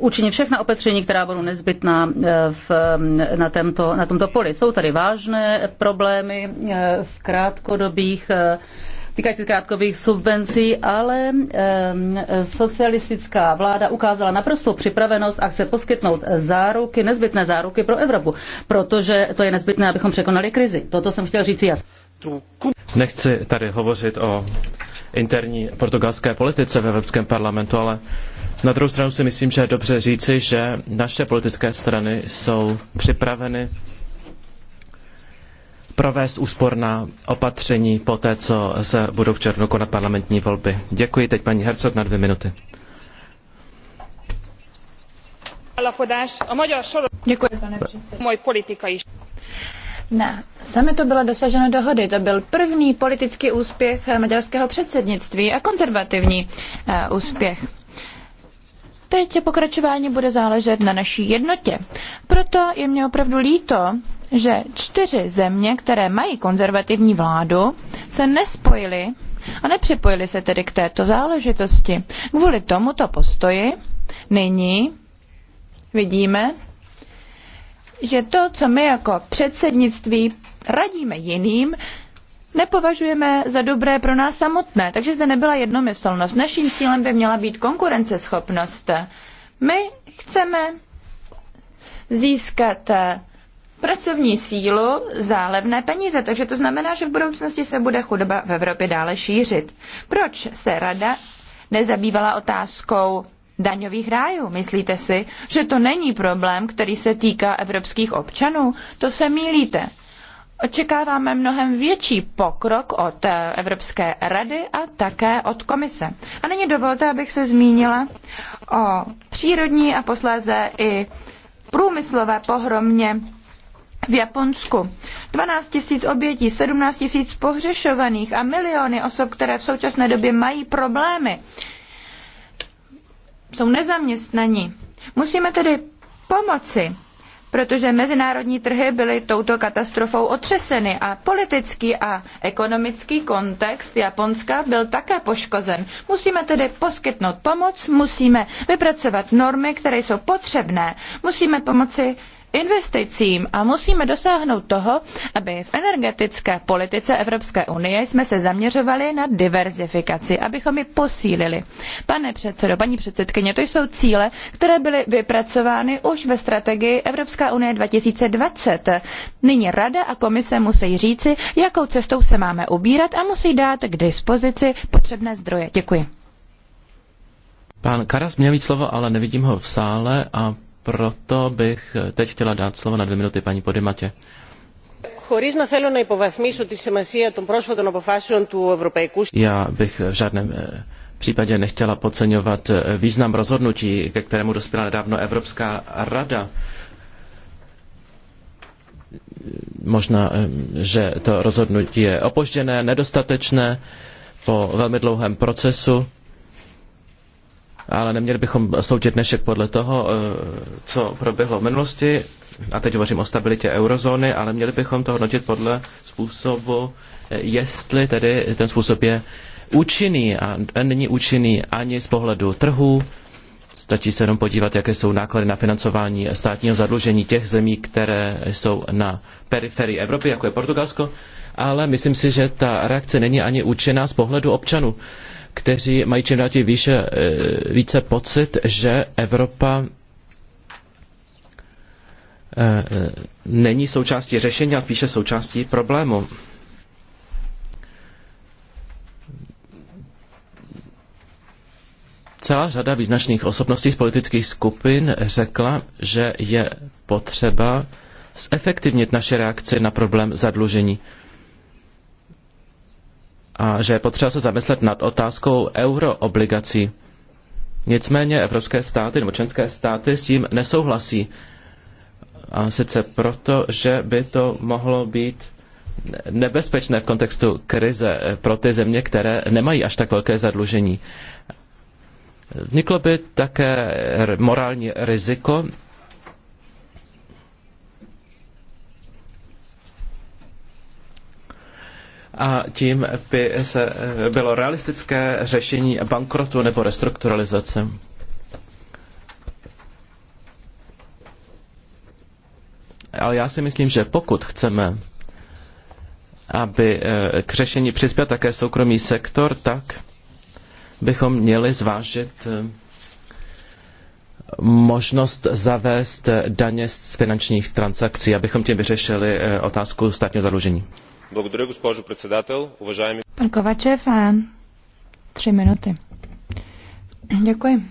učinit všechna opatření, která budou nezbytná e, v, na, tento, na tomto poli. Jsou tady vážné problémy e, v krátkodobých e, týkající krátkových subvencí, ale socialistická vláda ukázala naprostou připravenost a chce poskytnout záruky, nezbytné záruky pro Evropu, protože to je nezbytné, abychom překonali krizi. Toto jsem chtěl říct jasně. Nechci tady hovořit o interní portugalské politice v Evropském parlamentu, ale na druhou stranu si myslím, že je dobře říci, že naše politické strany jsou připraveny provést úsporná opatření po té, co se budou v červnu konat parlamentní volby. Děkuji teď paní Hercog na dvě minuty. Děkuji, pane předsedající. Na summitu bylo dosaženo dohody. To byl první politický úspěch maďarského předsednictví a konzervativní eh, úspěch. Teď pokračování bude záležet na naší jednotě. Proto je mě opravdu líto, že čtyři země, které mají konzervativní vládu, se nespojily a nepřipojily se tedy k této záležitosti. Kvůli tomuto postoji nyní vidíme, že to, co my jako předsednictví radíme jiným, nepovažujeme za dobré pro nás samotné. Takže zde nebyla jednomyslnost. Naším cílem by měla být konkurenceschopnost. My chceme získat eh, pracovní sílu za levné peníze, takže to znamená, že v budoucnosti se bude chudoba v Evropě dále šířit. Proč se rada nezabývala otázkou daňových rájů. Myslíte si, že to není problém, který se týká evropských občanů? To se mílíte. Očekáváme mnohem větší pokrok od eh, Evropské rady a také od komise. A nyní dovolte, abych se zmínila o přírodní a posléze i průmyslové pohromě v Japonsku. 12 tisíc obětí, 17 tisíc pohřešovaných a miliony osob, které v současné době mají problémy, jsou nezaměstnaní. Musíme tedy pomoci protože mezinárodní trhy byly touto katastrofou otřeseny a politický a ekonomický kontext Japonska byl také poškozen. Musíme tedy poskytnout pomoc, musíme vypracovat normy, které jsou potřebné, musíme pomoci investicím a musíme dosáhnout toho, aby v energetické politice Evropské unie jsme se zaměřovali na diverzifikaci, abychom ji posílili. Pane předsedo, paní předsedkyně, to jsou cíle, které byly vypracovány už ve strategii Evropská unie 2020. Nyní Rada a komise musí říci, jakou cestou se máme ubírat a musí dát k dispozici potřebné zdroje. Děkuji. Pan Karas měl mít slovo, ale nevidím ho v sále a proto bych eh, teď chtěla dát slovo na dvě minuty paní Podimatě. Já bych v žádném eh, případě nechtěla podceňovat eh, význam rozhodnutí, ke kterému dospěla nedávno Evropská rada. Možná, že to rozhodnutí je opožděné, nedostatečné po velmi dlouhém procesu ale neměli bychom soudit dnešek podle toho, eh, co proběhlo v minulosti, a teď hovořím o stabilitě eurozóny, ale měli bychom to hodnotit podle způsobu, eh, jestli tedy ten způsob je účinný a není účinný ani z pohledu trhu. Stačí se jenom podívat, jaké jsou náklady na financování státního zadlužení těch zemí, které jsou na periferii Evropy, jako je Portugalsko, ale myslím si, že ta reakce není ani účinná z pohledu občanů kteří mají čím dál tím více, e, více pocit, že Evropa e, e, není součástí řešení, ale spíše součástí problému. Celá řada význačných osobností z politických skupin řekla, že je potřeba zefektivnit naše reakce na problém zadlužení a že je potřeba se zamyslet nad otázkou euroobligací. Nicméně evropské státy nebo členské státy s tím nesouhlasí. A sice proto, že by to mohlo být nebezpečné v kontextu krize pro ty země, které nemají až tak velké zadlužení. Vzniklo by také morální riziko a tím by se eh, bylo realistické řešení bankrotu nebo restrukturalizace. Ale já si myslím, že pokud chceme, aby eh, k řešení přispěl také soukromý sektor, tak bychom měli zvážit eh, možnost zavést daně z finančních transakcí, abychom tím vyřešili otázku státního zadlužení. Благодаря, госпожо председател. Уважаеми... Pan Kovačev, tři minuty. Děkuji.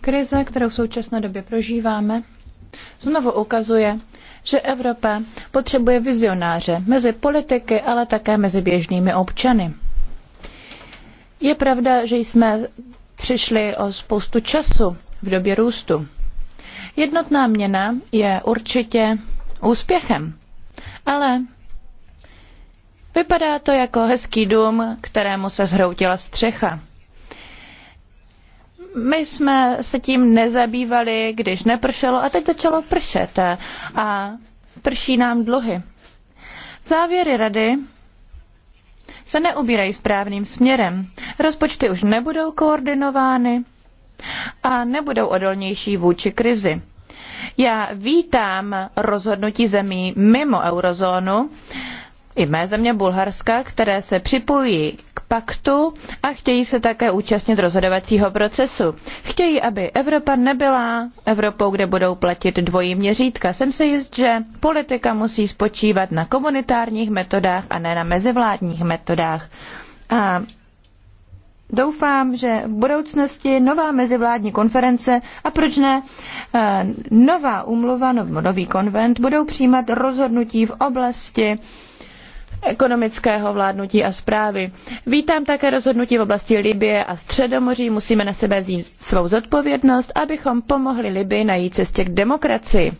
Krize, kterou v současné době prožíváme, znovu ukazuje, že Evropa potřebuje vizionáře mezi politiky, ale také mezi běžnými občany. Je pravda, že jsme přišli o spoustu času v době růstu. Jednotná měna je určitě úspěchem, ale Vypadá to jako hezký dům, kterému se zhroutila střecha. My jsme se tím nezabývali, když nepršelo a teď začalo pršet a prší nám dluhy. Závěry rady se neubírají správným směrem. Rozpočty už nebudou koordinovány a nebudou odolnější vůči krizi. Já vítám rozhodnutí zemí mimo eurozónu, i mé země Bulharska, které se připojí k paktu a chtějí se také účastnit rozhodovacího procesu. Chtějí, aby Evropa nebyla Evropou, kde budou platit dvojí měřítka. Jsem si jist, že politika musí spočívat na komunitárních metodách a ne na mezivládních metodách. A Doufám, že v budoucnosti nová mezivládní konference a proč ne eh, nová úmluva nebo nový konvent budou přijímat rozhodnutí v oblasti ekonomického vládnutí a správy. Vítám také rozhodnutí v oblasti Libye a Středomoří. Musíme na sebe vzít svou zodpovědnost, abychom pomohli Libii na její cestě k demokracii.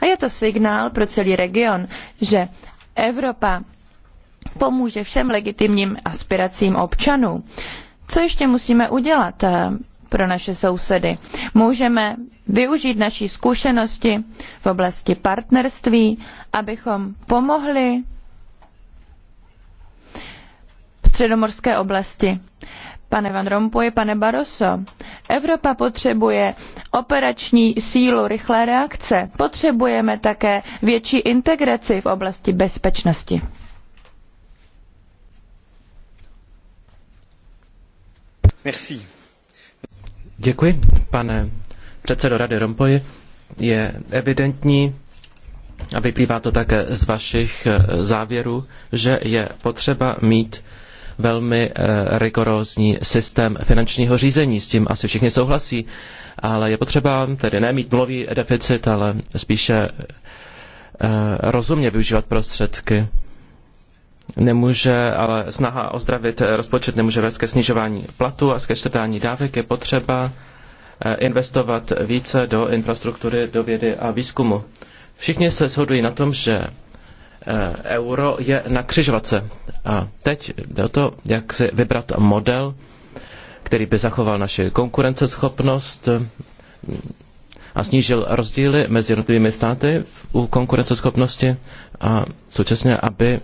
A je to signál pro celý region, že Evropa pomůže všem legitimním aspiracím občanů. Co ještě musíme udělat eh, pro naše sousedy? Můžeme využít naší zkušenosti v oblasti partnerství, abychom pomohli středomorské oblasti. Pane Van Rompuy, pane Barroso, Evropa potřebuje operační sílu rychlé reakce. Potřebujeme také větší integraci v oblasti bezpečnosti. Merci. Děkuji, pane předsedo Rady Rompuy. Je evidentní, a vyplývá to také z vašich e, závěrů, že je potřeba mít velmi eh, rigorózní systém finančního řízení. S tím asi všichni souhlasí, ale je potřeba tedy nemít nulový deficit, ale spíše eh, rozumně využívat prostředky. Nemůže, ale snaha ozdravit eh, rozpočet nemůže vést ke snižování platu a ke škrtání dávek. Je potřeba investovat více do infrastruktury, do vědy a výzkumu. Všichni se shodují na tom, že Eh, euro je na křižovatce. A teď jde o to, jak si vybrat model, který by zachoval naši konkurenceschopnost eh, a snížil rozdíly mezi jednotlivými státy u konkurenceschopnosti a současně, aby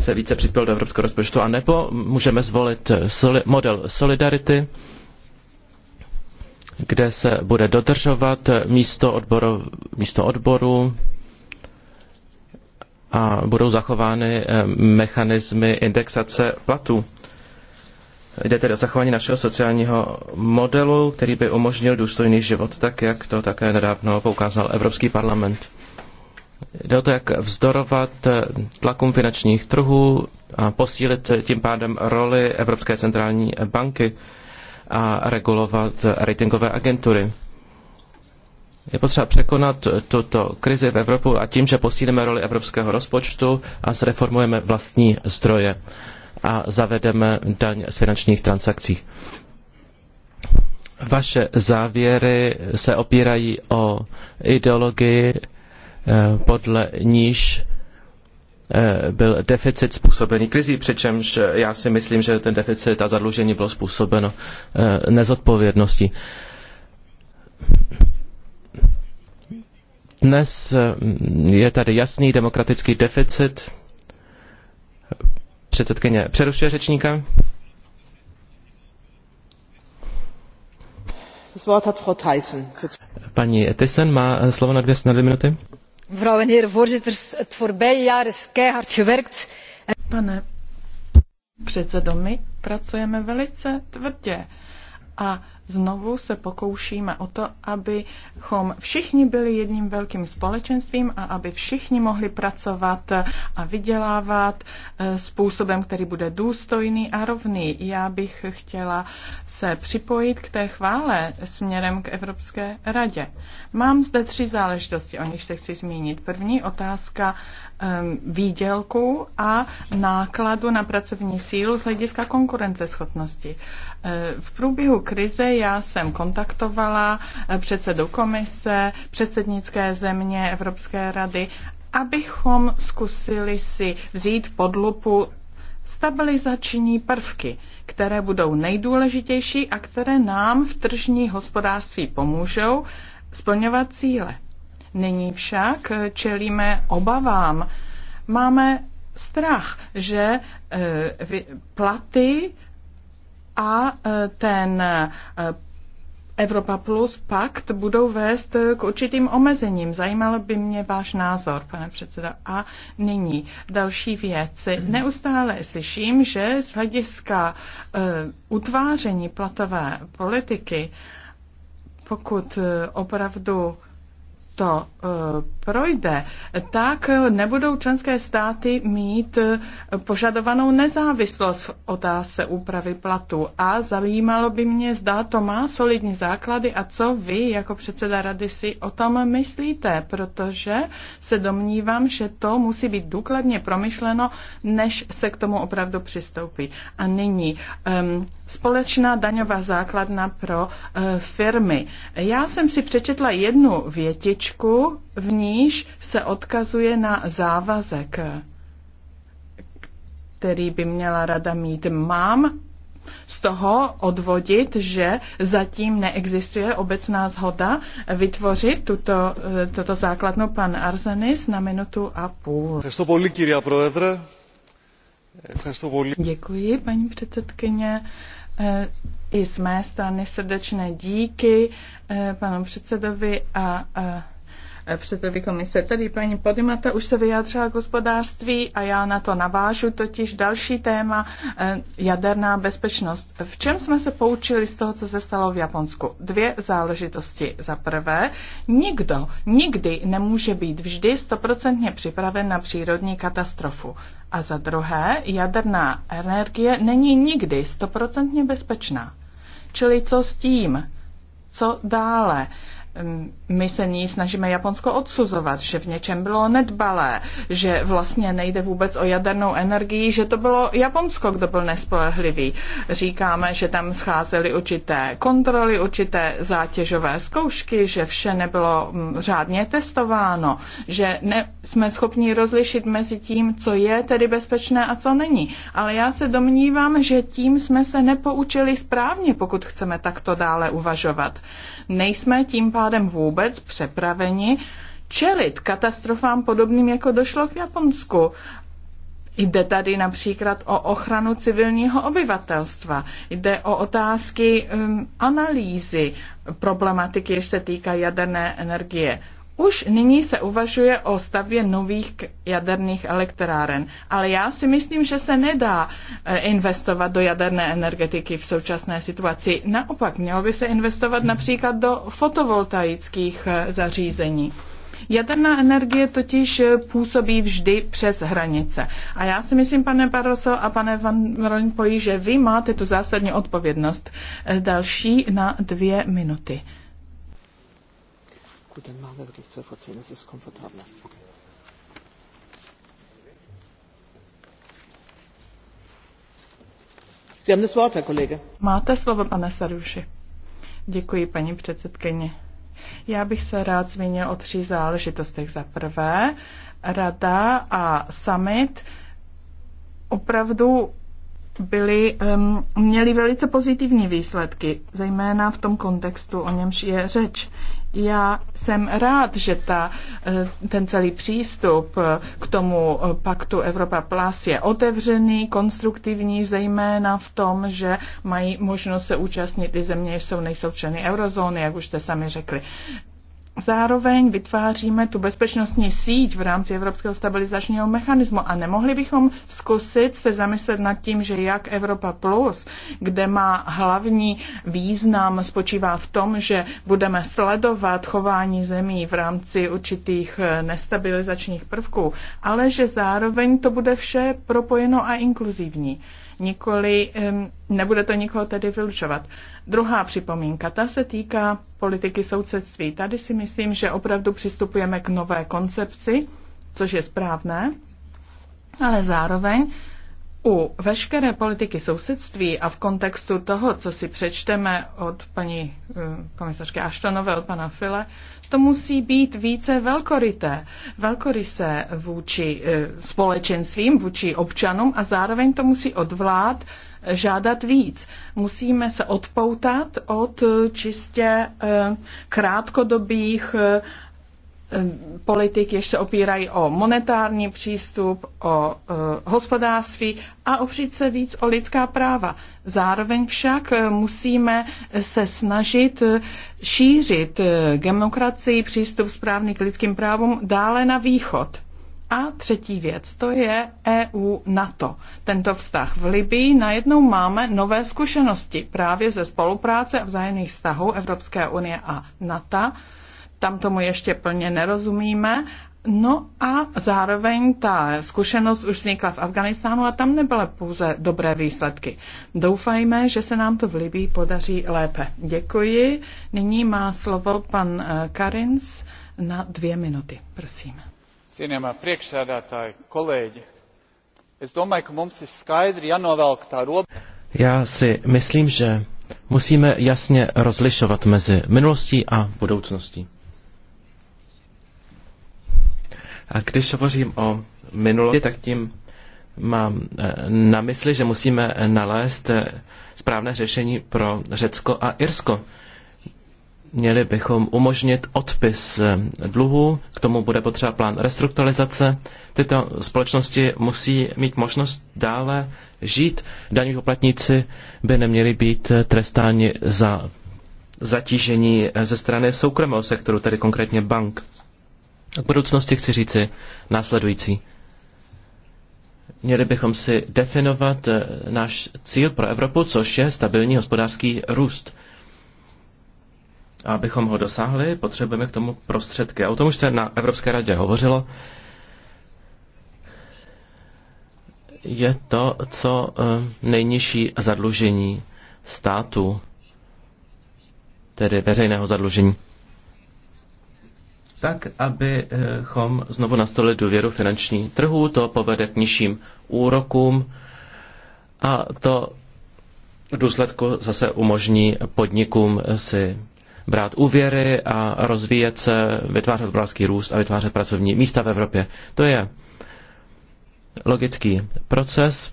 se více přispěl do evropského rozpočtu. A nebo můžeme zvolit eh, soli- model solidarity, kde se bude dodržovat místo, odboru, místo odboru a budou zachovány eh, mechanismy indexace platů. Jde tedy o zachování našeho sociálního modelu, který by umožnil důstojný život, tak jak to také nedávno poukázal Evropský parlament. Jde o to, jak vzdorovat eh, tlakům finančních trhů a posílit eh, tím pádem roli Evropské centrální banky a regulovat ratingové agentury. Je potřeba překonat tuto krizi v Evropu a tím, že posílíme roli evropského rozpočtu a zreformujeme vlastní zdroje a zavedeme daň z finančních transakcí. Vaše závěry se opírají o ideologii, eh, podle níž eh, byl deficit způsobený krizí, přičemž já si myslím, že ten deficit a zadlužení bylo způsobeno eh, nezodpovědností. Dnes mm, je tady jasný demokratický deficit. Předsedkyně přerušuje řečníka. Paní Thyssen má eh, slovo na dvě, na dvě minuty. Pane předsedo, my pracujeme velice tvrdě a znovu se pokoušíme o to, abychom všichni byli jedním velkým společenstvím a aby všichni mohli pracovat a vydělávat eh, způsobem, který bude důstojný a rovný. Já bych chtěla se připojit k té chvále směrem k Evropské radě. Mám zde tři záležitosti, o nich se chci zmínit. První otázka Um, výdělku a nákladu na pracovní sílu z hlediska konkurenceschopnosti. Uh, v průběhu krize já jsem kontaktovala uh, předsedu komise, předsednické země Evropské rady, abychom zkusili si vzít pod lupu stabilizační prvky, které budou nejdůležitější a které nám v tržní hospodářství pomůžou splňovat cíle. Nyní však čelíme obavám. Máme strach, že e, platy a e, ten e, Evropa Plus pakt budou vést k určitým omezením. Zajímalo by mě váš názor, pane předseda. A nyní další věci. Neustále slyším, že z hlediska utváření platové politiky, pokud opravdu to eh, projde, tak nebudou členské státy mít eh, požadovanou nezávislost v otázce úpravy platu. A zajímalo by mě, zda to má solidní základy a co vy jako předseda rady si o tom myslíte, protože se domnívám, že to musí být důkladně promyšleno, než se k tomu opravdu přistoupí. A nyní um, společná daňová základna pro uh, firmy. Já jsem si přečetla jednu větičku, tečku, v níž se odkazuje na závazek, který by měla rada mít. Mám z toho odvodit, že zatím neexistuje obecná zhoda vytvořit tuto, toto základnu pan Arzenis na minutu a půl. Děkuji, paní předsedkyně. Eh, I z mé strany srdečné díky eh, panu předsedovi a předsedy komise. Tedy paní Podimata už se vyjádřila k hospodářství a já na to navážu, totiž další téma eh, jaderná bezpečnost. V čem jsme se poučili z toho, co se stalo v Japonsku? Dvě záležitosti. Za prvé, nikdo nikdy nemůže být vždy stoprocentně připraven na přírodní katastrofu. A za druhé, jaderná energie není nikdy stoprocentně bezpečná. Čili co s tím? Co dále? my se ní snažíme Japonsko odsuzovat, že v něčem bylo nedbalé, že vlastně nejde vůbec o jadernou energii, že to bylo Japonsko, kdo byl nespolehlivý. Říkáme, že tam scházely určité kontroly, určité zátěžové zkoušky, že vše nebylo mm, řádně testováno, že ne, jsme schopni rozlišit mezi tím, co je tedy bezpečné a co není. Ale já se domnívám, že tím jsme se nepoučili správně, pokud chceme takto dále uvažovat. Nejsme tím pádem pádem vůbec přepraveni čelit katastrofám podobným, jako došlo k Japonsku. Jde tady například o ochranu civilního obyvatelstva, jde o otázky um, analýzy problematiky, jež se týká jaderné energie. Už nyní se uvažuje o stavbě nových jaderných elektráren, ale já si myslím, že se nedá eh, investovat do jaderné energetiky v současné situaci. Naopak, mělo by se investovat například do fotovoltaických eh, zařízení. Jaderná energie totiž eh, působí vždy přes hranice. A já si myslím, pane Barroso a pane Van Rompuy, že vy máte tu zásadní odpovědnost. Další na dvě minuty. Gut, dann machen wir wirklich Uhr das ist komfortabler. Okay. Sie haben das Wort, Herr Kollege. Máte slovo, pane Saruši. Děkuji, paní předsedkyně. Já bych se rád zmínil o tří záležitostech. Za prvé, rada a summit opravdu byly, um, měly velice pozitivní výsledky, zejména v tom kontextu, o němž je řeč. Já jsem rád, že ta, eh, ten celý přístup eh, k tomu eh, paktu Evropa Plus je otevřený, konstruktivní, zejména v tom, že mají možnost se účastnit i země, jsou nejsou členy eurozóny, jak už jste sami řekli. Zároveň vytváříme tu bezpečnostní síť v rámci Evropského stabilizačního mechanismu a nemohli bychom zkusit se zamyslet nad tím, že jak Evropa Plus, kde má hlavní význam, spočívá v tom, že budeme sledovat chování zemí v rámci určitých eh, nestabilizačních prvků, ale že zároveň to bude vše propojeno a inkluzivní nikoli, nebude to nikoho tedy vylučovat. Druhá připomínka, ta se týká politiky sousedství. Tady si myslím, že opravdu přistupujeme k nové koncepci, což je správné, ale zároveň u veškeré politiky sousedství a v kontextu toho, co si přečteme od paní eh, komisařky Aštonové, od pana File, to musí být více velkorité, velkorysé vůči eh, společenstvím, vůči občanům a zároveň to musí od vlád eh, žádat víc. Musíme se odpoutat od čistě krátkodobých Eh, politik, jež se opírají o monetární přístup, o e, hospodářství a opřít se víc o lidská práva. Zároveň však eh, musíme se snažit šířit demokracii, přístup správný k lidským právům dále na východ. A třetí věc, to je EU-NATO. Tento vztah v Libii najednou máme nové zkušenosti právě ze spolupráce a vzájemných vztahů Evropské unie a NATO tam tomu ještě plně nerozumíme. No a zároveň ta zkušenost už vznikla v Afganistánu a tam nebyly pouze dobré výsledky. Doufajme, že se nám to v Libii podaří lépe. Děkuji. Nyní má slovo pan eh, Karins na dvě minuty. Prosím. Cienījamā priekšsēdētāji, kolēģi, es domāju, ka mums ir skaidri jānovelk tā roba. Já si myslím, že musíme jasně rozlišovat mezi minulostí a budoucností. A když hovořím o minulosti, tak tím mám eh, na mysli, že musíme nalézt eh, správné řešení pro Řecko a Irsko. Měli bychom umožnit odpis eh, dluhu, k tomu bude potřeba plán restrukturalizace. Tyto společnosti musí mít možnost dále žít. Daní poplatníci by neměli být trestáni za zatížení ze strany soukromého sektoru, tedy konkrétně bank. K budoucnosti chci říci následující. Měli bychom si definovat eh, náš cíl pro Evropu, což je stabilní hospodářský růst. A abychom ho dosáhli, potřebujeme k tomu prostředky. A o tom už se na Evropské radě hovořilo. Je to, co eh, nejnižší zadlužení státu, tedy veřejného zadlužení tak, abychom znovu nastolili důvěru finanční trhu To povede k nižším úrokům a to v důsledku zase umožní podnikům si brát úvěry a rozvíjet se, vytvářet obrovský růst a vytvářet pracovní místa v Evropě. To je logický proces,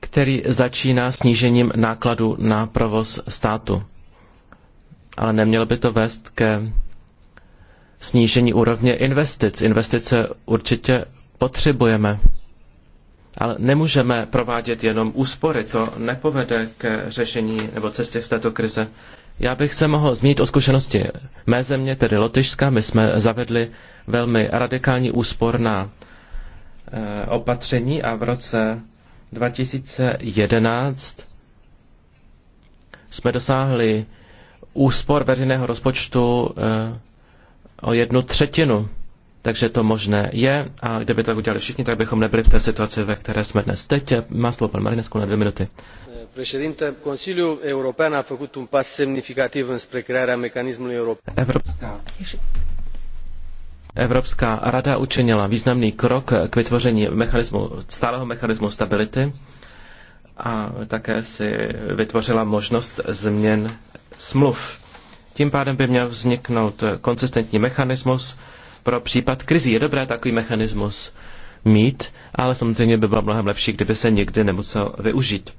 který začíná snížením nákladu na provoz státu ale nemělo by to vést ke snížení úrovně investic. Investice určitě potřebujeme, ale nemůžeme provádět jenom úspory. To nepovede k řešení nebo cestě z této krize. Já bych se mohl zmínit o zkušenosti mé země, tedy Lotyšska. My jsme zavedli velmi radikální úsporná eh, opatření a v roce 2011 jsme dosáhli úspor veřejného rozpočtu eh, o jednu třetinu. Takže to možné je a kdyby to udělali všichni, tak bychom nebyli v té situaci, ve které jsme dnes. Teď má slovo pan Marinescu na dvě minuty. Președinte, Consiliul European a făcut un pas semnificativ înspre crearea mecanismului european. Evropská. Evropská rada učinila významný krok k vytvoření mechanismu, stáleho mechanismu stability a také si vytvořila možnost změn smluv. Tím pádem by měl vzniknout konsistentní mechanismus pro případ krizí. Je dobré takový mechanismus mít, ale samozřejmě by bylo mnohem lepší, kdyby se nikdy nemusel využít.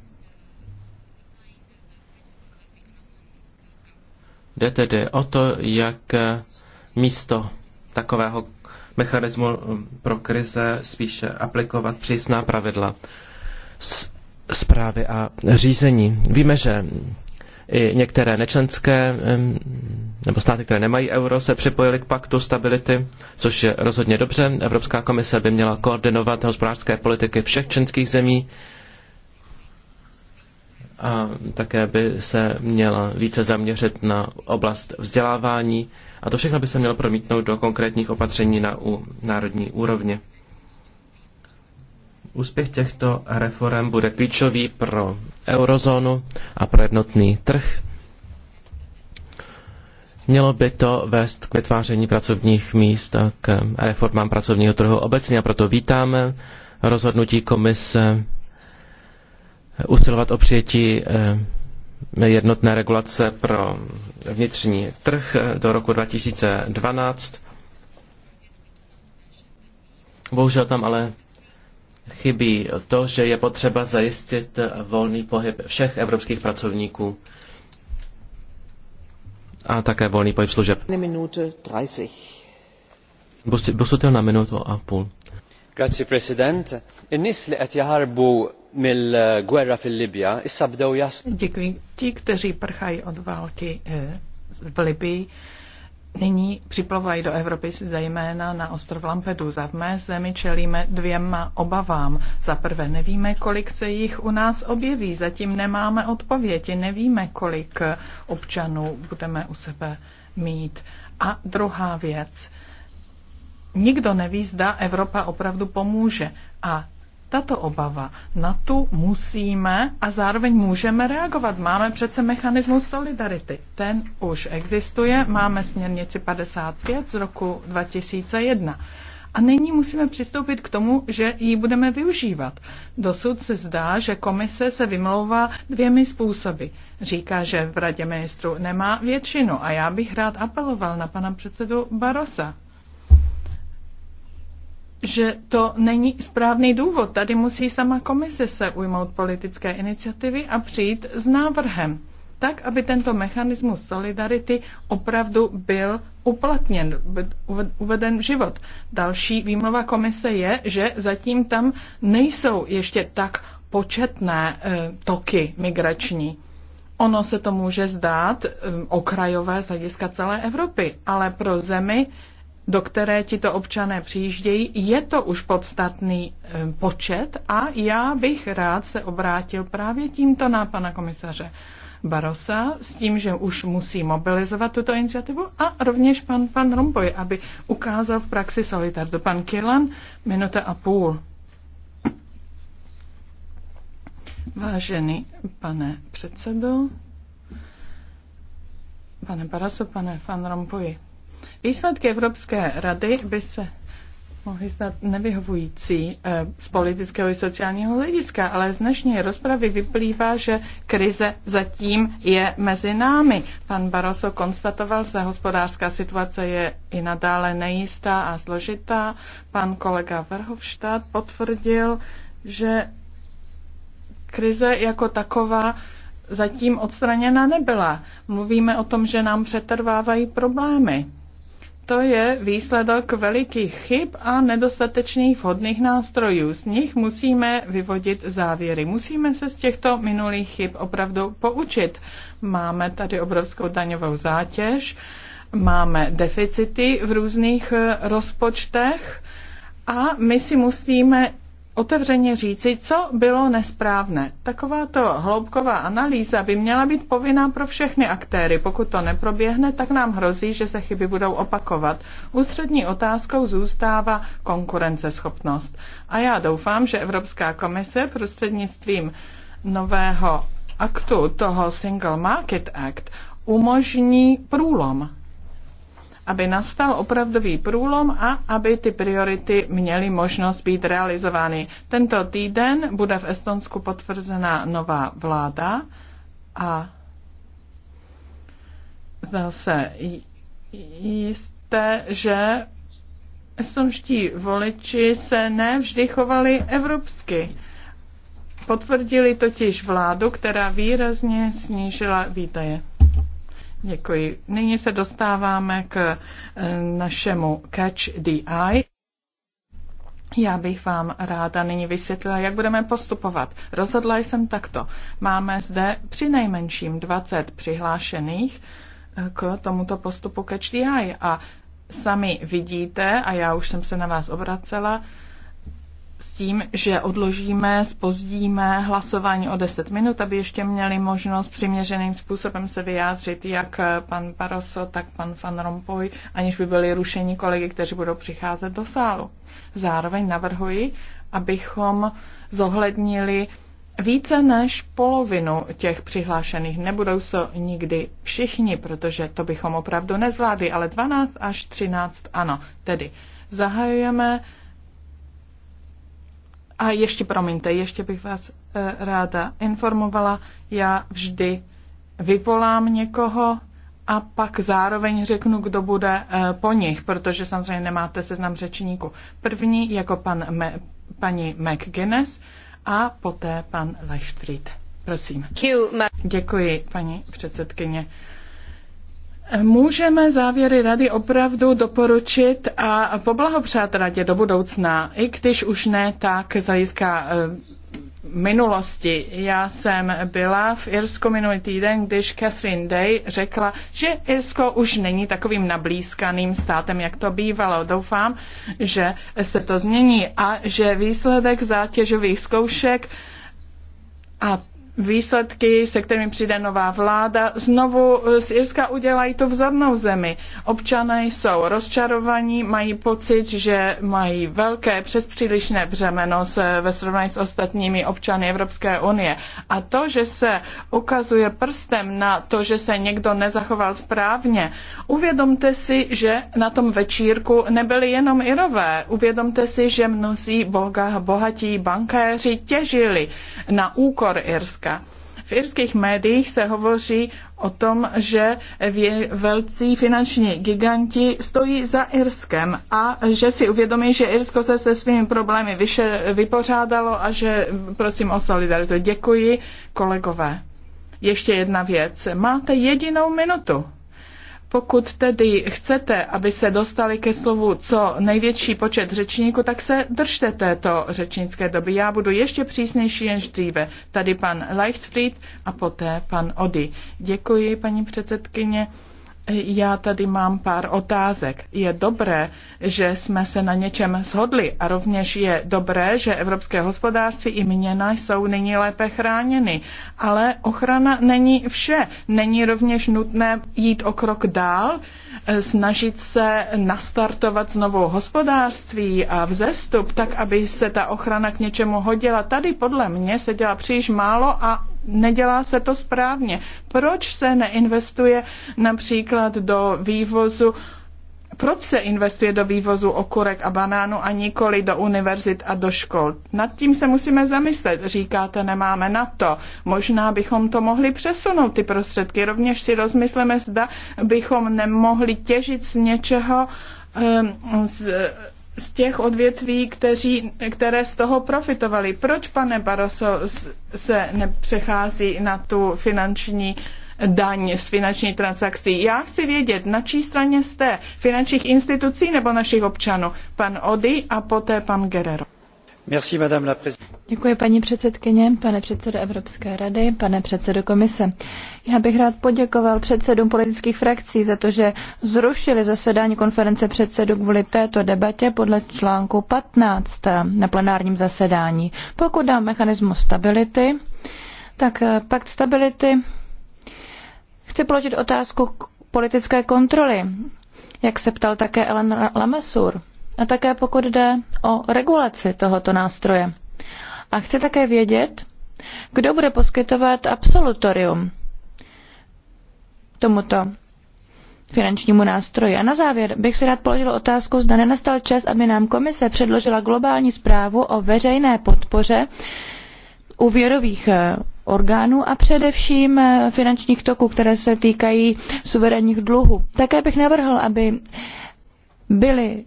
Jde tedy o to, jak místo takového mechanismu pro krize spíše aplikovat přísná pravidla zprávy a řízení. Víme, že i některé nečlenské nebo státy, které nemají euro, se připojily k paktu stability, což je rozhodně dobře. Evropská komise by měla koordinovat hospodářské politiky všech členských zemí a také by se měla více zaměřit na oblast vzdělávání a to všechno by se mělo promítnout do konkrétních opatření na u národní úrovni. Úspěch těchto reform bude klíčový pro eurozónu a pro jednotný trh. Mělo by to vést k vytváření pracovních míst a k reformám pracovního trhu obecně a proto vítáme rozhodnutí komise usilovat o přijetí eh, jednotné regulace pro vnitřní trh do roku 2012. Bohužel tam ale chybí to, že je potřeba zajistit volný pohyb všech evropských pracovníků a také volný pohyb služeb. Minutu 30. Busutil na minutu a půl. Grazie President. In-nis li qed jaħarbu mill-gwerra fil-Libja issa bdew jaslu. Děkuji. Ti, kteří prchají od války eh, v Libii, nyní připlavají do Evropy zejména na ostrov Lampedusa. V mé zemi čelíme dvěma obavám. Za prvé nevíme, kolik se jich u nás objeví. Zatím nemáme odpovědi, nevíme, kolik občanů budeme u sebe mít. A druhá věc. Nikdo neví, zda Evropa opravdu pomůže. A tato obava, na tu musíme a zároveň můžeme reagovat. Máme přece mechanismus solidarity. Ten už existuje, máme směrnici 55 z roku 2001. A nyní musíme přistoupit k tomu, že ji budeme využívat. Dosud se zdá, že komise se vymlouvá dvěmi způsoby. Říká, že v radě ministru nemá většinu a já bych rád apeloval na pana předsedu Barosa že to není správný důvod. Tady musí sama komise se ujmout politické iniciativy a přijít s návrhem, tak aby tento mechanismus solidarity opravdu byl uplatněn, uveden v život. Další výmluva komise je, že zatím tam nejsou ještě tak početné e, toky migrační. Ono se to může zdát e, okrajové z hlediska celé Evropy, ale pro zemi, do které to občané přijíždějí. Je to už podstatný eh, počet a já bych rád se obrátil právě tímto na pana komisaře Barosa s tím, že už musí mobilizovat tuto iniciativu a rovněž pan, pan Romboj, aby ukázal v praxi solidaritu. Pan Kilan, minuta a půl. Vážený pane předsedo, pane Baraso, pane Fan Rompuy, Výsledky Evropské rady by se mohly stát nevyhovující eh, z politického i sociálního hlediska, ale z dnešní rozpravy vyplývá, že krize zatím je mezi námi. Pan Baroso konstatoval, že hospodářská situace je i nadále nejistá a složitá. Pan kolega Verhofstadt potvrdil, že krize jako taková zatím odstraněna nebyla. Mluvíme o tom, že nám přetrvávají problémy to je výsledok velikých chyb a nedostatečných vhodných nástrojů. Z nich musíme vyvodit závěry. Musíme se z těchto minulých chyb opravdu poučit. Máme tady obrovskou daňovou zátěž, máme deficity v různých eh, rozpočtech a my si musíme otevřeně říci, co bylo nesprávné. Takováto hloubková analýza by měla být povinná pro všechny aktéry. Pokud to neproběhne, tak nám hrozí, že se chyby budou opakovat. Ústřední otázkou zůstává konkurenceschopnost. A já doufám, že Evropská komise prostřednictvím nového aktu, toho Single Market Act, umožní průlom aby nastal opravdový průlom a aby ty priority měly možnost být realizovány. Tento týden bude v Estonsku potvrzena nová vláda a zdá se jisté, že estonští voliči se nevždy chovali evropsky. Potvrdili totiž vládu, která výrazně snížila výdaje. Děkuji. Nyní se dostáváme k eh, našemu Catch the Eye. Já bych vám ráda nyní vysvětlila, jak budeme postupovat. Rozhodla jsem takto. Máme zde při nejmenším 20 přihlášených eh, k tomuto postupu Catch the Eye a sami vidíte, a já už jsem se na vás obracela, s tím, že odložíme, spozdíme hlasování o 10 minut, aby ještě měli možnost přiměřeným způsobem se vyjádřit jak pan Paroso, tak pan Van Rompuy, aniž by byli rušení kolegy, kteří budou přicházet do sálu. Zároveň navrhuji, abychom zohlednili více než polovinu těch přihlášených. Nebudou se so nikdy všichni, protože to bychom opravdu nezvládli, ale 12 až 13 ano. Tedy zahajujeme a ještě, promiňte, ještě bych vás eh, ráda informovala. Já vždy vyvolám někoho a pak zároveň řeknu, kdo bude eh, po nich, protože samozřejmě nemáte seznam řečníků. První jako pan Me, paní McGuinness a poté pan Leichtfried. Prosím. Děkuji, paní předsedkyně. Můžeme závěry rady opravdu doporučit a poblahopřát radě do budoucna, i když už ne tak zajistka eh, minulosti. Já jsem byla v Irsku minulý týden, když Catherine Day řekla, že Irsko už není takovým nablízkaným státem, jak to bývalo. Doufám, že se to změní a že výsledek zátěžových zkoušek a výsledky, se kterými přijde nová vláda, znovu eh, z Irska udělají tu vzornou zemi. Občané jsou rozčarovaní, mají pocit, že mají velké přespřílišné břemeno se ve srovnání s ostatními občany Evropské unie. A to, že se ukazuje prstem na to, že se někdo nezachoval správně, uvědomte si, že na tom večírku nebyli jenom Irové. Uvědomte si, že mnozí bohatí bankéři těžili na úkor Irska. Irska. V irských médiích se hovoří o tom, že velcí finanční giganti stojí za Irskem a že si uvědomí, že Irsko se se svými problémy vyše, vypořádalo a že prosím o solidaritu. Děkuji, kolegové. Ještě jedna věc. Máte jedinou minutu. Pokud tedy chcete, aby se dostali ke slovu co největší počet řečníků, tak se držte této řečnické doby. Já budu ještě přísnější než dříve. Tady pan Leichtfried a poté pan Ody. Děkuji, paní předsedkyně. Já tady mám pár otázek. Je dobré, že jsme se na něčem shodli a rovněž je dobré, že evropské hospodářství i měna jsou nyní lépe chráněny. Ale ochrana není vše. Není rovněž nutné jít o krok dál, Eh, snažit se nastartovat znovu hospodářství a vzestup, tak aby se ta ochrana k něčemu hodila. Tady podle mě se dělá příliš málo a nedělá se to správně. Proč se neinvestuje například do vývozu proč se investuje do vývozu okurek a banánů a nikoli do univerzit a do škol? Nad tím se musíme zamyslet. Říkáte, nemáme na to. Možná bychom to mohli přesunout, ty prostředky. Rovněž si rozmysleme, zda bychom nemohli těžit z něčeho, ehm, z, z těch odvětví, kteří, které z toho profitovali. Proč, pane Baroso, se nepřechází na tu finanční daň z finanční transakcí. Já chci vědět, na čí straně jste, finančních institucí nebo našich občanů? Pan Ody a poté pan Guerrero. Merci, madame la Děkuji paní předsedkyně, pane předsedo Evropské rady, pane předsedo komise. Já bych rád poděkoval předsedům politických frakcí za to, že zrušili zasedání konference předsedů kvůli této debatě podle článku 15 na plenárním zasedání. Pokud dám mechanismus stability, tak eh, pakt stability Chci položit otázku k politické kontroly, jak se ptal také Ellen Lamassur, a také pokud jde o regulaci tohoto nástroje. A chci také vědět, kdo bude poskytovat absolutorium tomuto finančnímu nástroji. A na závěr bych si rád položil otázku, zda nenastal čas, aby nám komise předložila globální zprávu o veřejné podpoře úvěrových eh, orgánů a především eh, finančních toků, které se týkají suverénních dluhů. Také bych navrhl, aby byly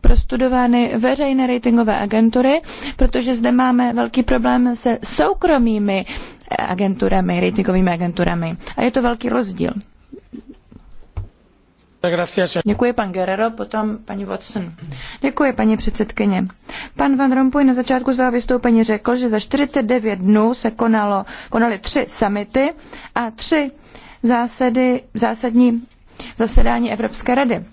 prostudovány veřejné ratingové agentury, protože zde máme velký problém se soukromými agenturami, ratingovými agenturami. A je to velký rozdíl. Děkuji, pan Guerrero, potom paní Watson. Děkuji, paní předsedkyně. Pan Van Rompuy na začátku svého vystoupení řekl, že za 49 dnů se konalo, konaly tři samity a tři zásady, zásadní zasedání Evropské rady.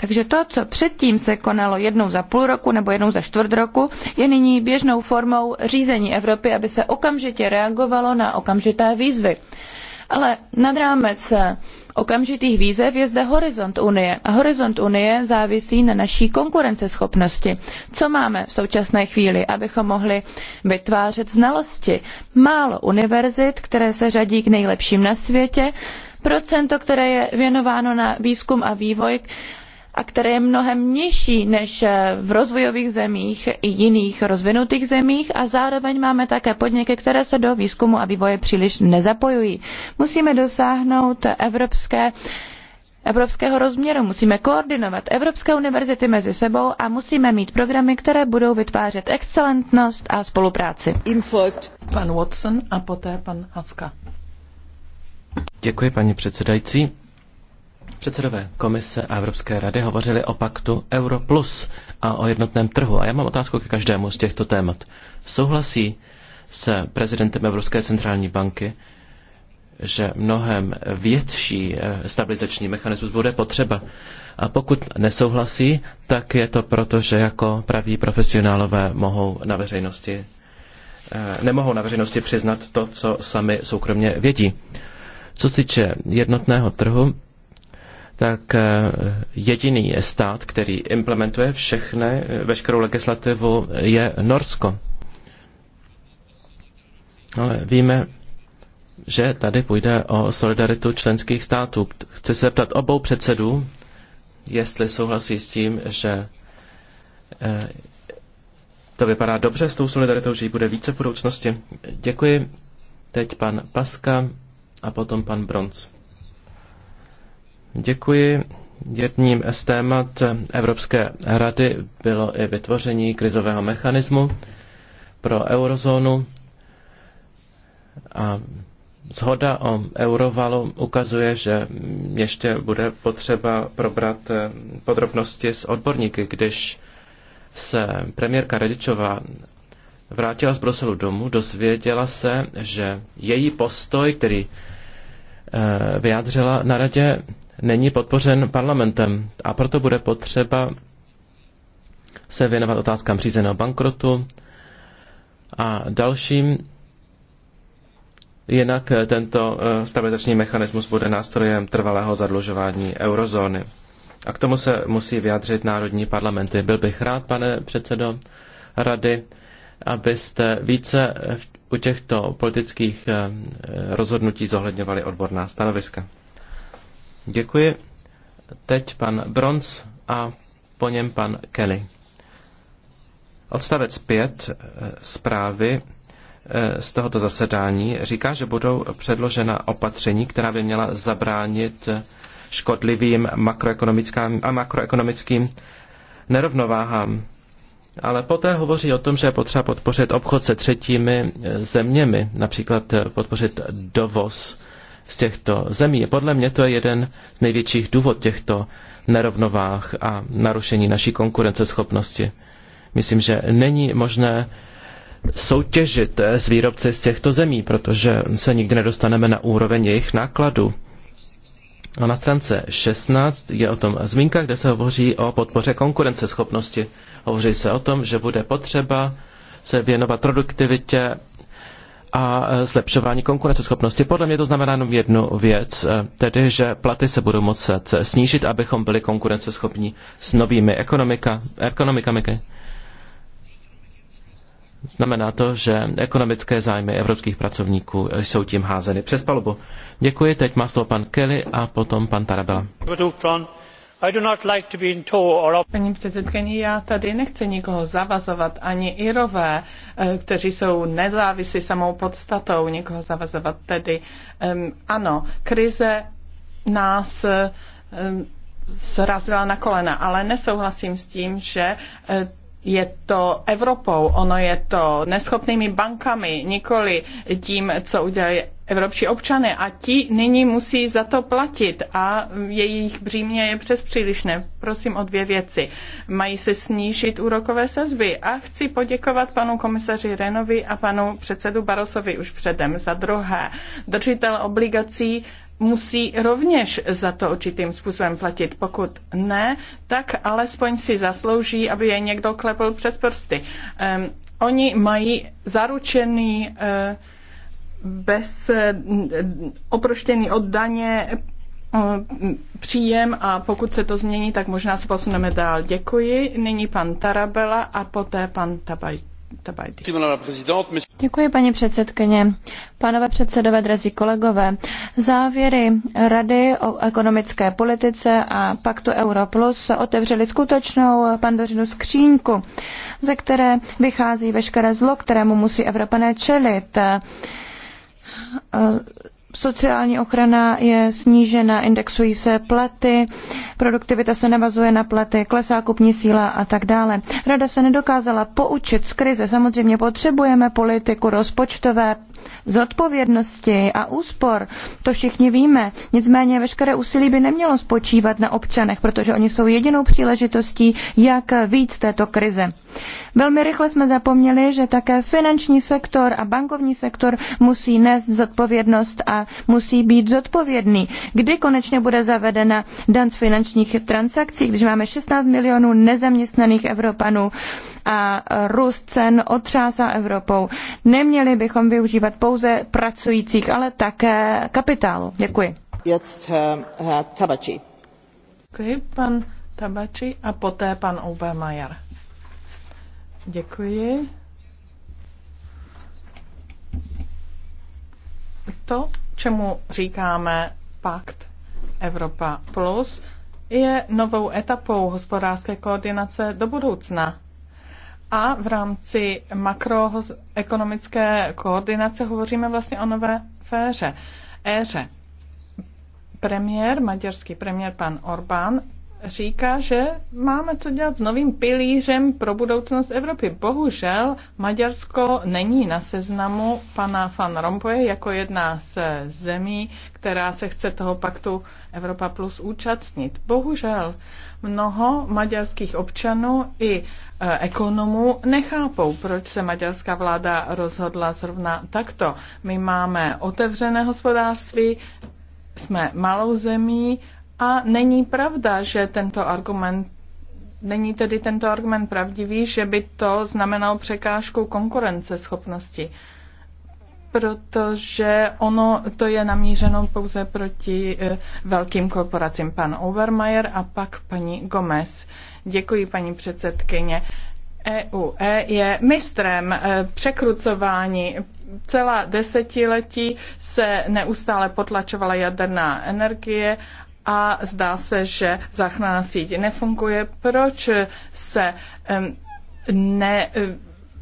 Takže to, co předtím se konalo jednou za půl roku nebo jednou za čtvrt roku, je nyní běžnou formou řízení Evropy, aby se okamžitě reagovalo na okamžité výzvy. Ale nad rámec okamžitých výzev je zde horizont Unie. A horizont Unie závisí na naší konkurenceschopnosti. Co máme v současné chvíli, abychom mohli vytvářet znalosti? Málo univerzit, které se řadí k nejlepším na světě, procento, které je věnováno na výzkum a vývoj a které je mnohem nižší než eh, v rozvojových zemích i jiných rozvinutých zemích a zároveň máme také podniky, které se do výzkumu a vývoje příliš nezapojují. Musíme dosáhnout evropské evropského rozměru. Musíme koordinovat evropské univerzity mezi sebou a musíme mít programy, které budou vytvářet excelentnost a spolupráci. Infot. Pan Watson a poté pan Haska. Děkuji, paní předsedající. Předsedové komise a Evropské rady hovořili o paktu Euro plus a o jednotném trhu. A já mám otázku ke každému z těchto témat. Souhlasí s prezidentem Evropské centrální banky, že mnohem větší eh, stabilizační mechanismus bude potřeba. A pokud nesouhlasí, tak je to proto, že jako praví profesionálové mohou na veřejnosti, eh, nemohou na veřejnosti přiznat to, co sami soukromně vědí. Co se týče jednotného trhu, tak eh, jediný stát, který implementuje všechny, eh, veškerou legislativu, je Norsko. Ale víme, že tady půjde o solidaritu členských států. Chci se zeptat obou předsedů, jestli souhlasí s tím, že eh, to vypadá dobře s tou solidaritou, že ji bude více v budoucnosti. Děkuji. Teď pan Paska a potom pan Bronz. Děkuji. Jedním z témat Evropské rady bylo i vytvoření krizového mechanismu pro eurozónu a Zhoda o eurovalu ukazuje, že ještě bude potřeba probrat eh, podrobnosti s odborníky. Když se premiérka Radičová vrátila z Bruselu domů, dozvěděla se, že její postoj, který eh, vyjádřila na radě, není podpořen parlamentem. A proto bude potřeba se věnovat otázkám řízeného bankrotu a dalším. Jinak tento eh, stabilizační mechanismus bude nástrojem trvalého zadlužování eurozóny. A k tomu se musí vyjádřit národní parlamenty. Byl bych rád, pane předsedo rady, abyste více u těchto politických eh, rozhodnutí zohledňovali odborná stanoviska. Děkuji. Teď pan Bronz a po něm pan Kelly. Odstavec 5 eh, zprávy eh, z tohoto zasedání říká, že budou předložena opatření, která by měla zabránit eh, škodlivým makroekonomickým, a makroekonomickým nerovnováhám. Ale poté hovoří o tom, že je potřeba podpořit obchod se třetími zeměmi, například podpořit dovoz z těchto zemí. Podle mě to je jeden z největších důvod těchto nerovnovách a narušení naší konkurenceschopnosti. Myslím, že není možné soutěžit s výrobci z těchto zemí, protože se nikdy nedostaneme na úroveň jejich nákladů. A na stránce 16 je o tom zmínka, kde se hovoří o podpoře konkurenceschopnosti. Hovoří se o tom, že bude potřeba se věnovat produktivitě a zlepšování konkurenceschopnosti. Podle mě to znamená jenom jednu věc, eh, tedy že platy se budou muset eh, snížit, abychom byli konkurenceschopní s novými ekonomika, ekonomikami. Znamená to, že ekonomické zájmy evropských pracovníků eh, jsou tím házeny přes palubu. Děkuji, teď má slovo pan Kelly a potom pan Tarabella. Paní předsedkyně, já tady nechci nikoho zavazovat, ani Irové, eh, kteří jsou nezávislí samou podstatou, nikoho zavazovat. Tedy um, ano, krize nás um, srazila na kolena, ale nesouhlasím s tím, že eh, je to Evropou, ono je to neschopnými bankami, nikoli tím, co udělali evropští občané. A ti nyní musí za to platit a jejich břímě je přes přílišné. Prosím o dvě věci. Mají se snížit úrokové sazby a chci poděkovat panu komisaři Renovi a panu předsedu Barosovi už předem. Za druhé, držitel obligací musí rovněž za to určitým způsobem platit. Pokud ne, tak alespoň si zaslouží, aby je někdo klepl přes prsty. Um, oni mají zaručený uh, bez uh, oproštěný od daně eh, příjem a pokud se to změní, tak možná se posuneme dál. Děkuji. Nyní pan Tarabela a poté pan Tabajt. Děkuji, paní předsedkyně. Pánové předsedové, drazí kolegové, závěry Rady o ekonomické politice a paktu Euro Plus otevřely skutečnou pandořinu skříňku, ze které vychází veškeré zlo, kterému musí Evropané čelit sociální ochrana je snížena, indexují se platy, produktivita se navazuje na platy, klesá kupní síla a tak dále. Rada se nedokázala poučit z krize. Samozřejmě potřebujeme politiku rozpočtové zodpovědnosti a úspor, to všichni víme. Nicméně veškeré úsilí by nemělo spočívat na občanech, protože oni jsou jedinou příležitostí, jak víc této krize. Velmi rychle jsme zapomněli, že také finanční sektor a bankovní sektor musí nést zodpovědnost a musí být zodpovědný. Kdy konečně bude zavedena dan z finančních transakcí, když máme 16 milionů nezaměstnaných Evropanů a růst cen otřásá Evropou. Neměli bychom využívat pouze pracujících, ale také kapitálu. Děkuji. Jetzt, Herr, eh, eh, Herr Tabači. Děkuji, pan Tabači a poté pan Obermajer. Děkuji. To, čemu říkáme pakt Evropa Plus, je novou etapou hospodářské koordinace do budoucna. A v rámci makroekonomické koordinace hovoříme vlastně o nové féře, éře. Premiér, maďarský premiér pan Orbán, říká, že máme co dělat s novým pilířem pro budoucnost Evropy. Bohužel Maďarsko není na seznamu pana Van Rompuye jako jedna z zemí, která se chce toho paktu Evropa plus účastnit. Bohužel mnoho maďarských občanů i eh, ekonomů nechápou, proč se maďarská vláda rozhodla zrovna takto. My máme otevřené hospodářství, jsme malou zemí, a není pravda, že tento argument Není tedy tento argument pravdivý, že by to znamenalo překážku konkurenceschopnosti, protože ono to je namířeno pouze proti eh, velkým korporacím. Pan Overmeyer a pak paní Gomez. Děkuji, paní předsedkyně. EUE e je mistrem eh, překrucování celá desetiletí se neustále potlačovala jaderná energie a zdá se, že záchranná síť nefunguje. Proč se ne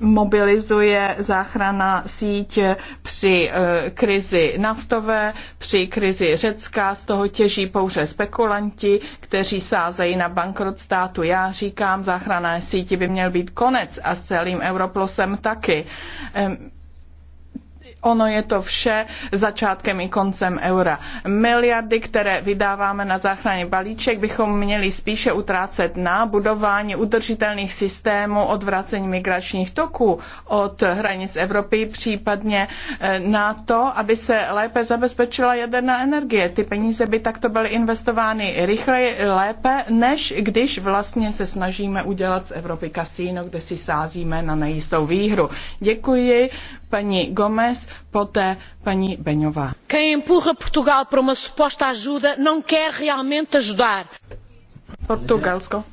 mobilizuje záchrana síť při eh, krizi naftové, při krizi řecká? z toho těží pouze spekulanti, kteří sázejí na bankrot státu. Já říkám, záchrana síti by měl být konec a s celým Europlosem taky Ono je to vše začátkem i koncem eura. Miliardy, které vydáváme na záchraně balíček, bychom měli spíše utrácet na budování udržitelných systémů, odvracení migračních toků od hranic Evropy, případně eh, na to, aby se lépe zabezpečila jaderná energie. Ty peníze by takto byly investovány rychleji, lépe, než když vlastně se snažíme udělat z Evropy kasíno, kde si sázíme na nejistou výhru. Děkuji paní Gomez poté paní Beňová. Quem empurra Portugal para uma suposta ajuda não quer realmente ajudar. Portugalsko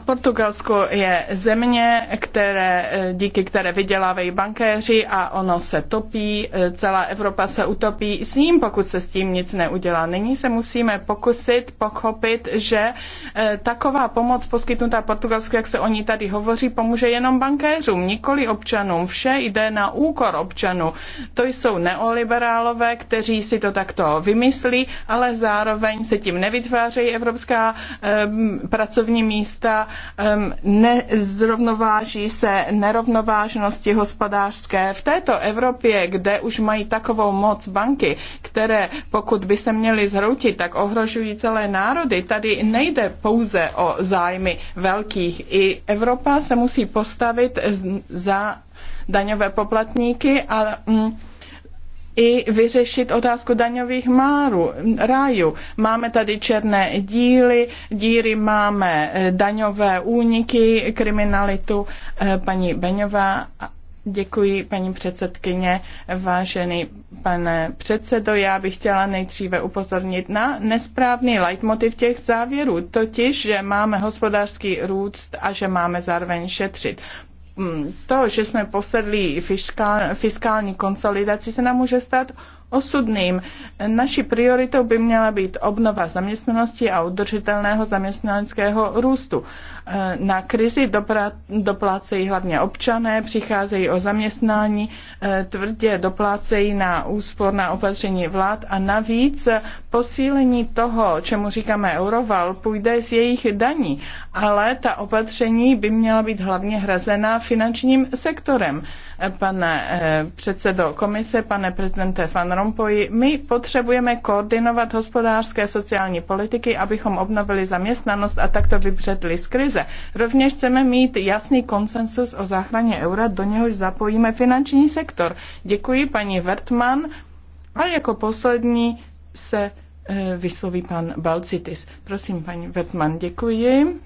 Portugalsko je země, které, eh, díky které vydělávají bankéři a ono se topí, eh, celá Evropa se utopí s ním, pokud se s tím nic neudělá. Nyní se musíme pokusit pochopit, že eh, taková pomoc poskytnutá Portugalsku, jak se o ní tady hovoří, pomůže jenom bankéřům, nikoli občanům. Vše jde na úkor občanů. To jsou neoliberálové, kteří si to takto vymyslí, ale zároveň se tím nevytvářejí evropská eh, pracovní místa, Um, nezrovnováží se nerovnovážnosti hospodářské. V této Evropě, kde už mají takovou moc banky, které pokud by se měly zhroutit, tak ohrožují celé národy, tady nejde pouze o zájmy velkých. I Evropa se musí postavit za daňové poplatníky a mm, i vyřešit otázku daňových máru, rájů. Máme tady černé díly, díry máme eh, daňové úniky, kriminalitu. Eh, paní Beňová, děkuji paní předsedkyně, vážený pane předsedo. Já bych chtěla nejdříve upozornit na nesprávný leitmotiv těch závěrů, totiž, že máme hospodářský růst a že máme zároveň šetřit. Mm, to, že jsme posedli fiskál, fiskální konsolidaci, se nám může stát osudným. Naší prioritou by měla být obnova zaměstnanosti a udržitelného zaměstnaneckého růstu. Eh, na krizi doplácejí hlavně občané, přicházejí o zaměstnání, eh, tvrdě doplácejí na úspor na opatření vlád a navíc eh, posílení toho, čemu říkáme euroval, půjde z jejich daní, ale ta opatření by měla být hlavně hrazena finančním sektorem. Pane předsedo komise, pane prezidente Van Rompuy, my potřebujeme koordinovat hospodářské sociální politiky, abychom obnovili zaměstnanost a takto vybředli z krize krize. Rovněž chceme mít jasný konsensus o záchraně eura, do něhož zapojíme finanční sektor. Děkuji paní Vertman a jako poslední se eh, vysloví pan Balcitis. Prosím, paní Vertman, děkuji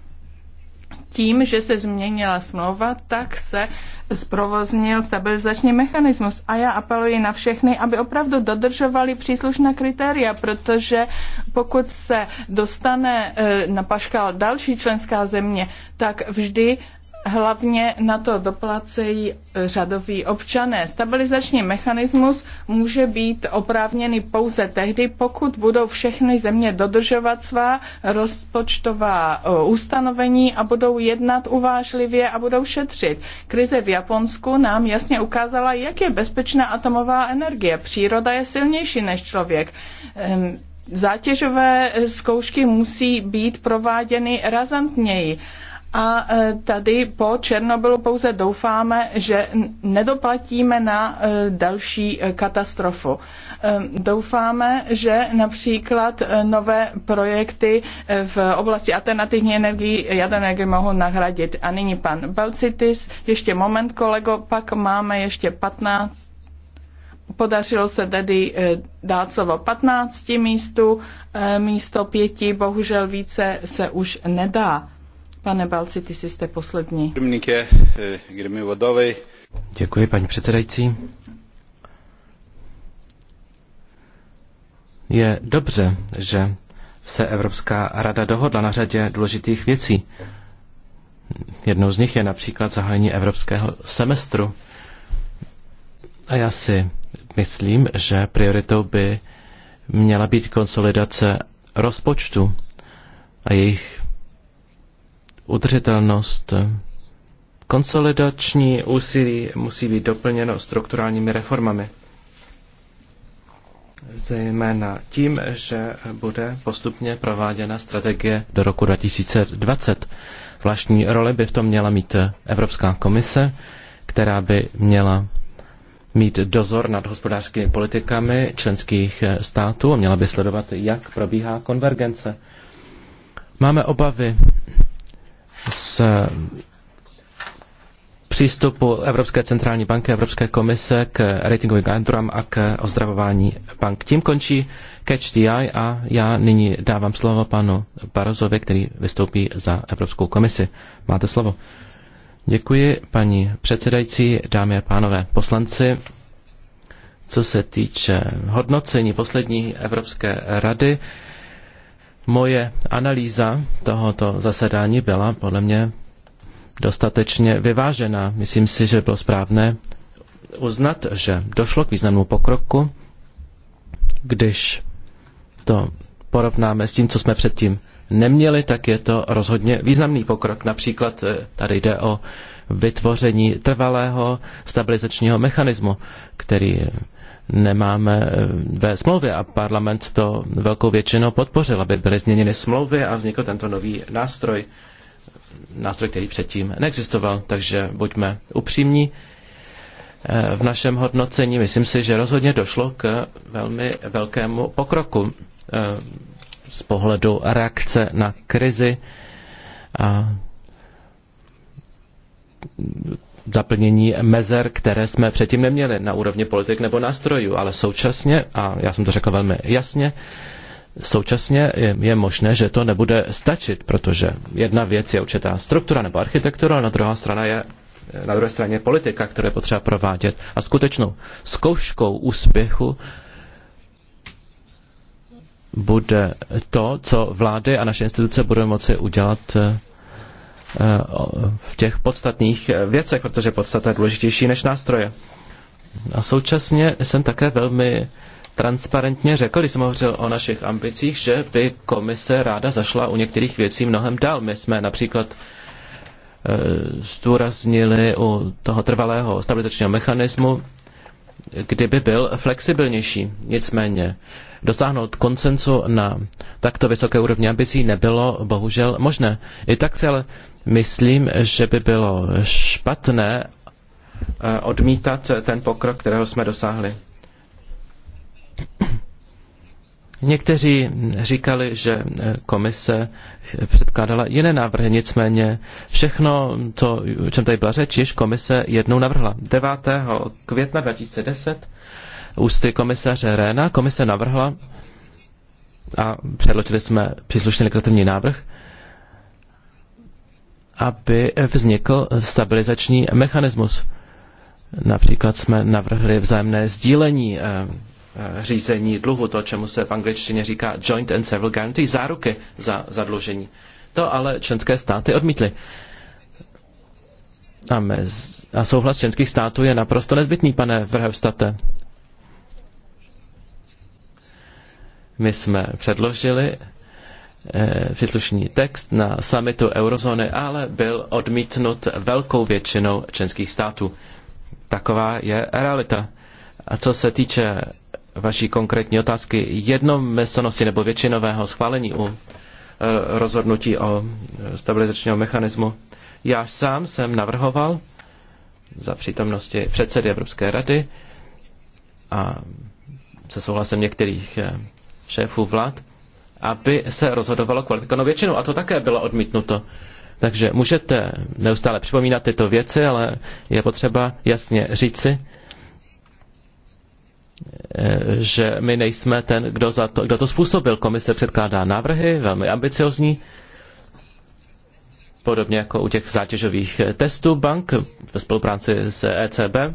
tím, že se změnila smlouva, tak se zprovoznil stabilizační mechanismus. A já apeluji na všechny, aby opravdu dodržovali příslušná kritéria, protože pokud se dostane eh, na paškal další členská země, tak vždy hlavně na to doplacejí řadoví občané. Stabilizační mechanismus může být oprávněný pouze tehdy, pokud budou všechny země dodržovat svá rozpočtová eh, ustanovení a budou jednat uvážlivě a budou šetřit. Krize v Japonsku nám jasně ukázala, jak je bezpečná atomová energie. Příroda je silnější než člověk. Ehm, zátěžové zkoušky musí být prováděny razantněji a e, tady po Černobylu pouze doufáme, že nedoplatíme na e, další e, katastrofu. Doufáme, že například nové projekty v oblasti alternativní energii jaderné energie mohou nahradit. A nyní pan Balcitis. Ještě moment, kolego, pak máme ještě 15. Podařilo se tedy dát slovo 15 místu, místo pěti, bohužel více se už nedá Pane Balci, ty jste poslední. Eh, Děkuji, paní předsedající. Je dobře, že se Evropská rada dohodla na řadě důležitých věcí. Jednou z nich je například zahájení evropského semestru. A já si myslím, že prioritou by měla být konsolidace rozpočtu a jejich udržitelnost. Konsolidační úsilí musí být doplněno strukturálními reformami. Zejména tím, že bude postupně prováděna strategie do roku 2020. Vlastní roli by v tom měla mít Evropská komise, která by měla mít dozor nad hospodářskými politikami členských států a měla by sledovat, jak probíhá konvergence. Máme obavy, z přístupu Evropské centrální banky, Evropské komise k ratingovým agenturám a k ozdravování bank. Tím končí Catch the Eye a já nyní dávám slovo panu Barozovi, který vystoupí za Evropskou komisi. Máte slovo. Děkuji, paní předsedající, dámy a pánové poslanci. Co se týče hodnocení poslední Evropské rady, Moje analýza tohoto zasedání byla podle mě dostatečně vyvážená. Myslím si, že bylo správné uznat, že došlo k významnému pokroku, když to porovnáme s tím, co jsme předtím neměli, tak je to rozhodně významný pokrok. Například eh, tady jde o vytvoření trvalého stabilizačního mechanismu, který nemáme eh, ve smlouvě a parlament to velkou většinou podpořil, aby byly změněny smlouvy a vznikl tento nový nástroj, nástroj, který předtím neexistoval, takže buďme upřímní. Eh, v našem hodnocení myslím si, že rozhodně došlo k velmi velkému pokroku eh, z pohledu reakce na krizi a zaplnění mezer, které jsme předtím neměli na úrovni politik nebo nástrojů, ale současně, a já jsem to řekl velmi jasně, Současně je, je možné, že to nebude stačit, protože jedna věc je určitá struktura nebo architektura, a na druhá strana je na druhé straně politika, které je potřeba provádět. A skutečnou zkouškou úspěchu bude to, co vlády a naše instituce budou moci udělat eh, v těch podstatných věcech, protože podstata je důležitější než nástroje. A současně jsem také velmi transparentně řekl, když jsem hovořil o našich ambicích, že by komise ráda zašla u některých věcí mnohem dál. My jsme například e, zdůraznili u toho trvalého stabilizačního mechanismu, kdyby byl flexibilnější. Nicméně dosáhnout konsenzu na takto vysoké úrovni ambicí nebylo bohužel možné. I tak si ale myslím, že by bylo špatné eh, odmítat ten pokrok, kterého jsme dosáhli. Někteří říkali, že eh, komise předkládala jiné návrhy, nicméně všechno, to, o čem tady byla řeč, již komise jednou navrhla. 9. května 2010 ústy komisaře Réna. Komise navrhla a předložili jsme příslušný legislativní návrh, aby vznikl stabilizační mechanismus. Například jsme navrhli vzájemné sdílení eh, eh, řízení dluhu, to, čemu se v angličtině říká joint and several guarantee, záruky za zadlužení. To ale členské státy odmítly. A, mez, a souhlas členských států je naprosto nezbytný, pane Verhofstadte. My jsme předložili eh, příslušný text na summitu eurozóny, ale byl odmítnut velkou většinou členských států. Taková je realita. A co se týče vaší konkrétní otázky jednomyslnosti nebo většinového schválení u eh, rozhodnutí o stabilizačního mechanismu, já sám jsem navrhoval za přítomnosti předsedy Evropské rady a se souhlasem některých eh, šéfů vlád, aby se rozhodovalo kvalifikovanou většinou. A to také bylo odmítnuto. Takže můžete neustále připomínat tyto věci, ale je potřeba jasně říci, eh, že my nejsme ten, kdo, za to, kdo to způsobil. Komise předkládá návrhy, velmi ambiciozní, podobně jako u těch zátěžových testů bank ve spolupráci s ECB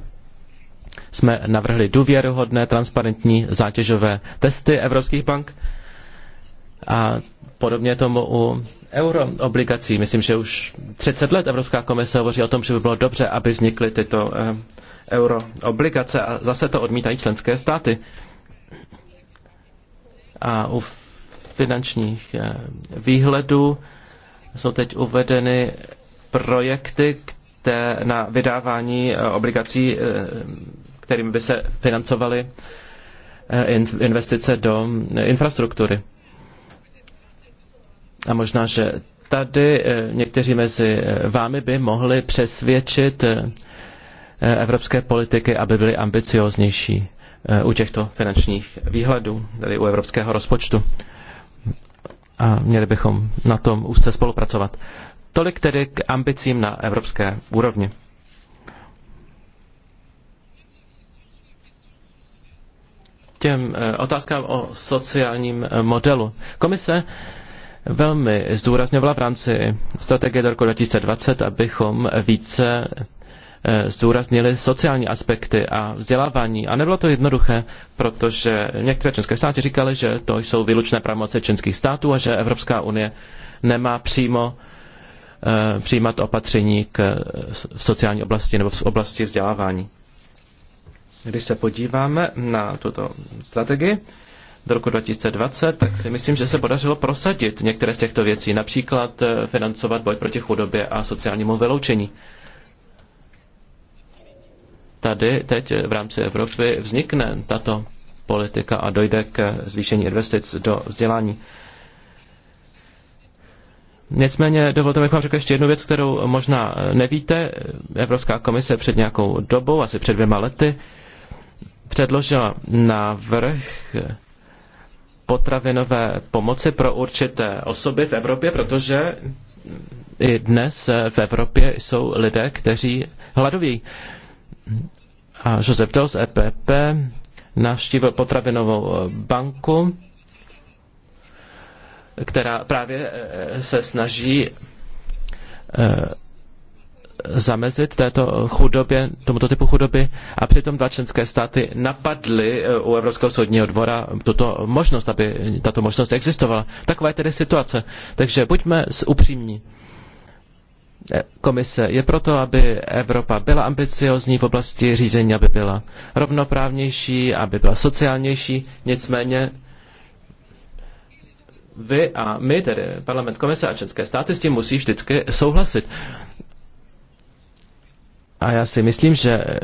jsme navrhli důvěryhodné, transparentní zátěžové testy evropských bank a podobně tomu u euroobligací. Myslím, že už 30 let Evropská komise hovoří o tom, že by bylo dobře, aby vznikly tyto eh, euroobligace a zase to odmítají členské státy. A u finančních eh, výhledů jsou teď uvedeny projekty, na vydávání eh, obligací kterým by se financovaly eh, investice do eh, infrastruktury. A možná, že tady eh, někteří mezi vámi by mohli přesvědčit evropské politiky, aby byly ambicioznější u těchto finančních výhledů, tedy u evropského rozpočtu. A měli bychom na tom úzce spolupracovat. Tolik tedy k ambicím na evropské úrovni. těm eh, otázkám o sociálním eh, modelu. Komise velmi zdůrazňovala v rámci strategie do roku 2020, abychom více eh, zdůraznili sociální aspekty a vzdělávání. A nebylo to jednoduché, protože některé členské státy říkaly, že to jsou výlučné pravomoci členských států a že Evropská unie nemá přímo přijímat opatření k, v sociální oblasti nebo v oblasti vzdělávání. Když se podíváme na tuto strategii do roku 2020, tak si myslím, že se podařilo prosadit některé z těchto věcí, například eh, financovat boj proti chudobě a sociálnímu vyloučení. Tady teď v rámci Evropy vznikne tato politika a dojde k zvýšení investic do vzdělání. Nicméně dovolte, abych vám řekl ještě jednu věc, kterou možná nevíte. Evropská komise před nějakou dobou, asi před dvěma lety, předložila návrh potravinové pomoci pro určité osoby v Evropě, protože i dnes v Evropě jsou lidé, kteří hladoví. A Josef Del z EPP navštívil potravinovou banku, která právě se snaží eh, zamezit této chudobě, tomuto typu chudoby a přitom dva členské státy napadly eh, u Evropského soudního dvora tuto možnost, aby tato možnost existovala. Taková je tedy situace. Takže buďme upřímní. Eh, komise je proto, aby Evropa byla ambiciozní v oblasti řízení, aby byla rovnoprávnější, aby byla sociálnější, nicméně vy a my, tedy parlament, komise a členské státy, s tím musí vždycky souhlasit. A já si myslím, že eh,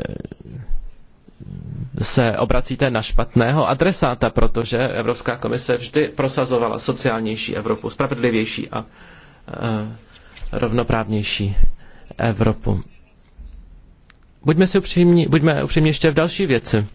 se obracíte na špatného adresáta, protože Evropská komise vždy prosazovala sociálnější Evropu, spravedlivější a eh, rovnoprávnější Evropu. Buďme si upřímní, buďme upřímní ještě v další věci.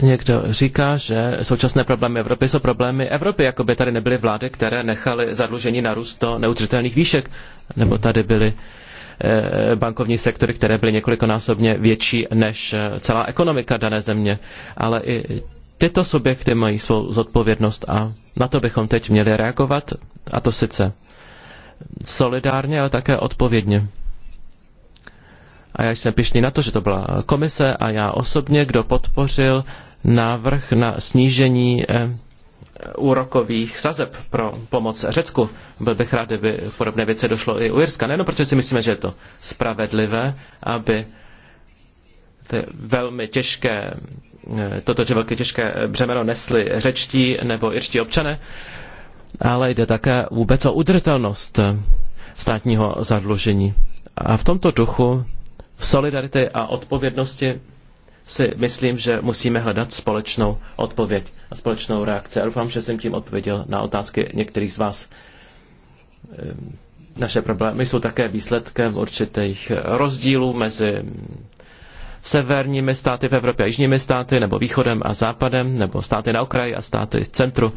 Někdo říká, že současné problémy Evropy jsou problémy Evropy, jako by tady nebyly vlády, které nechaly zadlužení narůst do neudržitelných výšek, nebo tady byly eh, bankovní sektory, které byly několikonásobně větší než eh, celá ekonomika dané země. Ale i tyto subjekty mají svou zodpovědnost a na to bychom teď měli reagovat, a to sice solidárně, ale také odpovědně a já jsem pišný na to, že to byla komise a já osobně, kdo podpořil návrh na snížení eh, úrokových sazeb pro pomoc Řecku. Byl bych rád, kdyby podobné věci došlo i u Jirska. Nejenom protože si myslíme, že je to spravedlivé, aby ty velmi těžké, eh, toto, že velké těžké břemeno nesli řečtí nebo irští občané, ale jde také vůbec o udržitelnost eh, státního zadlužení. A v tomto duchu v solidarity a odpovědnosti si myslím, že musíme hledat společnou odpověď a společnou reakci. A doufám, že jsem tím odpověděl na otázky některých z vás. Ehm, naše problémy jsou také výsledkem určitých rozdílů mezi severními státy v Evropě a jižními státy, nebo východem a západem, nebo státy na okraji a státy v centru.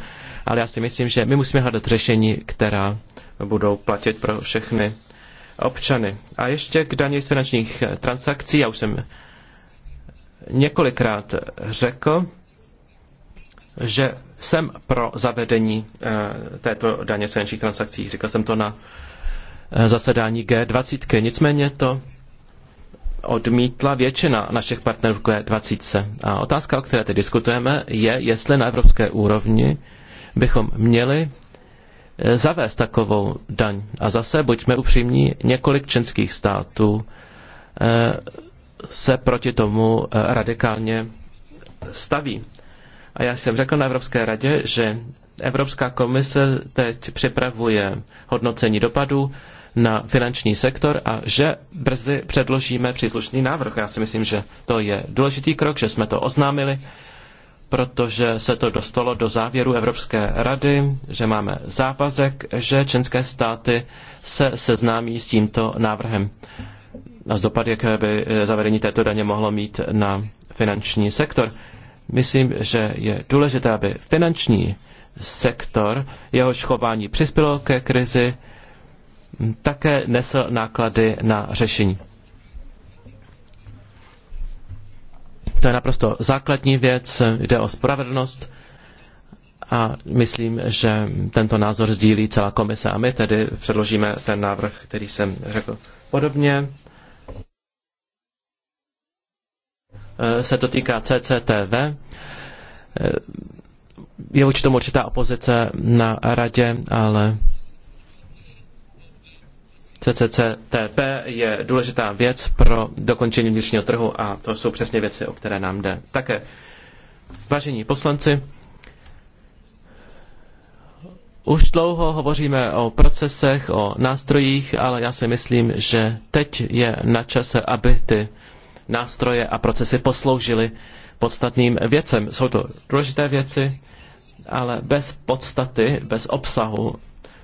Ale já si myslím, že my musíme hledat řešení, která budou platit pro všechny občany. A ještě k daní z finančních eh, transakcí, já už jsem několikrát řekl, že jsem pro zavedení eh, této daně z finančních transakcí. Říkal jsem to na eh, zasedání G20. Nicméně to odmítla většina našich partnerů G20. A otázka, o které teď diskutujeme, je, jestli na evropské úrovni bychom měli Eh, zavést takovou daň. A zase, buďme upřímní, několik členských států eh, se proti tomu eh, radikálně staví. A já jsem řekl na Evropské radě, že Evropská komise teď připravuje hodnocení dopadů na finanční sektor a že brzy předložíme příslušný návrh. Já si myslím, že to je důležitý krok, že jsme to oznámili protože se to dostalo do závěru Evropské rady, že máme závazek, že členské státy se seznámí s tímto návrhem a z dopad, jaké by eh, zavedení této daně mohlo mít na finanční sektor. Myslím, že je důležité, aby finanční sektor, jehož chování přispělo ke krizi, také nesl náklady na řešení. To je naprosto základní věc, jde o spravedlnost a myslím, že tento názor sdílí celá komise a my tedy předložíme ten návrh, který jsem řekl. Podobně eh, se to týká CCTV. Eh, je určitě určitá opozice na radě, ale CCCTP je důležitá věc pro dokončení vnitřního trhu a to jsou přesně věci, o které nám jde. Také vážení poslanci, už dlouho hovoříme o procesech, o nástrojích, ale já si myslím, že teď je na čase, aby ty nástroje a procesy posloužily podstatným věcem. Jsou to důležité věci, ale bez podstaty, bez obsahu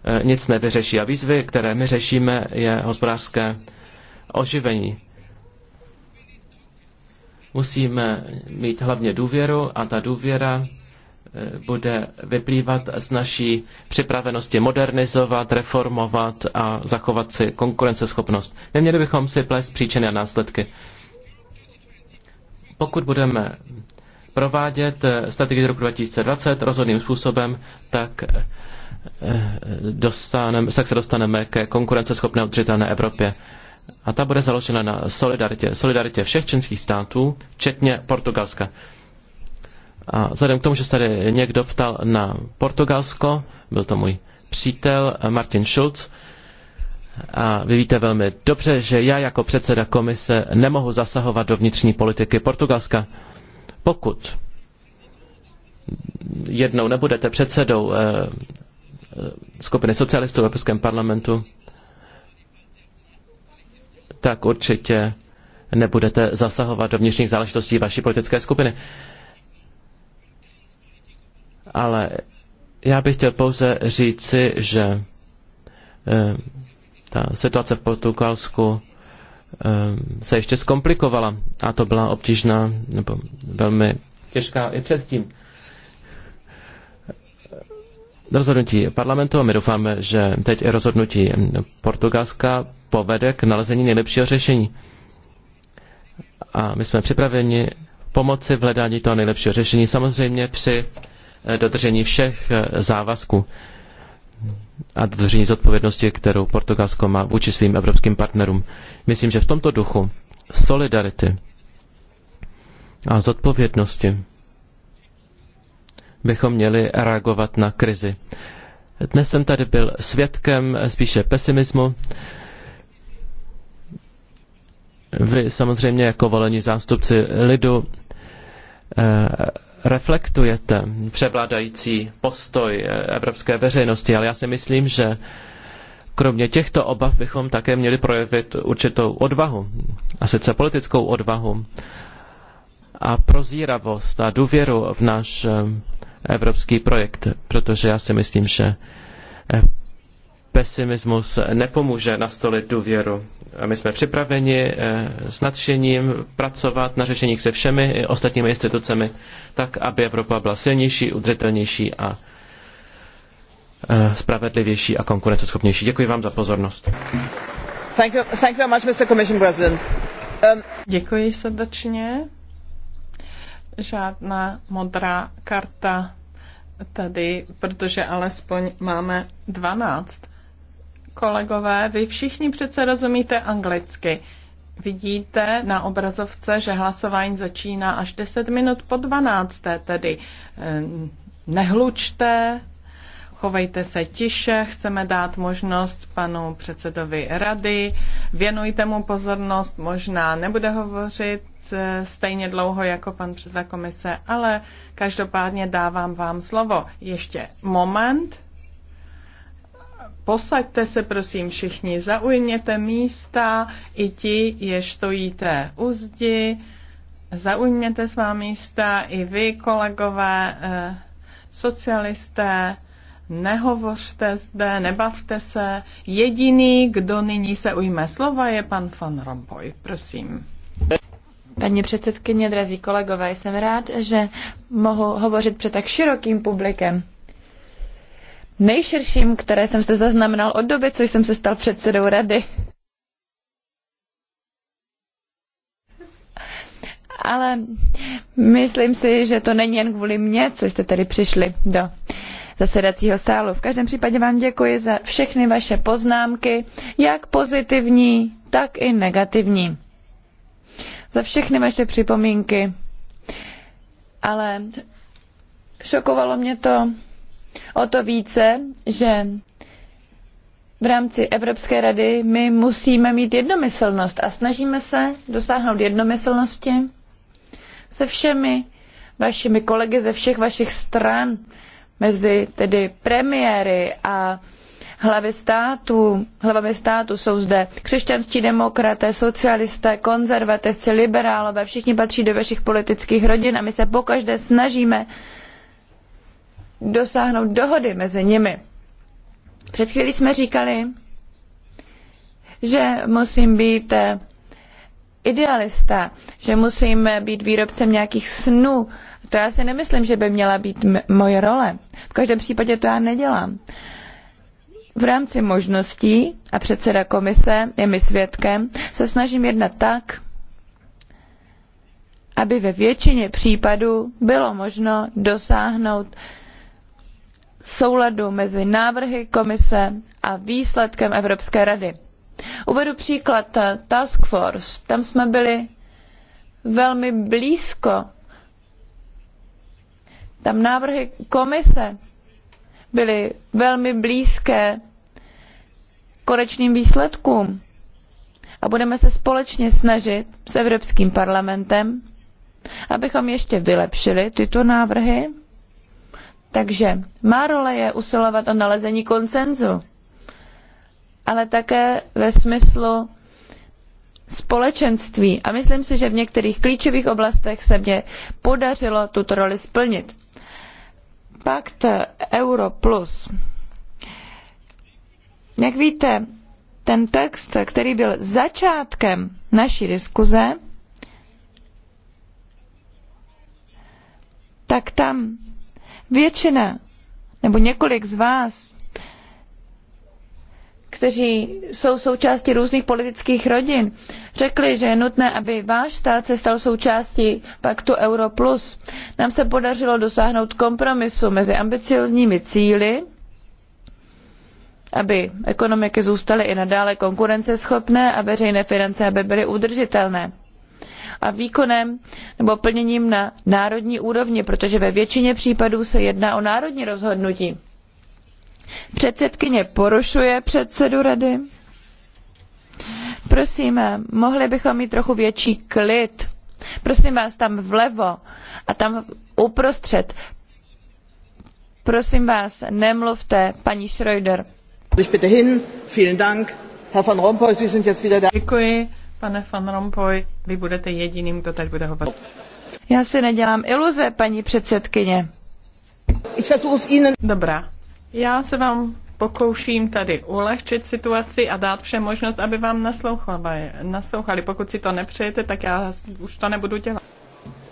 Eh, nic nevyřeší. A výzvy, které my řešíme, je hospodářské oživení. Musíme mít hlavně důvěru a ta důvěra eh, bude vyplývat z naší připravenosti modernizovat, reformovat a zachovat si konkurenceschopnost. Neměli bychom si plést příčiny a následky. Pokud budeme provádět eh, strategii roku 2020 rozhodným způsobem, tak Eh, dostaneme, tak se dostaneme ke konkurenceschopné udržitelné Evropě. A ta bude založena na solidaritě, solidaritě všech členských států, včetně Portugalska. A vzhledem k tomu, že se tady někdo ptal na Portugalsko, byl to můj přítel eh, Martin Schulz, a vy víte velmi dobře, že já jako předseda komise nemohu zasahovat do vnitřní politiky Portugalska. Pokud jednou nebudete předsedou eh, skupiny socialistů v Evropském parlamentu, tak určitě nebudete zasahovat do vnitřních záležitostí vaší politické skupiny. Ale já bych chtěl pouze říci, že eh, ta situace v Portugalsku eh, se ještě zkomplikovala a to byla obtížná nebo velmi těžká i předtím rozhodnutí parlamentu a my doufáme, že teď i rozhodnutí Portugalska povede k nalezení nejlepšího řešení. A my jsme připraveni pomoci v hledání toho nejlepšího řešení, samozřejmě při eh, dodržení všech eh, závazků a dodržení zodpovědnosti, kterou Portugalsko má vůči svým evropským partnerům. Myslím, že v tomto duchu solidarity a zodpovědnosti bychom měli reagovat na krizi. Dnes jsem tady byl svědkem spíše pesimismu. Vy samozřejmě jako volení zástupci lidu eh, reflektujete převládající postoj eh, evropské veřejnosti, ale já si myslím, že kromě těchto obav bychom také měli projevit určitou odvahu, a sice politickou odvahu a prozíravost a důvěru v náš eh, evropský projekt, protože já si myslím, že eh, pesimismus nepomůže nastolit důvěru. A my jsme připraveni eh, s nadšením pracovat na řešeních se všemi ostatními institucemi, tak, aby Evropa byla silnější, udřetelnější a eh, spravedlivější a konkurenceschopnější. Děkuji vám za pozornost. Thank you, thank you very much, Mr. Commission President. Um... Děkuji srdečně žádná modrá karta tady, protože alespoň máme 12. Kolegové, vy všichni přece rozumíte anglicky. Vidíte na obrazovce, že hlasování začíná až 10 minut po 12. tedy eh, nehlučte, chovejte se tiše, chceme dát možnost panu předsedovi rady, věnujte mu pozornost, možná nebude hovořit, Eh, stejně dlouho jako pan předseda komise, ale každopádně dávám vám slovo. Ještě moment. Posaďte se prosím všichni, zaujměte místa, i ti, jež stojíte u zdi, zaujměte svá místa, i vy, kolegové, eh, socialisté, nehovořte zde, nebavte se. Jediný, kdo nyní se ujme slova, je pan van Rompuy. Prosím. Paní předsedkyně, drazí kolegové, jsem rád, že mohu hovořit před tak širokým publikem. Nejširším, které jsem se zaznamenal od doby, co jsem se stal předsedou rady. Ale myslím si, že to není jen kvůli mně, co jste tady přišli do zasedacího sálu. V každém případě vám děkuji za všechny vaše poznámky, jak pozitivní, tak i negativní za všechny vaše připomínky, ale šokovalo mě to o to více, že v rámci Evropské rady my musíme mít jednomyslnost a snažíme se dosáhnout jednomyslnosti se všemi vašimi kolegy ze všech vašich stran, mezi tedy premiéry a hlavy státu, hlavami států jsou zde křesťanští demokraté, socialisté, konzervativci, liberálové, všichni patří do vašich politických rodin a my se pokaždé snažíme dosáhnout dohody mezi nimi. Před chvílí jsme říkali, že musím být eh, idealista, že musím eh, být výrobcem nějakých snů. To já si nemyslím, že by měla být moje role. V každém případě to já nedělám v rámci možností, a předseda komise je mi svědkem, se snažím jednat tak, aby ve většině případů bylo možno dosáhnout souladu mezi návrhy komise a výsledkem Evropské rady. Uvedu příklad eh, Task Force. Tam jsme byli velmi blízko. Tam návrhy komise byly velmi blízké konečným výsledkům. A budeme se společně snažit s Evropským parlamentem, abychom ještě vylepšili tyto návrhy. Takže má role je usilovat o nalezení konsenzu, ale také ve smyslu společenství. A myslím si, že v některých klíčových oblastech se mě podařilo tuto roli splnit pakt Euro plus. Jak víte, ten text, který byl začátkem naší diskuze, tak tam většina nebo několik z vás kteří jsou součástí různých politických rodin, řekli, že je nutné, aby váš stát se stal součástí paktu Euro+. Plus. Nám se podařilo dosáhnout kompromisu mezi ambiciozními cíli, aby ekonomiky zůstaly i nadále konkurenceschopné a veřejné finance, aby byly udržitelné a výkonem nebo plněním na národní úrovni, protože ve většině případů se jedná o národní rozhodnutí. Předsedkyně porušuje předsedu rady. Prosím, mohli bychom mít trochu větší klid. Prosím vás, tam vlevo a tam uprostřed. Prosím vás, nemluvte, paní Schröder. Děkuji, pane Van Rompuy, vy budete jediným, kdo teď bude hovořit. Já si nedělám iluze, paní předsedkyně. Dobrá, já se vám pokouším tady ulehčit situaci a dát všem možnost, aby vám naslouchali. naslouchali. Pokud si to nepřejete, tak já už to nebudu dělat.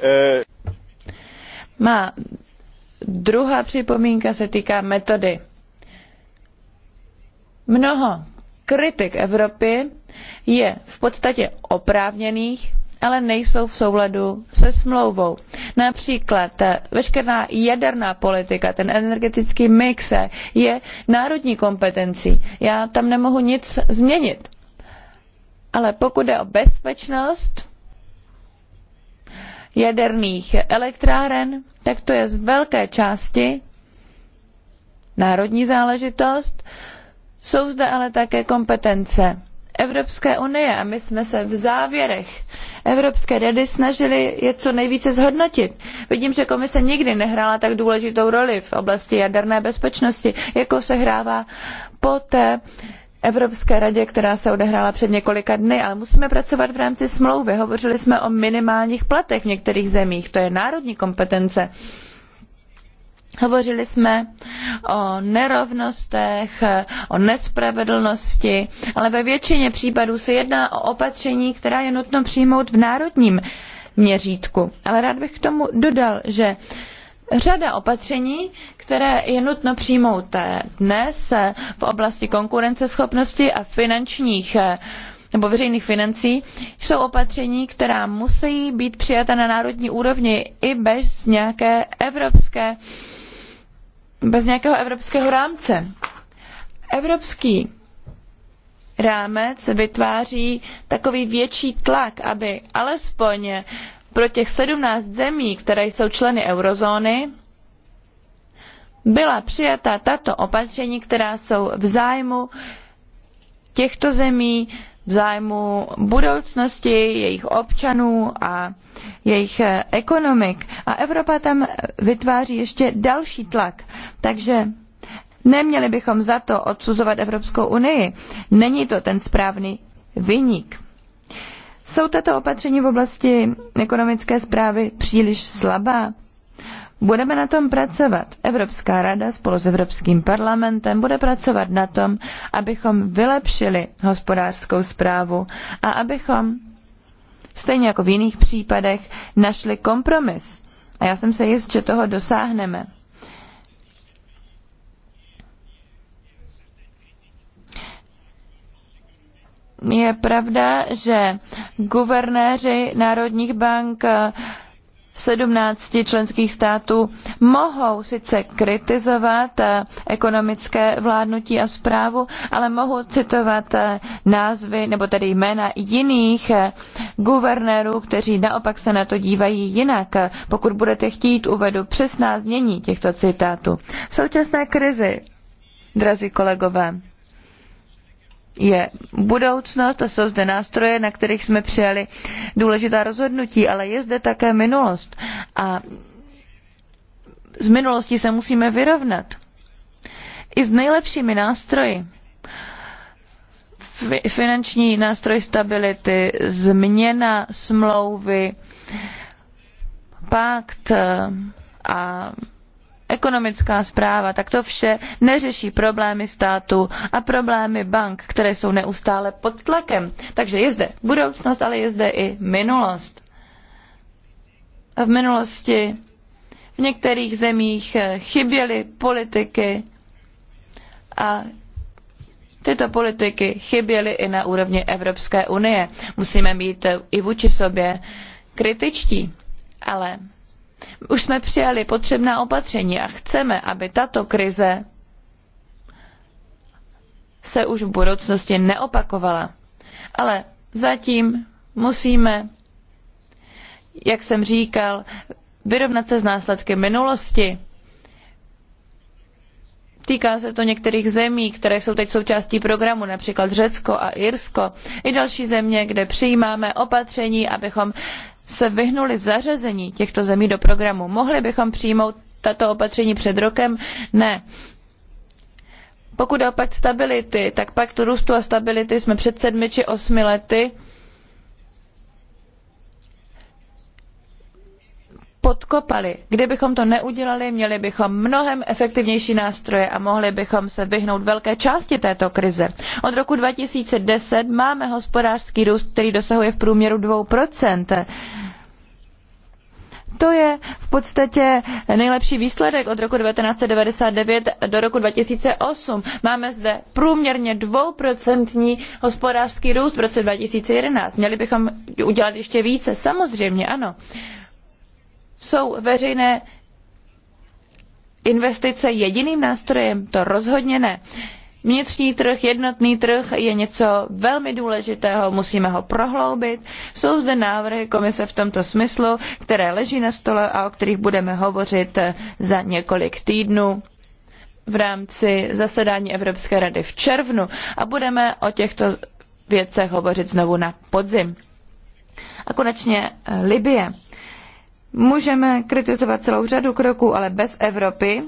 Eh. Má druhá připomínka se týká metody. Mnoho kritik Evropy je v podstatě oprávněných, ale nejsou v souladu se smlouvou. Například eh, veškerá jaderná politika, ten energetický mix eh, je národní kompetencí. Já tam nemohu nic změnit. Ale pokud jde o bezpečnost jaderných elektráren, tak to je z velké části národní záležitost. Jsou zde ale také kompetence Evropské unie a my jsme se v závěrech Evropské rady snažili je co nejvíce zhodnotit. Vidím, že komise nikdy nehrála tak důležitou roli v oblasti jaderné bezpečnosti, jako se hrává po té Evropské radě, která se odehrála před několika dny, ale musíme pracovat v rámci smlouvy. Hovořili jsme o minimálních platech v některých zemích, to je národní kompetence. Hovořili jsme o nerovnostech, o nespravedlnosti, ale ve většině případů se jedná o opatření, která je nutno přijmout v národním měřítku. Ale rád bych k tomu dodal, že řada opatření, které je nutno přijmout dnes v oblasti konkurenceschopnosti a finančních nebo veřejných financí jsou opatření, která musí být přijata na národní úrovni i bez nějaké evropské uh, bez nějakého evropského rámce. Evropský rámec vytváří takový větší tlak, aby alespoň pro těch 17 zemí, které jsou členy eurozóny, byla přijata tato opatření, která jsou v zájmu těchto zemí, v zájmu budoucnosti jejich občanů a jejich eh, ekonomik. A Evropa tam vytváří ještě další tlak. Takže neměli bychom za to odsuzovat Evropskou unii. Není to ten správný vynik. Jsou tato opatření v oblasti ekonomické zprávy příliš slabá? Budeme na tom pracovat. Evropská rada spolu s Evropským parlamentem bude pracovat na tom, abychom vylepšili hospodářskou zprávu a abychom, stejně jako v jiných případech, našli kompromis. A já jsem se jist, že toho dosáhneme. Je pravda, že guvernéři národních bank 17 členských států mohou sice kritizovat eh, ekonomické vládnutí a zprávu, ale mohou citovat eh, názvy nebo tedy jména jiných eh, guvernérů, kteří naopak se na to dívají jinak. Pokud budete chtít, uvedu přesná znění těchto citátů. V současné krizi, drazí kolegové, je budoucnost a jsou zde nástroje, na kterých jsme přijali důležitá rozhodnutí, ale je zde také minulost. A z minulostí se musíme vyrovnat. I s nejlepšími nástroji. Finanční nástroj stability, změna smlouvy, pakt eh, a ekonomická zpráva, tak to vše neřeší problémy státu a problémy bank, které jsou neustále pod tlakem. Takže je zde budoucnost, ale je zde i minulost. A v minulosti v některých zemích chyběly politiky a tyto politiky chyběly i na úrovni Evropské unie. Musíme být i vůči sobě kritičtí, ale už jsme přijali potřebná opatření a chceme, aby tato krize se už v budoucnosti neopakovala. Ale zatím musíme, jak jsem říkal, vyrovnat se s následky minulosti. Týká se to některých zemí, které jsou teď součástí programu, například Řecko a Irsko, i další země, kde přijímáme opatření, abychom se vyhnuli zařazení těchto zemí do programu. Mohli bychom přijmout tato opatření před rokem? Ne. Pokud je o pakt stability, tak pakt růstu a stability jsme před sedmi či osmi lety podkopali. Kdybychom to neudělali, měli bychom mnohem efektivnější nástroje a mohli bychom se vyhnout velké části této krize. Od roku 2010 máme hospodářský růst, který dosahuje v průměru 2%. To je v podstatě nejlepší výsledek od roku 1999 do roku 2008. Máme zde průměrně dvouprocentní hospodářský růst v roce 2011. Měli bychom udělat ještě více, samozřejmě ano jsou veřejné investice jediným nástrojem? To rozhodně ne. Vnitřní trh, jednotný trh je něco velmi důležitého, musíme ho prohloubit. Jsou zde návrhy komise v tomto smyslu, které leží na stole a o kterých budeme hovořit za několik týdnů v rámci zasedání Evropské rady v červnu a budeme o těchto věcech hovořit znovu na podzim. A konečně Libye. Můžeme kritizovat celou řadu kroků, ale bez Evropy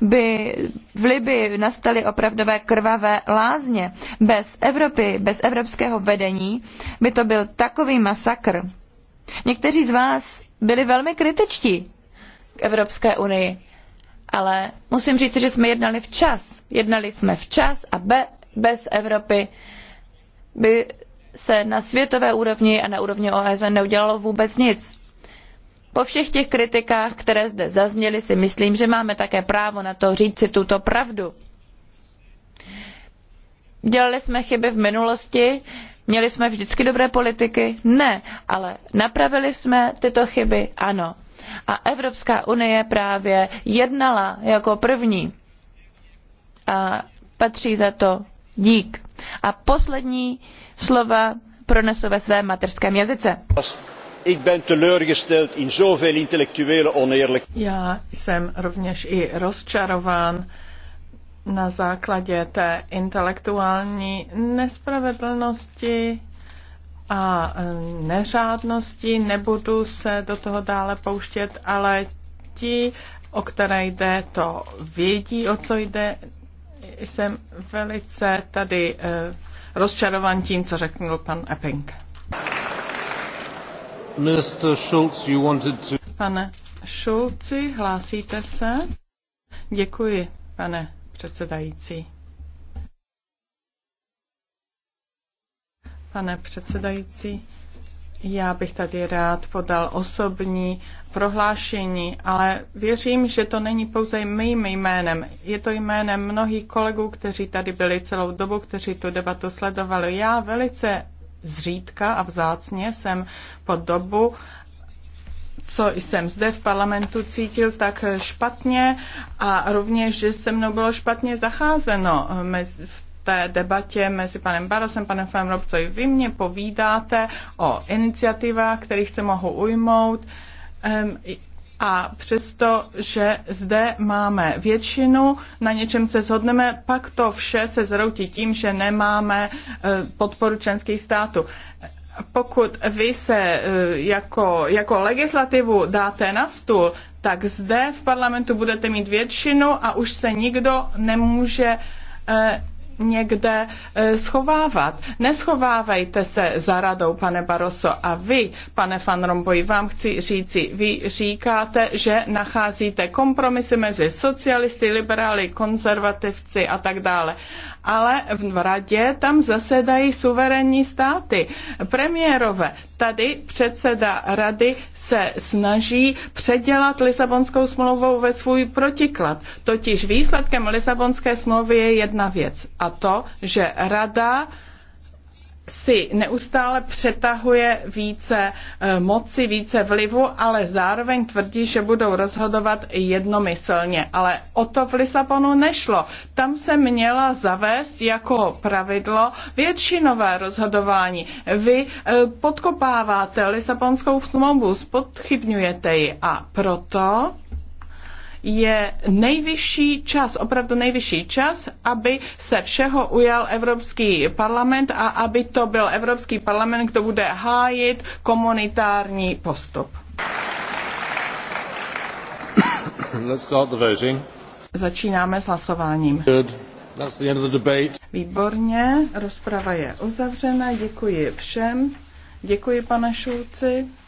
by v Libii nastaly opravdové krvavé lázně. Bez Evropy, bez evropského vedení by to byl takový masakr. Někteří z vás byli velmi kritičtí k Evropské unii, ale musím říct, že jsme jednali včas. Jednali jsme včas a be, bez Evropy by se na světové úrovni a na úrovni OSN neudělalo vůbec nic. Po všech těch kritikách, které zde zazněly, si myslím, že máme také právo na to říct si tuto pravdu. Dělali jsme chyby v minulosti, měli jsme vždycky dobré politiky? Ne, ale napravili jsme tyto chyby? Ano. A Evropská unie právě jednala jako první. A patří za to dík. A poslední slova pronesu ve svém mateřském jazyce. Já jsem rovněž i rozčarován na základě té intelektuální nespravedlnosti a e, neřádnosti. Nebudu se do toho dále pouštět, ale ti, o které jde, to vědí, o co jde. Jsem velice tady e, rozčarován tím, co řekl pan Epping. Minister Schulz, you wanted to... Pane Šulci, hlásíte se? Děkuji, pane předsedající. Pane předsedající, já bych tady rád podal osobní prohlášení, ale věřím, že to není pouze mým jménem. Je to jménem mnohých kolegů, kteří tady byli celou dobu, kteří tu debatu sledovali. Já velice zřídka a vzácně jsem po dobu, co jsem zde v parlamentu cítil tak špatně a rovněž, že se mnou bylo špatně zacházeno v té debatě mezi panem Barosem, panem Fan Robcovi. Vy mě povídáte o iniciativách, kterých se mohou ujmout. a přesto, že zde máme většinu, na něčem se shodneme, pak to vše se zroutí tím, že nemáme e, podporu členských států pokud vy se e, jako, jako legislativu dáte na stůl, tak zde v parlamentu budete mít většinu a už se nikdo nemůže e, někde e, schovávat. Neschovávejte se za radou, pane Baroso. A vy, pane Van Rompuy, vám chci říci, vy říkáte, že nacházíte kompromisy mezi socialisty, liberály, konzervativci a tak dále ale v radě tam zasedají suverénní státy, premiérové. Tady předseda rady se snaží předělat Lisabonskou smlouvou ve svůj protiklad. Totiž výsledkem Lisabonské smlouvy je jedna věc a to, že rada si neustále přetahuje více eh, moci, více vlivu, ale zároveň tvrdí, že budou rozhodovat jednomyslně. Ale o to v Lisabonu nešlo. Tam se měla zavést jako pravidlo většinové rozhodování. Vy eh, podkopáváte Lisabonskou smlouvu, spodchybňujete ji a proto je nejvyšší čas, opravdu nejvyšší čas, aby se všeho ujal Evropský parlament a aby to byl Evropský parlament, kdo bude hájit komunitární postup. Let's start the voting. Začínáme s hlasováním. Good. That's the end of the debate. Výborně, rozprava je uzavřena. Děkuji všem. Děkuji, pane Šulci.